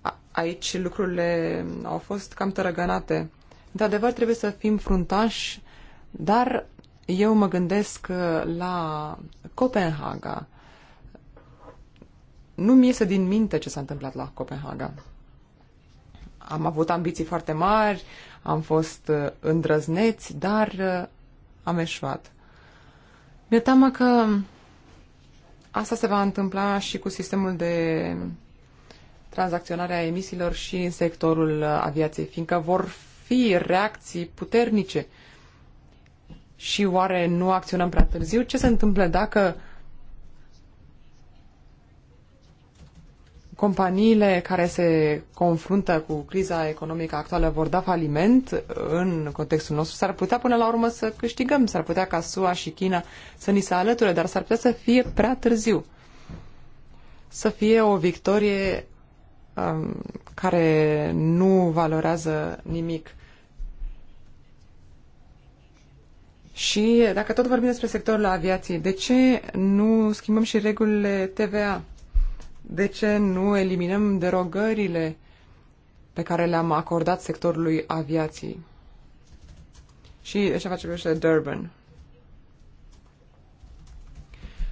a, aici lucrurile au fost cam tărăgănate. Într-adevăr, trebuie să fim fruntași, dar eu mă gândesc la Copenhaga, nu mi iese din minte ce s-a întâmplat la Copenhaga. Am avut ambiții foarte mari, am fost uh, îndrăzneți, dar uh, am eșuat. Mi-e teamă că asta se va întâmpla și cu sistemul de tranzacționare a emisiilor și în sectorul uh, aviației, fiindcă vor fi reacții puternice. Și oare nu acționăm prea târziu? Ce se întâmplă dacă uh, companiile care se confruntă cu criza economică actuală vor da faliment în contextul nostru, s-ar putea până la urmă să câștigăm, s-ar putea ca SUA și China să ni se alăture, dar s-ar putea să fie prea târziu. Să fie o victorie um, care nu valorează nimic. Și dacă tot vorbim despre sectorul aviației, de ce nu schimbăm și regulile TVA? de ce nu eliminăm derogările pe care le-am acordat sectorului aviației? Și așa face privește Durban.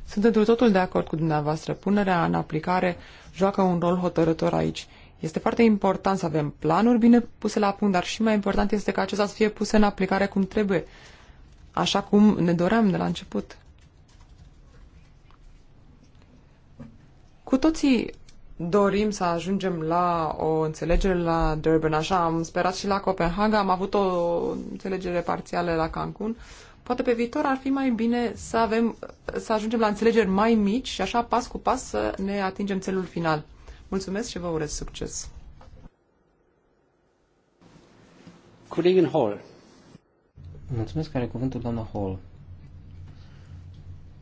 Sunt întru totul de acord cu dumneavoastră. Punerea în aplicare joacă un rol hotărător aici. Este foarte important să avem planuri bine puse la punct, dar și mai important este ca acestea să fie puse în aplicare cum trebuie, așa cum ne doream de la început. Cu toții dorim să ajungem la o înțelegere la Durban. Așa am sperat și la Copenhaga, am avut o înțelegere parțială la Cancun. Poate pe viitor ar fi mai bine să, avem, să ajungem la înțelegeri mai mici și așa pas cu pas să ne atingem țelul final. Mulțumesc și vă urez succes! Colegin Hall. Mulțumesc, care cuvântul doamna Hall.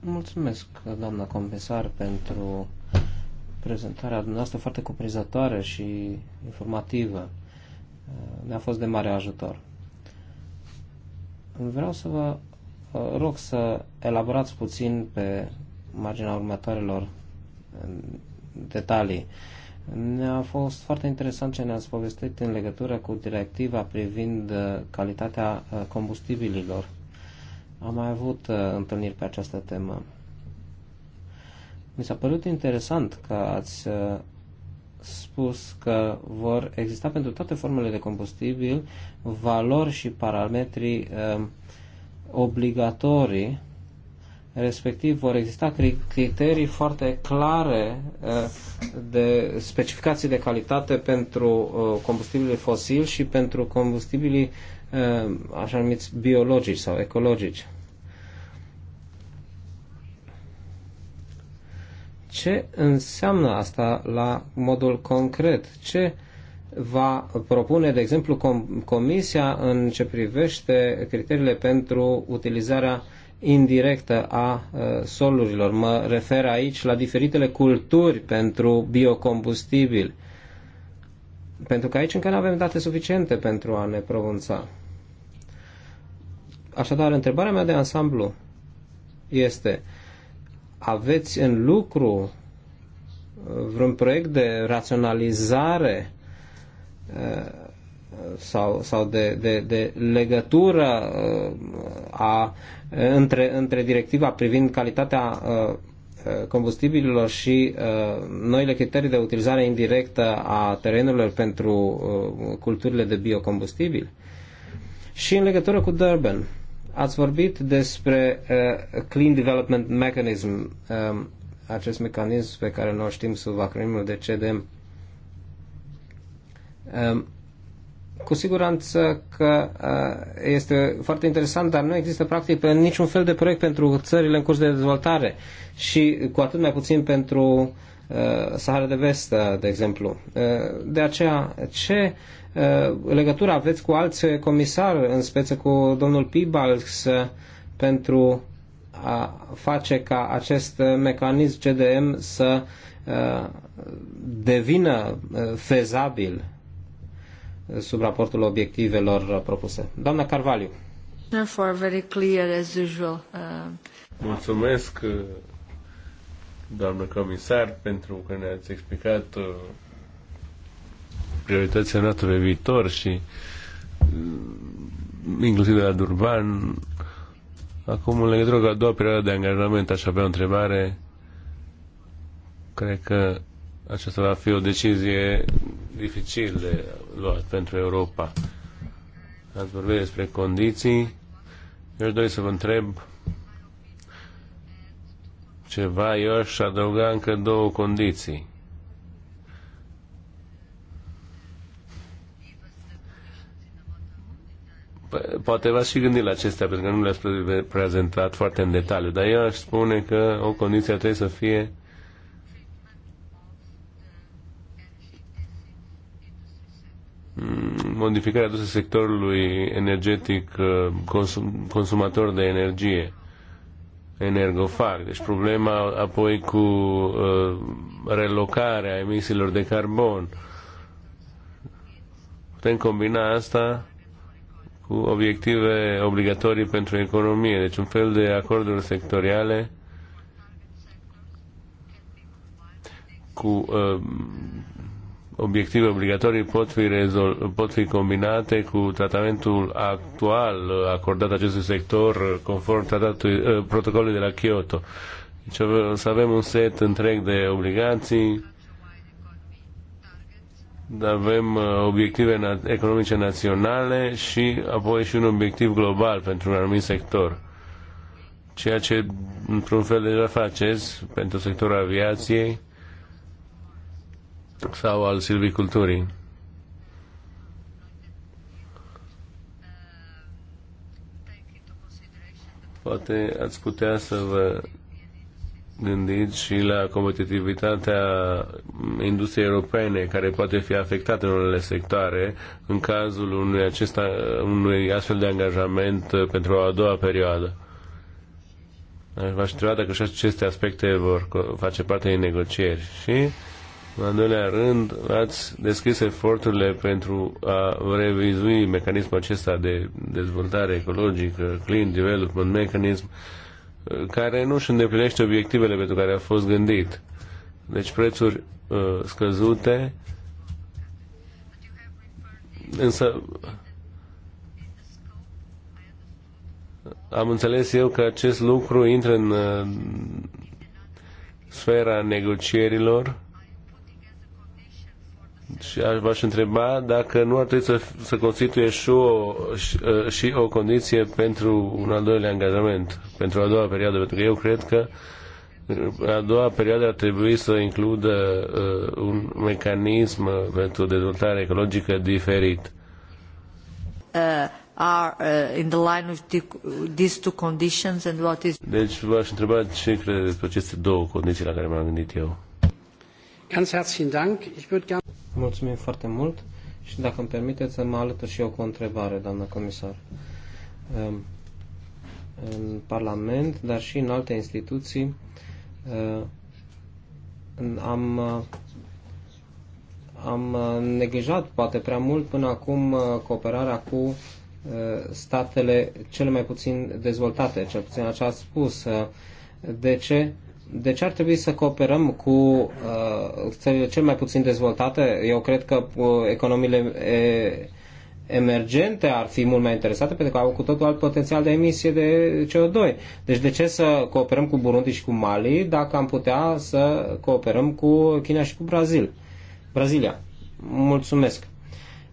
Mulțumesc, doamna compensar, pentru prezentarea dumneavoastră foarte cuprinzătoare și informativă. Uh, mi-a fost de mare ajutor. Vreau să vă uh, rog să elaborați puțin pe marginea următoarelor uh, detalii. Ne-a fost foarte interesant ce ne-ați povestit în legătură cu directiva privind calitatea combustibililor. Am mai avut întâlniri pe această temă. Mi s-a părut interesant că ați uh, spus că vor exista pentru toate formele de combustibil valori și parametri um, obligatorii, respectiv vor exista criterii foarte clare uh, de specificații de calitate pentru uh, combustibilii fosili și pentru combustibilii așa numiți biologici sau ecologici. ce înseamnă asta la modul concret? Ce va propune, de exemplu, com Comisia în ce privește criteriile pentru utilizarea indirectă a uh, solurilor? Mă refer aici la diferitele culturi pentru biocombustibil Pentru că aici încă nu avem date suficiente pentru a ne pronunța. Așadar, întrebarea mea de ansamblu este aveți în lucru uh, vreun proiect de raționalizare uh, sau, sau de, de, de legătură uh, a, între, între directiva privind calitatea combustibililor și noile criterii de utilizare indirectă a terenurilor pentru culturile de biocombustibil. Și în legătură cu Durban, Ați vorbit despre uh, Clean Development Mechanism, uh, acest mecanism pe care noi știm sub acronimul de CDM. Um, cu siguranță că uh, este foarte interesant, dar nu există practic pe niciun fel de proiect pentru țările în curs de dezvoltare și cu atât mai puțin pentru uh, Sahara de Vest, uh, de exemplu. Uh, de aceea, ce legătură aveți cu alți comisari, în speță cu domnul Pibals, pentru a face ca acest mecanism CDM să uh, devină uh, fezabil sub raportul obiectivelor propuse. Doamna Carvaliu. For very clear as usual. Uh, Mulțumesc, doamnă comisar, pentru că ne-ați explicat prioritățile noastre pe viitor și mm, inclusiv de la Durban. Acum, în legătură cu a doua perioadă de angajament, aș avea o întrebare. Cred că aceasta va fi o decizie dificil de luat pentru Europa. Ați vorbit despre condiții. Eu aș dori să vă întreb ceva. Eu aș adăuga încă două condiții poate v-ați și gândit la acestea, pentru că nu le-ați prezentat foarte în detaliu, dar eu aș spune că o condiție trebuie să fie modificarea adusă sectorului energetic uh, consum, consumator de energie, energofag. Deci problema apoi cu uh, relocarea emisiilor de carbon. Putem combina asta cu obiective obligatorii pentru economie, deci un fel de acorduri sectoriale cu uh, obiective obligatorii pot fi, rezol- pot fi combinate cu tratamentul actual acordat acestui sector conform tratatului, uh, protocolului de la Kyoto. Deci să avem un set întreg de obligații avem uh, obiective economice naționale și apoi și un obiectiv global pentru un anumit sector. Ceea ce, într-un fel, deja faceți pentru sectorul aviației sau al silviculturii. Poate ați putea să vă gândit și la competitivitatea industriei europene care poate fi afectată în unele sectoare în cazul unui, acesta, unui astfel de angajament pentru o a doua perioadă. V-aș întreba dacă și aceste aspecte vor face parte din negocieri. Și, în al doilea rând, ați deschis eforturile pentru a revizui mecanismul acesta de dezvoltare ecologică, Clean Development Mechanism, uh, care nu își îndeplinește obiectivele pentru care a fost gândit. Deci prețuri uh, scăzute, însă am înțeles eu că acest lucru intră în uh, sfera negocierilor și aș v-aș întreba dacă nu ar trebui să, să constituie și o, și, ă, și o condiție pentru un al doilea angajament, pentru a doua perioadă, pentru că eu cred că ă, a doua perioadă ar trebui să includă uh, un mecanism pentru dezvoltare ecologică diferit. Uh, are uh, in the line of the, these two conditions and what is... Deci v-aș întreba ce credeți despre aceste două condiții la care m-am gândit eu. Ganz herzlichen Dank. Ich würde gerne... Mulțumim foarte mult și dacă îmi permiteți să mă alătur și eu cu o întrebare, doamnă comisar. Ehm, în Parlament, dar și în alte instituții, ehm, am, am neglijat poate prea mult până acum uh, cooperarea cu uh, statele cele mai puțin dezvoltate, cel puțin așa spus. Uh, de ce de ce ar trebui să cooperăm cu uh, țările cel mai puțin dezvoltate. Eu cred că uh, economiile e, emergente ar fi mult mai interesate pentru că au cu totul alt potențial de emisie de CO2. Deci de ce să cooperăm cu Burundi și cu Mali dacă am putea să cooperăm cu China și cu Brazil? Brazilia. Mulțumesc.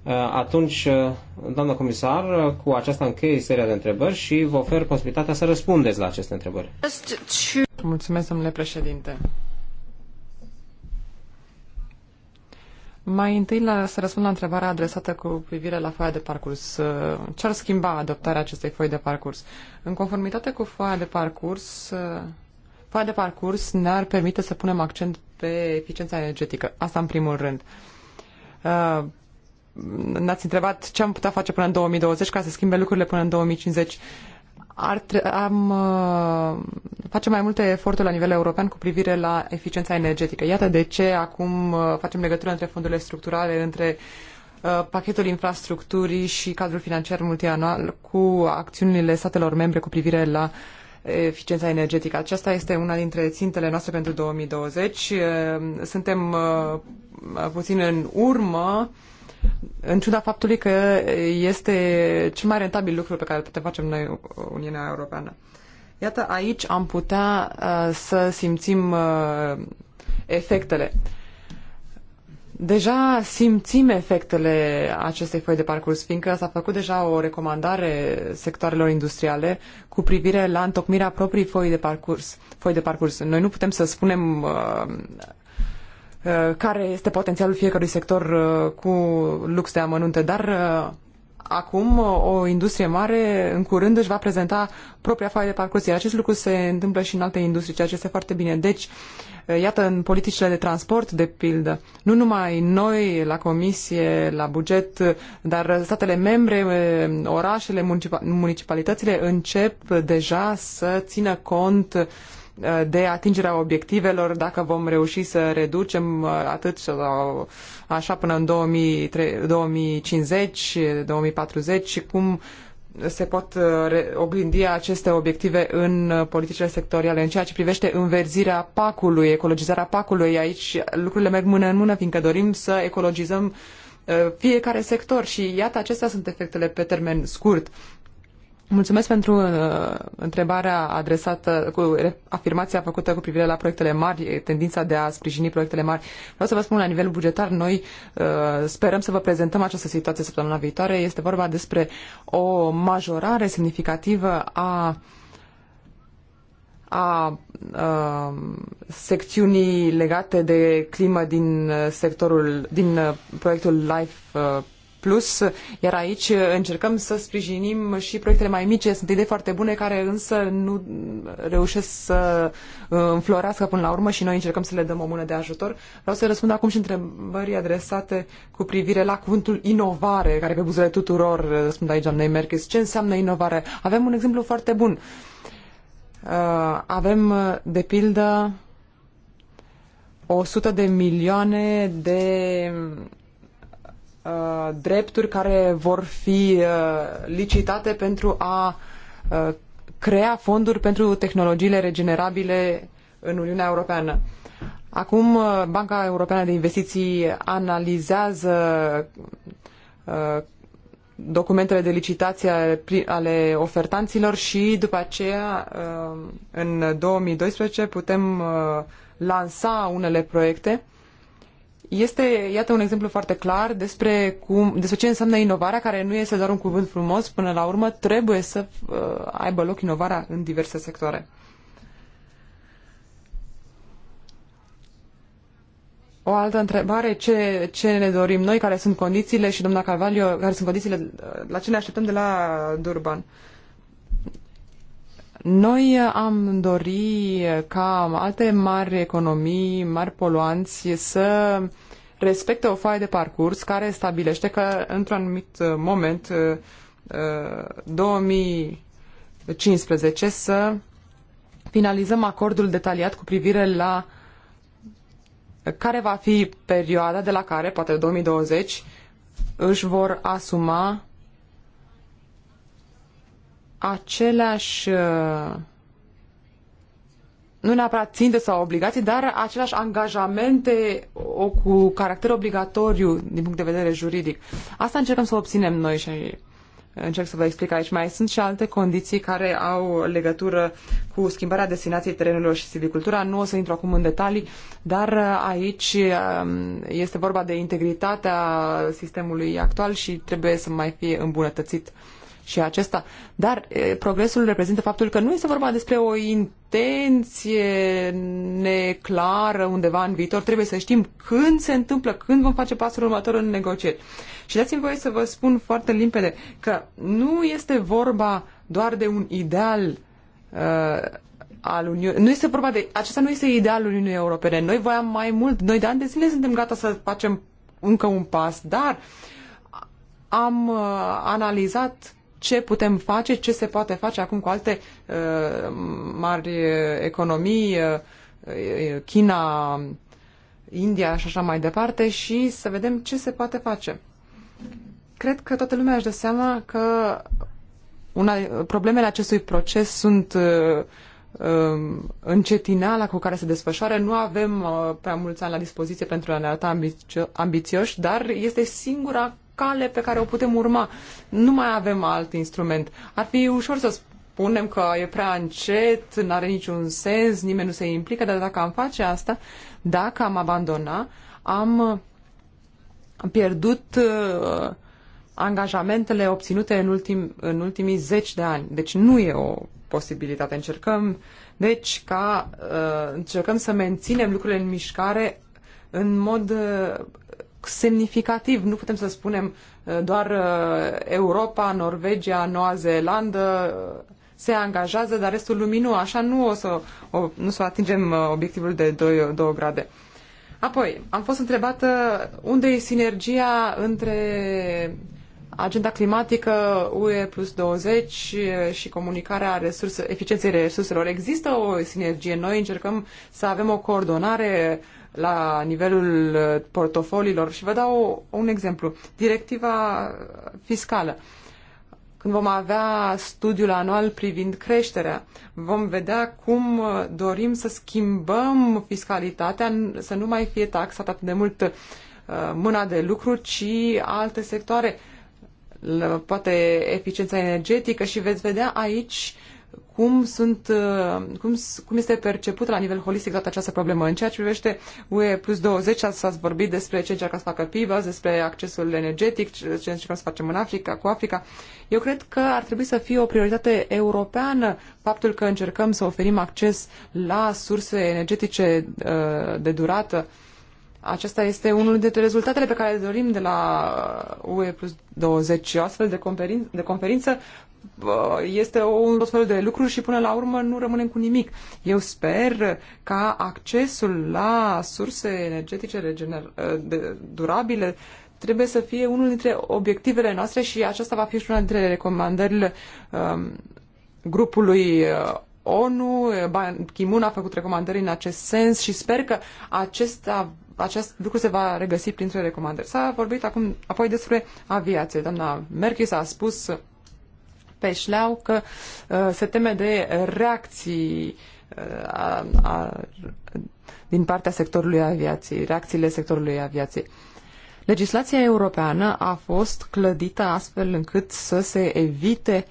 Uh, atunci, uh, doamnă comisar, uh, cu aceasta închei seria de întrebări și vă ofer posibilitatea să răspundeți la aceste întrebări. Mulțumesc, domnule președinte. Mai întâi la, să răspund la întrebarea adresată cu privire la foaia de parcurs. Uh, ce ar schimba adoptarea acestei foi de parcurs? În conformitate cu foaia de parcurs, uh, foaia de parcurs ne-ar permite să punem accent pe eficiența energetică. Asta în primul rând. Uh, Ne-ați întrebat ce am putea face până în 2020 ca să schimbe lucrurile până în 2050 ar am, uh, face mai multe eforturi la nivel european cu privire la eficiența energetică. Iată de ce acum uh, facem legătura între fondurile structurale, între uh, pachetul infrastructurii și cadrul financiar multianual cu acțiunile statelor membre cu privire la eficiența energetică. Aceasta este una dintre țintele noastre pentru 2020. Suntem puțin în urmă în ciuda faptului că este cel mai rentabil lucru pe care îl putem face noi, Uniunea Europeană. Iată, aici am putea uh, să simțim uh, efectele. Deja simțim efectele acestei foi de parcurs, fiindcă s-a făcut deja o recomandare sectoarelor industriale cu privire la întocmirea proprii foi de parcurs. Foi de parcurs. Noi nu putem să spunem uh, Uh, care este potențialul fiecărui sector uh, cu lux de amănunte, dar uh, acum o industrie mare în curând își va prezenta propria foaie de parcurs, iar acest lucru se întâmplă și în alte industrii, ceea ce este foarte bine. Deci, iată, în politicile de transport, de pildă, nu numai noi la comisie, la buget, dar statele membre, orașele, municipalitățile încep deja să țină cont uh, Eh, de atingerea obiectivelor, dacă vom reuși să reducem eh, atât sau așa până în 2050, 2040, cum se pot eh, oglindi aceste obiective în politicile sectoriale. În ceea ce privește înverzirea pacului, ecologizarea pacului, aici lucrurile merg mână în mână, fiindcă dorim să ecologizăm fiecare sector și iată acestea sunt efectele pe termen scurt. Mulțumesc pentru uh, întrebarea adresată cu afirmația făcută cu privire la proiectele mari, tendința de a sprijini proiectele mari. Vreau să vă spun la nivel bugetar, noi uh, sperăm să vă prezentăm această situație săptămâna viitoare. Este vorba despre o majorare semnificativă a a uh, secțiunii legate de climă din uh, sectorul din uh, proiectul Life uh, Plus, iar aici încercăm să sprijinim și proiectele mai mici, sunt idei foarte bune, care însă nu reușesc să uh, înflorească până la urmă și noi încercăm să le dăm o mână de ajutor. Vreau să răspund acum și întrebării adresate cu privire la cuvântul inovare, care pe buzele tuturor uh, răspund aici doamnei Merkes. Ce înseamnă inovare? Avem un exemplu foarte bun. Uh, avem, de pildă, 100 de milioane de Uh, drepturi care vor fi uh, licitate pentru a uh, crea fonduri pentru tehnologiile regenerabile în Uniunea Europeană. Acum, Banca Europeană de Investiții analizează documentele de licitație ale ofertanților și după aceea, în 2012, putem lansa unele proiecte este, iată, un exemplu foarte clar despre, cum, despre ce înseamnă inovarea, care nu este doar un cuvânt frumos, până la urmă trebuie să uh, aibă loc inovarea în diverse sectoare. O altă întrebare, ce, ce ne dorim noi, care sunt condițiile și doamna Carvalho, care sunt condițiile, uh, la ce ne așteptăm de la Durban? Noi am dori ca alte mari economii, mari poluanți să respecte o foaie de parcurs care stabilește că într-un anumit uh, moment 2015 uh, uh, să finalizăm acordul detaliat cu privire la care va fi perioada de la care, poate 2020, își vor asuma aceleași nu neapărat ținte sau obligații, dar aceleași angajamente cu caracter obligatoriu din punct de vedere juridic. Asta încercăm să obținem noi și uh, încerc să vă explic aici. Mai sunt și alte condiții care au legătură cu schimbarea destinației terenurilor și silvicultura. Nu o să intru acum în detalii, dar uh, aici um, este vorba de integritatea sistemului actual și trebuie să mai fie îmbunătățit și acesta. Dar progresul reprezintă faptul că nu este vorba despre o intenție neclară undeva în viitor. Trebuie să știm când se întâmplă, când vom face pasul următor în negocieri. Și dați-mi voie să vă spun foarte limpede că nu este vorba doar de un ideal uh, al Uniunii. Nu este vorba de. Acesta nu este idealul Uniunii Europene. Noi voiam mai mult. Noi de ani de zile suntem gata să facem încă un pas, dar am uh, analizat ce putem face, ce se poate face acum cu alte uh, mari economii, uh, uh, China, India și așa mai departe și să vedem ce se poate face. Cred că toată lumea își dă seama că una, problemele acestui proces sunt uh, um, la cu care se desfășoară. Nu avem uh, prea mulți ani la dispoziție pentru a ne arăta ambițioși, dar este singura cale pe care o putem urma. Nu mai avem alt instrument. Ar fi ușor să spunem că e prea încet, nu are niciun sens, nimeni nu se implică, dar dacă am face asta, dacă am abandona, am pierdut uh, angajamentele obținute în, ultim, în ultimii zeci de ani. Deci nu e o posibilitate. Încercăm, deci, ca, uh, încercăm să menținem lucrurile în mișcare în mod uh, semnificativ. Nu putem să spunem uh, doar uh, Europa, Norvegia, Noua Zeelandă uh, se angajează, dar restul lumii nu. Așa nu o să, o, nu să atingem obiectivul de 2, 2 grade. Apoi, am fost întrebată unde e sinergia între agenda climatică UE plus 20 și comunicarea resurse, eficienței resurselor. Există o sinergie. Noi încercăm să avem o coordonare la nivelul uh, portofoliilor. Și vă dau un exemplu. Directiva fiscală. Când vom avea studiul anual privind creșterea, vom vedea cum uh, dorim să schimbăm fiscalitatea, să nu mai fie taxat atât de mult uh, mâna de lucru, ci alte sectoare poate eficiența energetică și veți vedea aici cum, sunt, uh, cum, cum este perceput la nivel holistic toată această problemă. În ceea ce privește UE plus 20, s-a vorbit despre ce încercăm să facă PIBAS, despre accesul energetic, ce încercăm să facem în Africa, cu Africa. Eu cred că ar trebui să fie o prioritate europeană faptul că încercăm să oferim acces la surse energetice uh, de durată. Acesta este unul dintre rezultatele pe care le dorim de la uh, UE plus 20. O astfel de, conferin- de conferință Uh, este un tot fel de lucruri și până la urmă nu rămânem cu nimic. Eu sper ca accesul la surse energetice regener- uh, durabile trebuie să fie unul dintre obiectivele noastre și aceasta va fi și una dintre recomandările um, grupului uh, ONU. Ban a făcut recomandări în acest sens și sper că acesta acest lucru se va regăsi printre recomandări. S-a vorbit acum apoi despre aviație. Doamna Merkis a spus pe șleau că uh, se teme de reacții uh, a, a, din partea sectorului aviației, reacțiile sectorului aviației. Legislația europeană a fost clădită astfel încât să se evite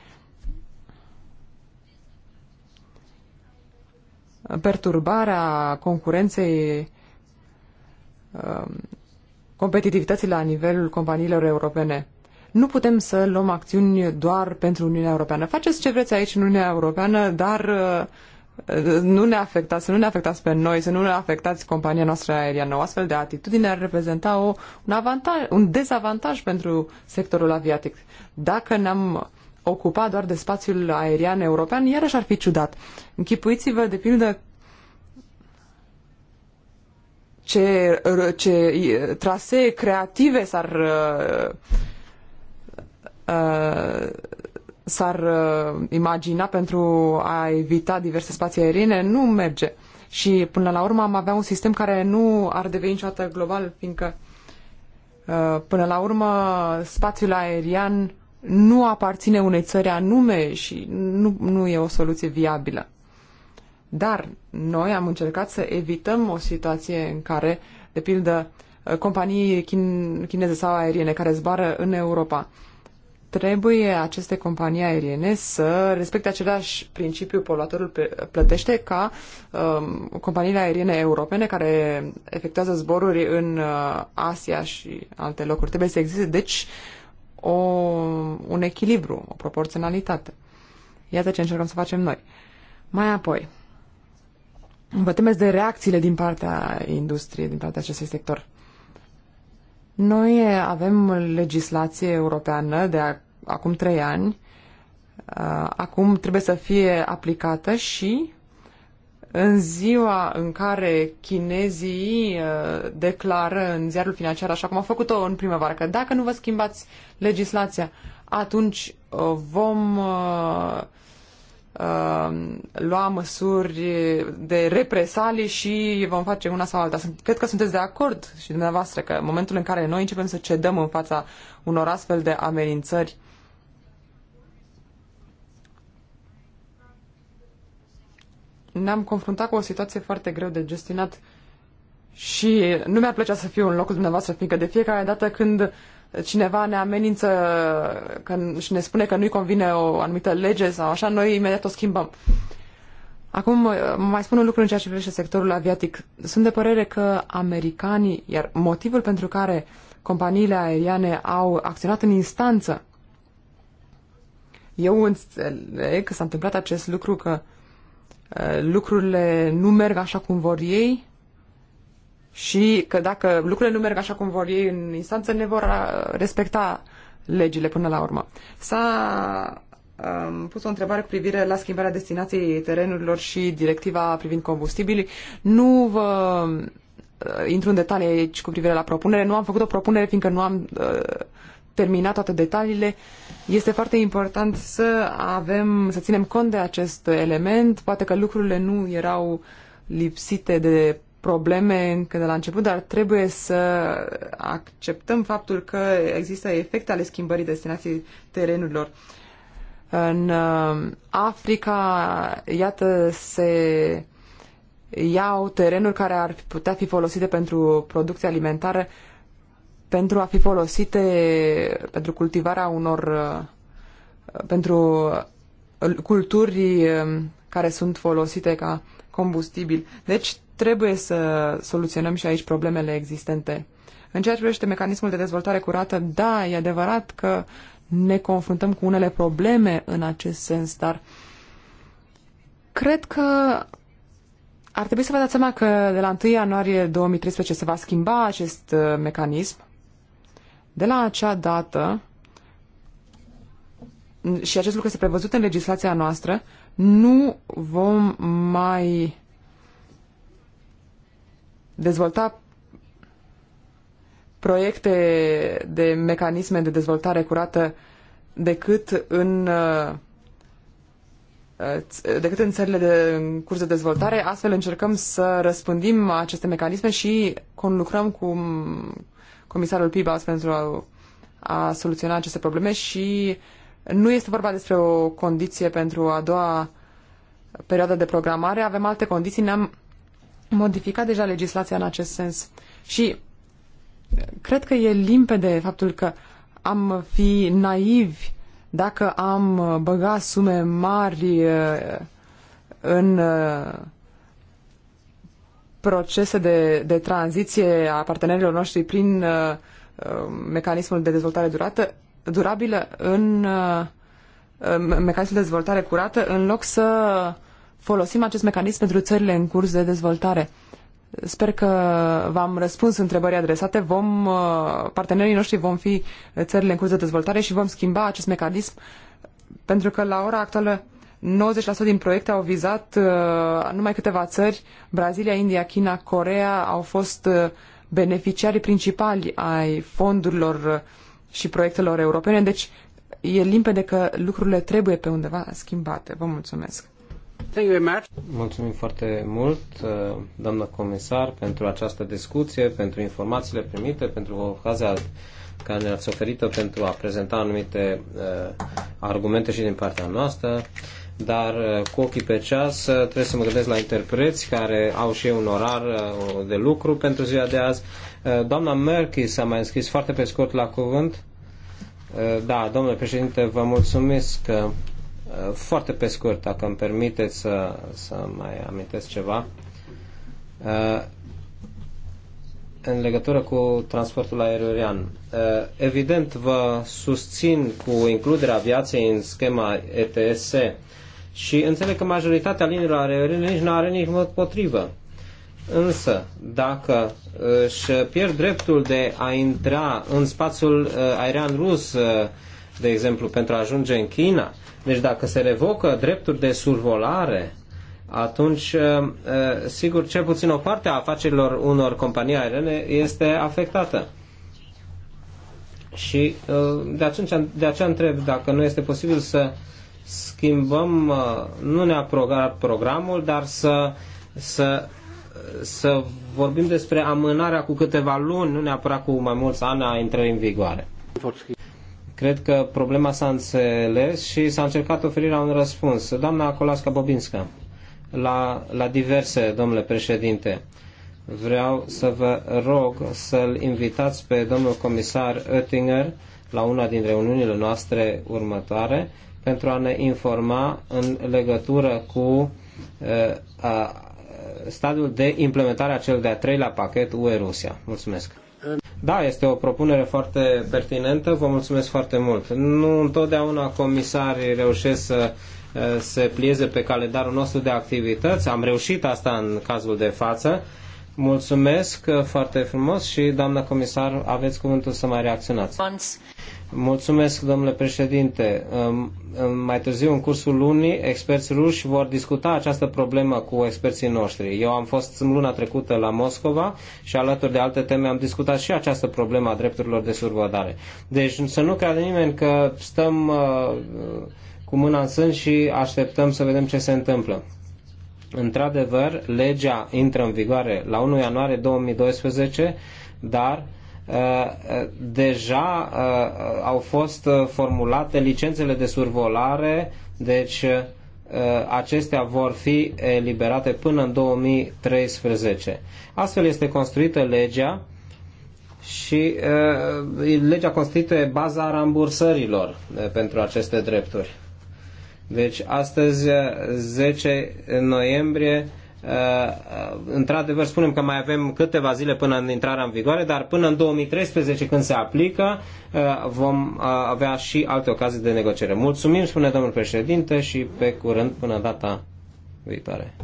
perturbarea concurenței um, competitivității la nivelul companiilor europene. Nu putem să luăm acțiuni doar pentru Uniunea Europeană. Faceți ce vreți aici în Uniunea Europeană, dar uh, nu ne afectați, să nu ne afectați pe noi, să nu ne afectați compania noastră aeriană. O astfel de atitudine ar reprezenta o, un, avantaj, un dezavantaj pentru sectorul aviatic. Dacă ne-am ocupat doar de spațiul aerian european, iarăși ar fi ciudat. Închipuiți-vă, de pildă, ce, ce trasee creative s-ar uh, Uh, s-ar uh, imagina pentru a evita diverse spații aeriene, nu merge. Și până la urmă am avea un sistem care nu ar deveni niciodată global, fiindcă uh, până la urmă spațiul aerian nu aparține unei țări anume și nu, nu e o soluție viabilă. Dar noi am încercat să evităm o situație în care, de pildă, uh, companii chin- chineze sau aeriene care zboară în Europa trebuie aceste companii aeriene să respecte același principiu poluatorul plătește ca um, companiile aeriene europene care efectuează zboruri în uh, Asia și alte locuri. Trebuie să existe, deci, o, un echilibru, o proporționalitate. Iată ce încercăm să facem noi. Mai apoi, vă temeți de reacțiile din partea industriei, din partea acestui sector. Noi avem legislație europeană de acum trei ani. Uh, acum trebuie să fie aplicată și în ziua în care chinezii uh, declară în ziarul financiar, așa cum au făcut-o în primăvară, că dacă nu vă schimbați legislația, atunci uh, vom Ehm, lua măsuri de represalii și vom face una sau alta. Sunt, cred că sunteți de acord și dumneavoastră că în momentul în care noi începem să cedăm în fața unor astfel de amenințări, ne-am confruntat cu o situație foarte greu de gestionat și nu mi-ar plăcea să fiu în locul dumneavoastră, fiindcă de fiecare dată când cineva ne amenință că, și ne spune că nu-i convine o anumită lege sau așa, noi imediat o schimbăm. Acum, uh, mai spun un lucru în ceea ce privește sectorul aviatic. Sunt de părere că americanii, iar motivul pentru care companiile aeriane au acționat în instanță, eu înțeleg că s-a întâmplat acest lucru, că uh, lucrurile nu merg așa cum vor ei, și că dacă lucrurile nu merg așa cum vor ei în instanță, ne vor uh, respecta legile până la urmă. S-a um, pus o întrebare cu privire la schimbarea destinației terenurilor și directiva privind combustibilii. Nu vă uh, intru în detalii aici cu privire la propunere. Nu am făcut o propunere fiindcă nu am uh, terminat toate detaliile. Este foarte important să avem, să ținem cont de acest element. Poate că lucrurile nu erau lipsite de probleme încă de la început, dar trebuie să acceptăm faptul că există efecte ale schimbării destinației terenurilor. În uh, Africa, iată, se iau terenuri care ar putea fi folosite pentru producție alimentară, pentru a fi folosite pentru cultivarea unor uh, pentru uh, culturi care sunt folosite ca combustibil. Deci Trebuie să soluționăm și aici problemele existente. În ceea ce privește mecanismul de dezvoltare curată, da, e adevărat că ne confruntăm cu unele probleme în acest sens, dar cred că ar trebui să vă dați seama că de la 1 ianuarie 2013 se va schimba acest uh, mecanism. De la acea dată, și acest lucru este prevăzut în legislația noastră, nu vom mai dezvolta proiecte de mecanisme de dezvoltare curată decât în uh, decât în țările de, în curs de dezvoltare, astfel încercăm să răspândim aceste mecanisme și conlucrăm cu comisarul Pibas pentru a, a soluționa aceste probleme și nu este vorba despre o condiție pentru a doua perioadă de programare, avem alte condiții, ne-am modificat deja legislația în acest sens și eh, cred că e limpede faptul că am fi naivi dacă am eh, băga sume mari eh, în procese de, de tranziție a partenerilor noștri prin mecanismul de dezvoltare durată, durabilă în mecanismul de dezvoltare curată în loc să uh, folosim acest mecanism pentru țările în curs de dezvoltare. Sper că v-am răspuns întrebării adresate. Vom, uh, partenerii noștri vom fi țările în curs de dezvoltare și vom schimba acest mecanism pentru că la ora actuală 90% din proiecte au vizat uh, numai câteva țări, Brazilia, India, China, Corea au fost uh, beneficiarii principali ai fondurilor uh, și proiectelor europene, deci e limpede că lucrurile trebuie pe undeva schimbate. Vă mulțumesc. Thank you very much. Mulțumim foarte mult, uh, doamnă comisar, pentru această discuție, pentru informațiile primite, pentru ocazia care ne-ați oferit-o pentru a prezenta anumite uh, argumente și din partea noastră, dar uh, cu ochii pe ceas uh, trebuie să mă gândesc la interpreți care au și ei un orar uh, de lucru pentru ziua de azi. Uh, doamna Merkel s-a mai înscris foarte pe scurt la cuvânt. Uh, da, domnule președinte, vă mulțumesc. Uh, Uh, foarte pe scurt, dacă îmi permiteți să, să mai amintesc ceva. Uh, în legătură cu transportul aerian, uh, evident vă susțin cu includerea aviației în schema ETS și înțeleg că majoritatea liniilor aeriene nici nu are nici mod potrivă. Însă, dacă își pierd dreptul de a intra în spațiul aerian rus, de exemplu, pentru a ajunge în China. Deci dacă se revocă drepturi de survolare, atunci, uh, uh, sigur, cel puțin o parte a afacerilor unor companii aerene este afectată. Și uh, de, atunci, de aceea întreb dacă nu este posibil să schimbăm nu ne neapărat programul, dar să, să, să vorbim despre amânarea cu câteva luni, nu neapărat cu mai mulți ani a intrării în vigoare. Cred că problema s-a înțeles și s-a încercat oferirea un răspuns. Doamna Colasca Bobinska, la, la diverse, domnule președinte, vreau să vă rog să-l invitați pe domnul comisar Oettinger la una din reuniunile noastre următoare pentru a ne informa în legătură cu uh, a, stadiul de implementare a cel de-a treilea pachet UE-Rusia. Mulțumesc! Da, este o propunere foarte pertinentă, vă mulțumesc foarte mult. Nu întotdeauna comisarii reușesc să eh, se plieze pe calendarul nostru de activități. Am reușit asta în cazul de față. Mulțumesc eh, foarte frumos și, doamna comisar, aveți cuvântul să mai reacționați. Mulțumesc, domnule președinte. Mai târziu, în cursul lunii, experți ruși vor discuta această problemă cu experții noștri. Eu am fost în luna trecută la Moscova și alături de alte teme am discutat și această problemă a drepturilor de survădare. Deci să nu creadă nimeni că stăm uh, cu mâna în sân și așteptăm să vedem ce se întâmplă. Într-adevăr, legea intră în vigoare la 1 ianuarie 2012, dar Uh, deja uh, au fost uh, formulate licențele de survolare, deci acestea vor fi eliberate până în 2013. Astfel este construită legea și legea constituie baza rambursărilor pentru aceste drepturi. Deci astăzi, 10 noiembrie, Uh, uh, într-adevăr spunem că mai avem câteva zile până în intrarea în vigoare, dar până în 2013 când se aplică uh, vom avea și alte ocazii de negociere. Mulțumim, spune domnul președinte, și pe curând până data viitoare.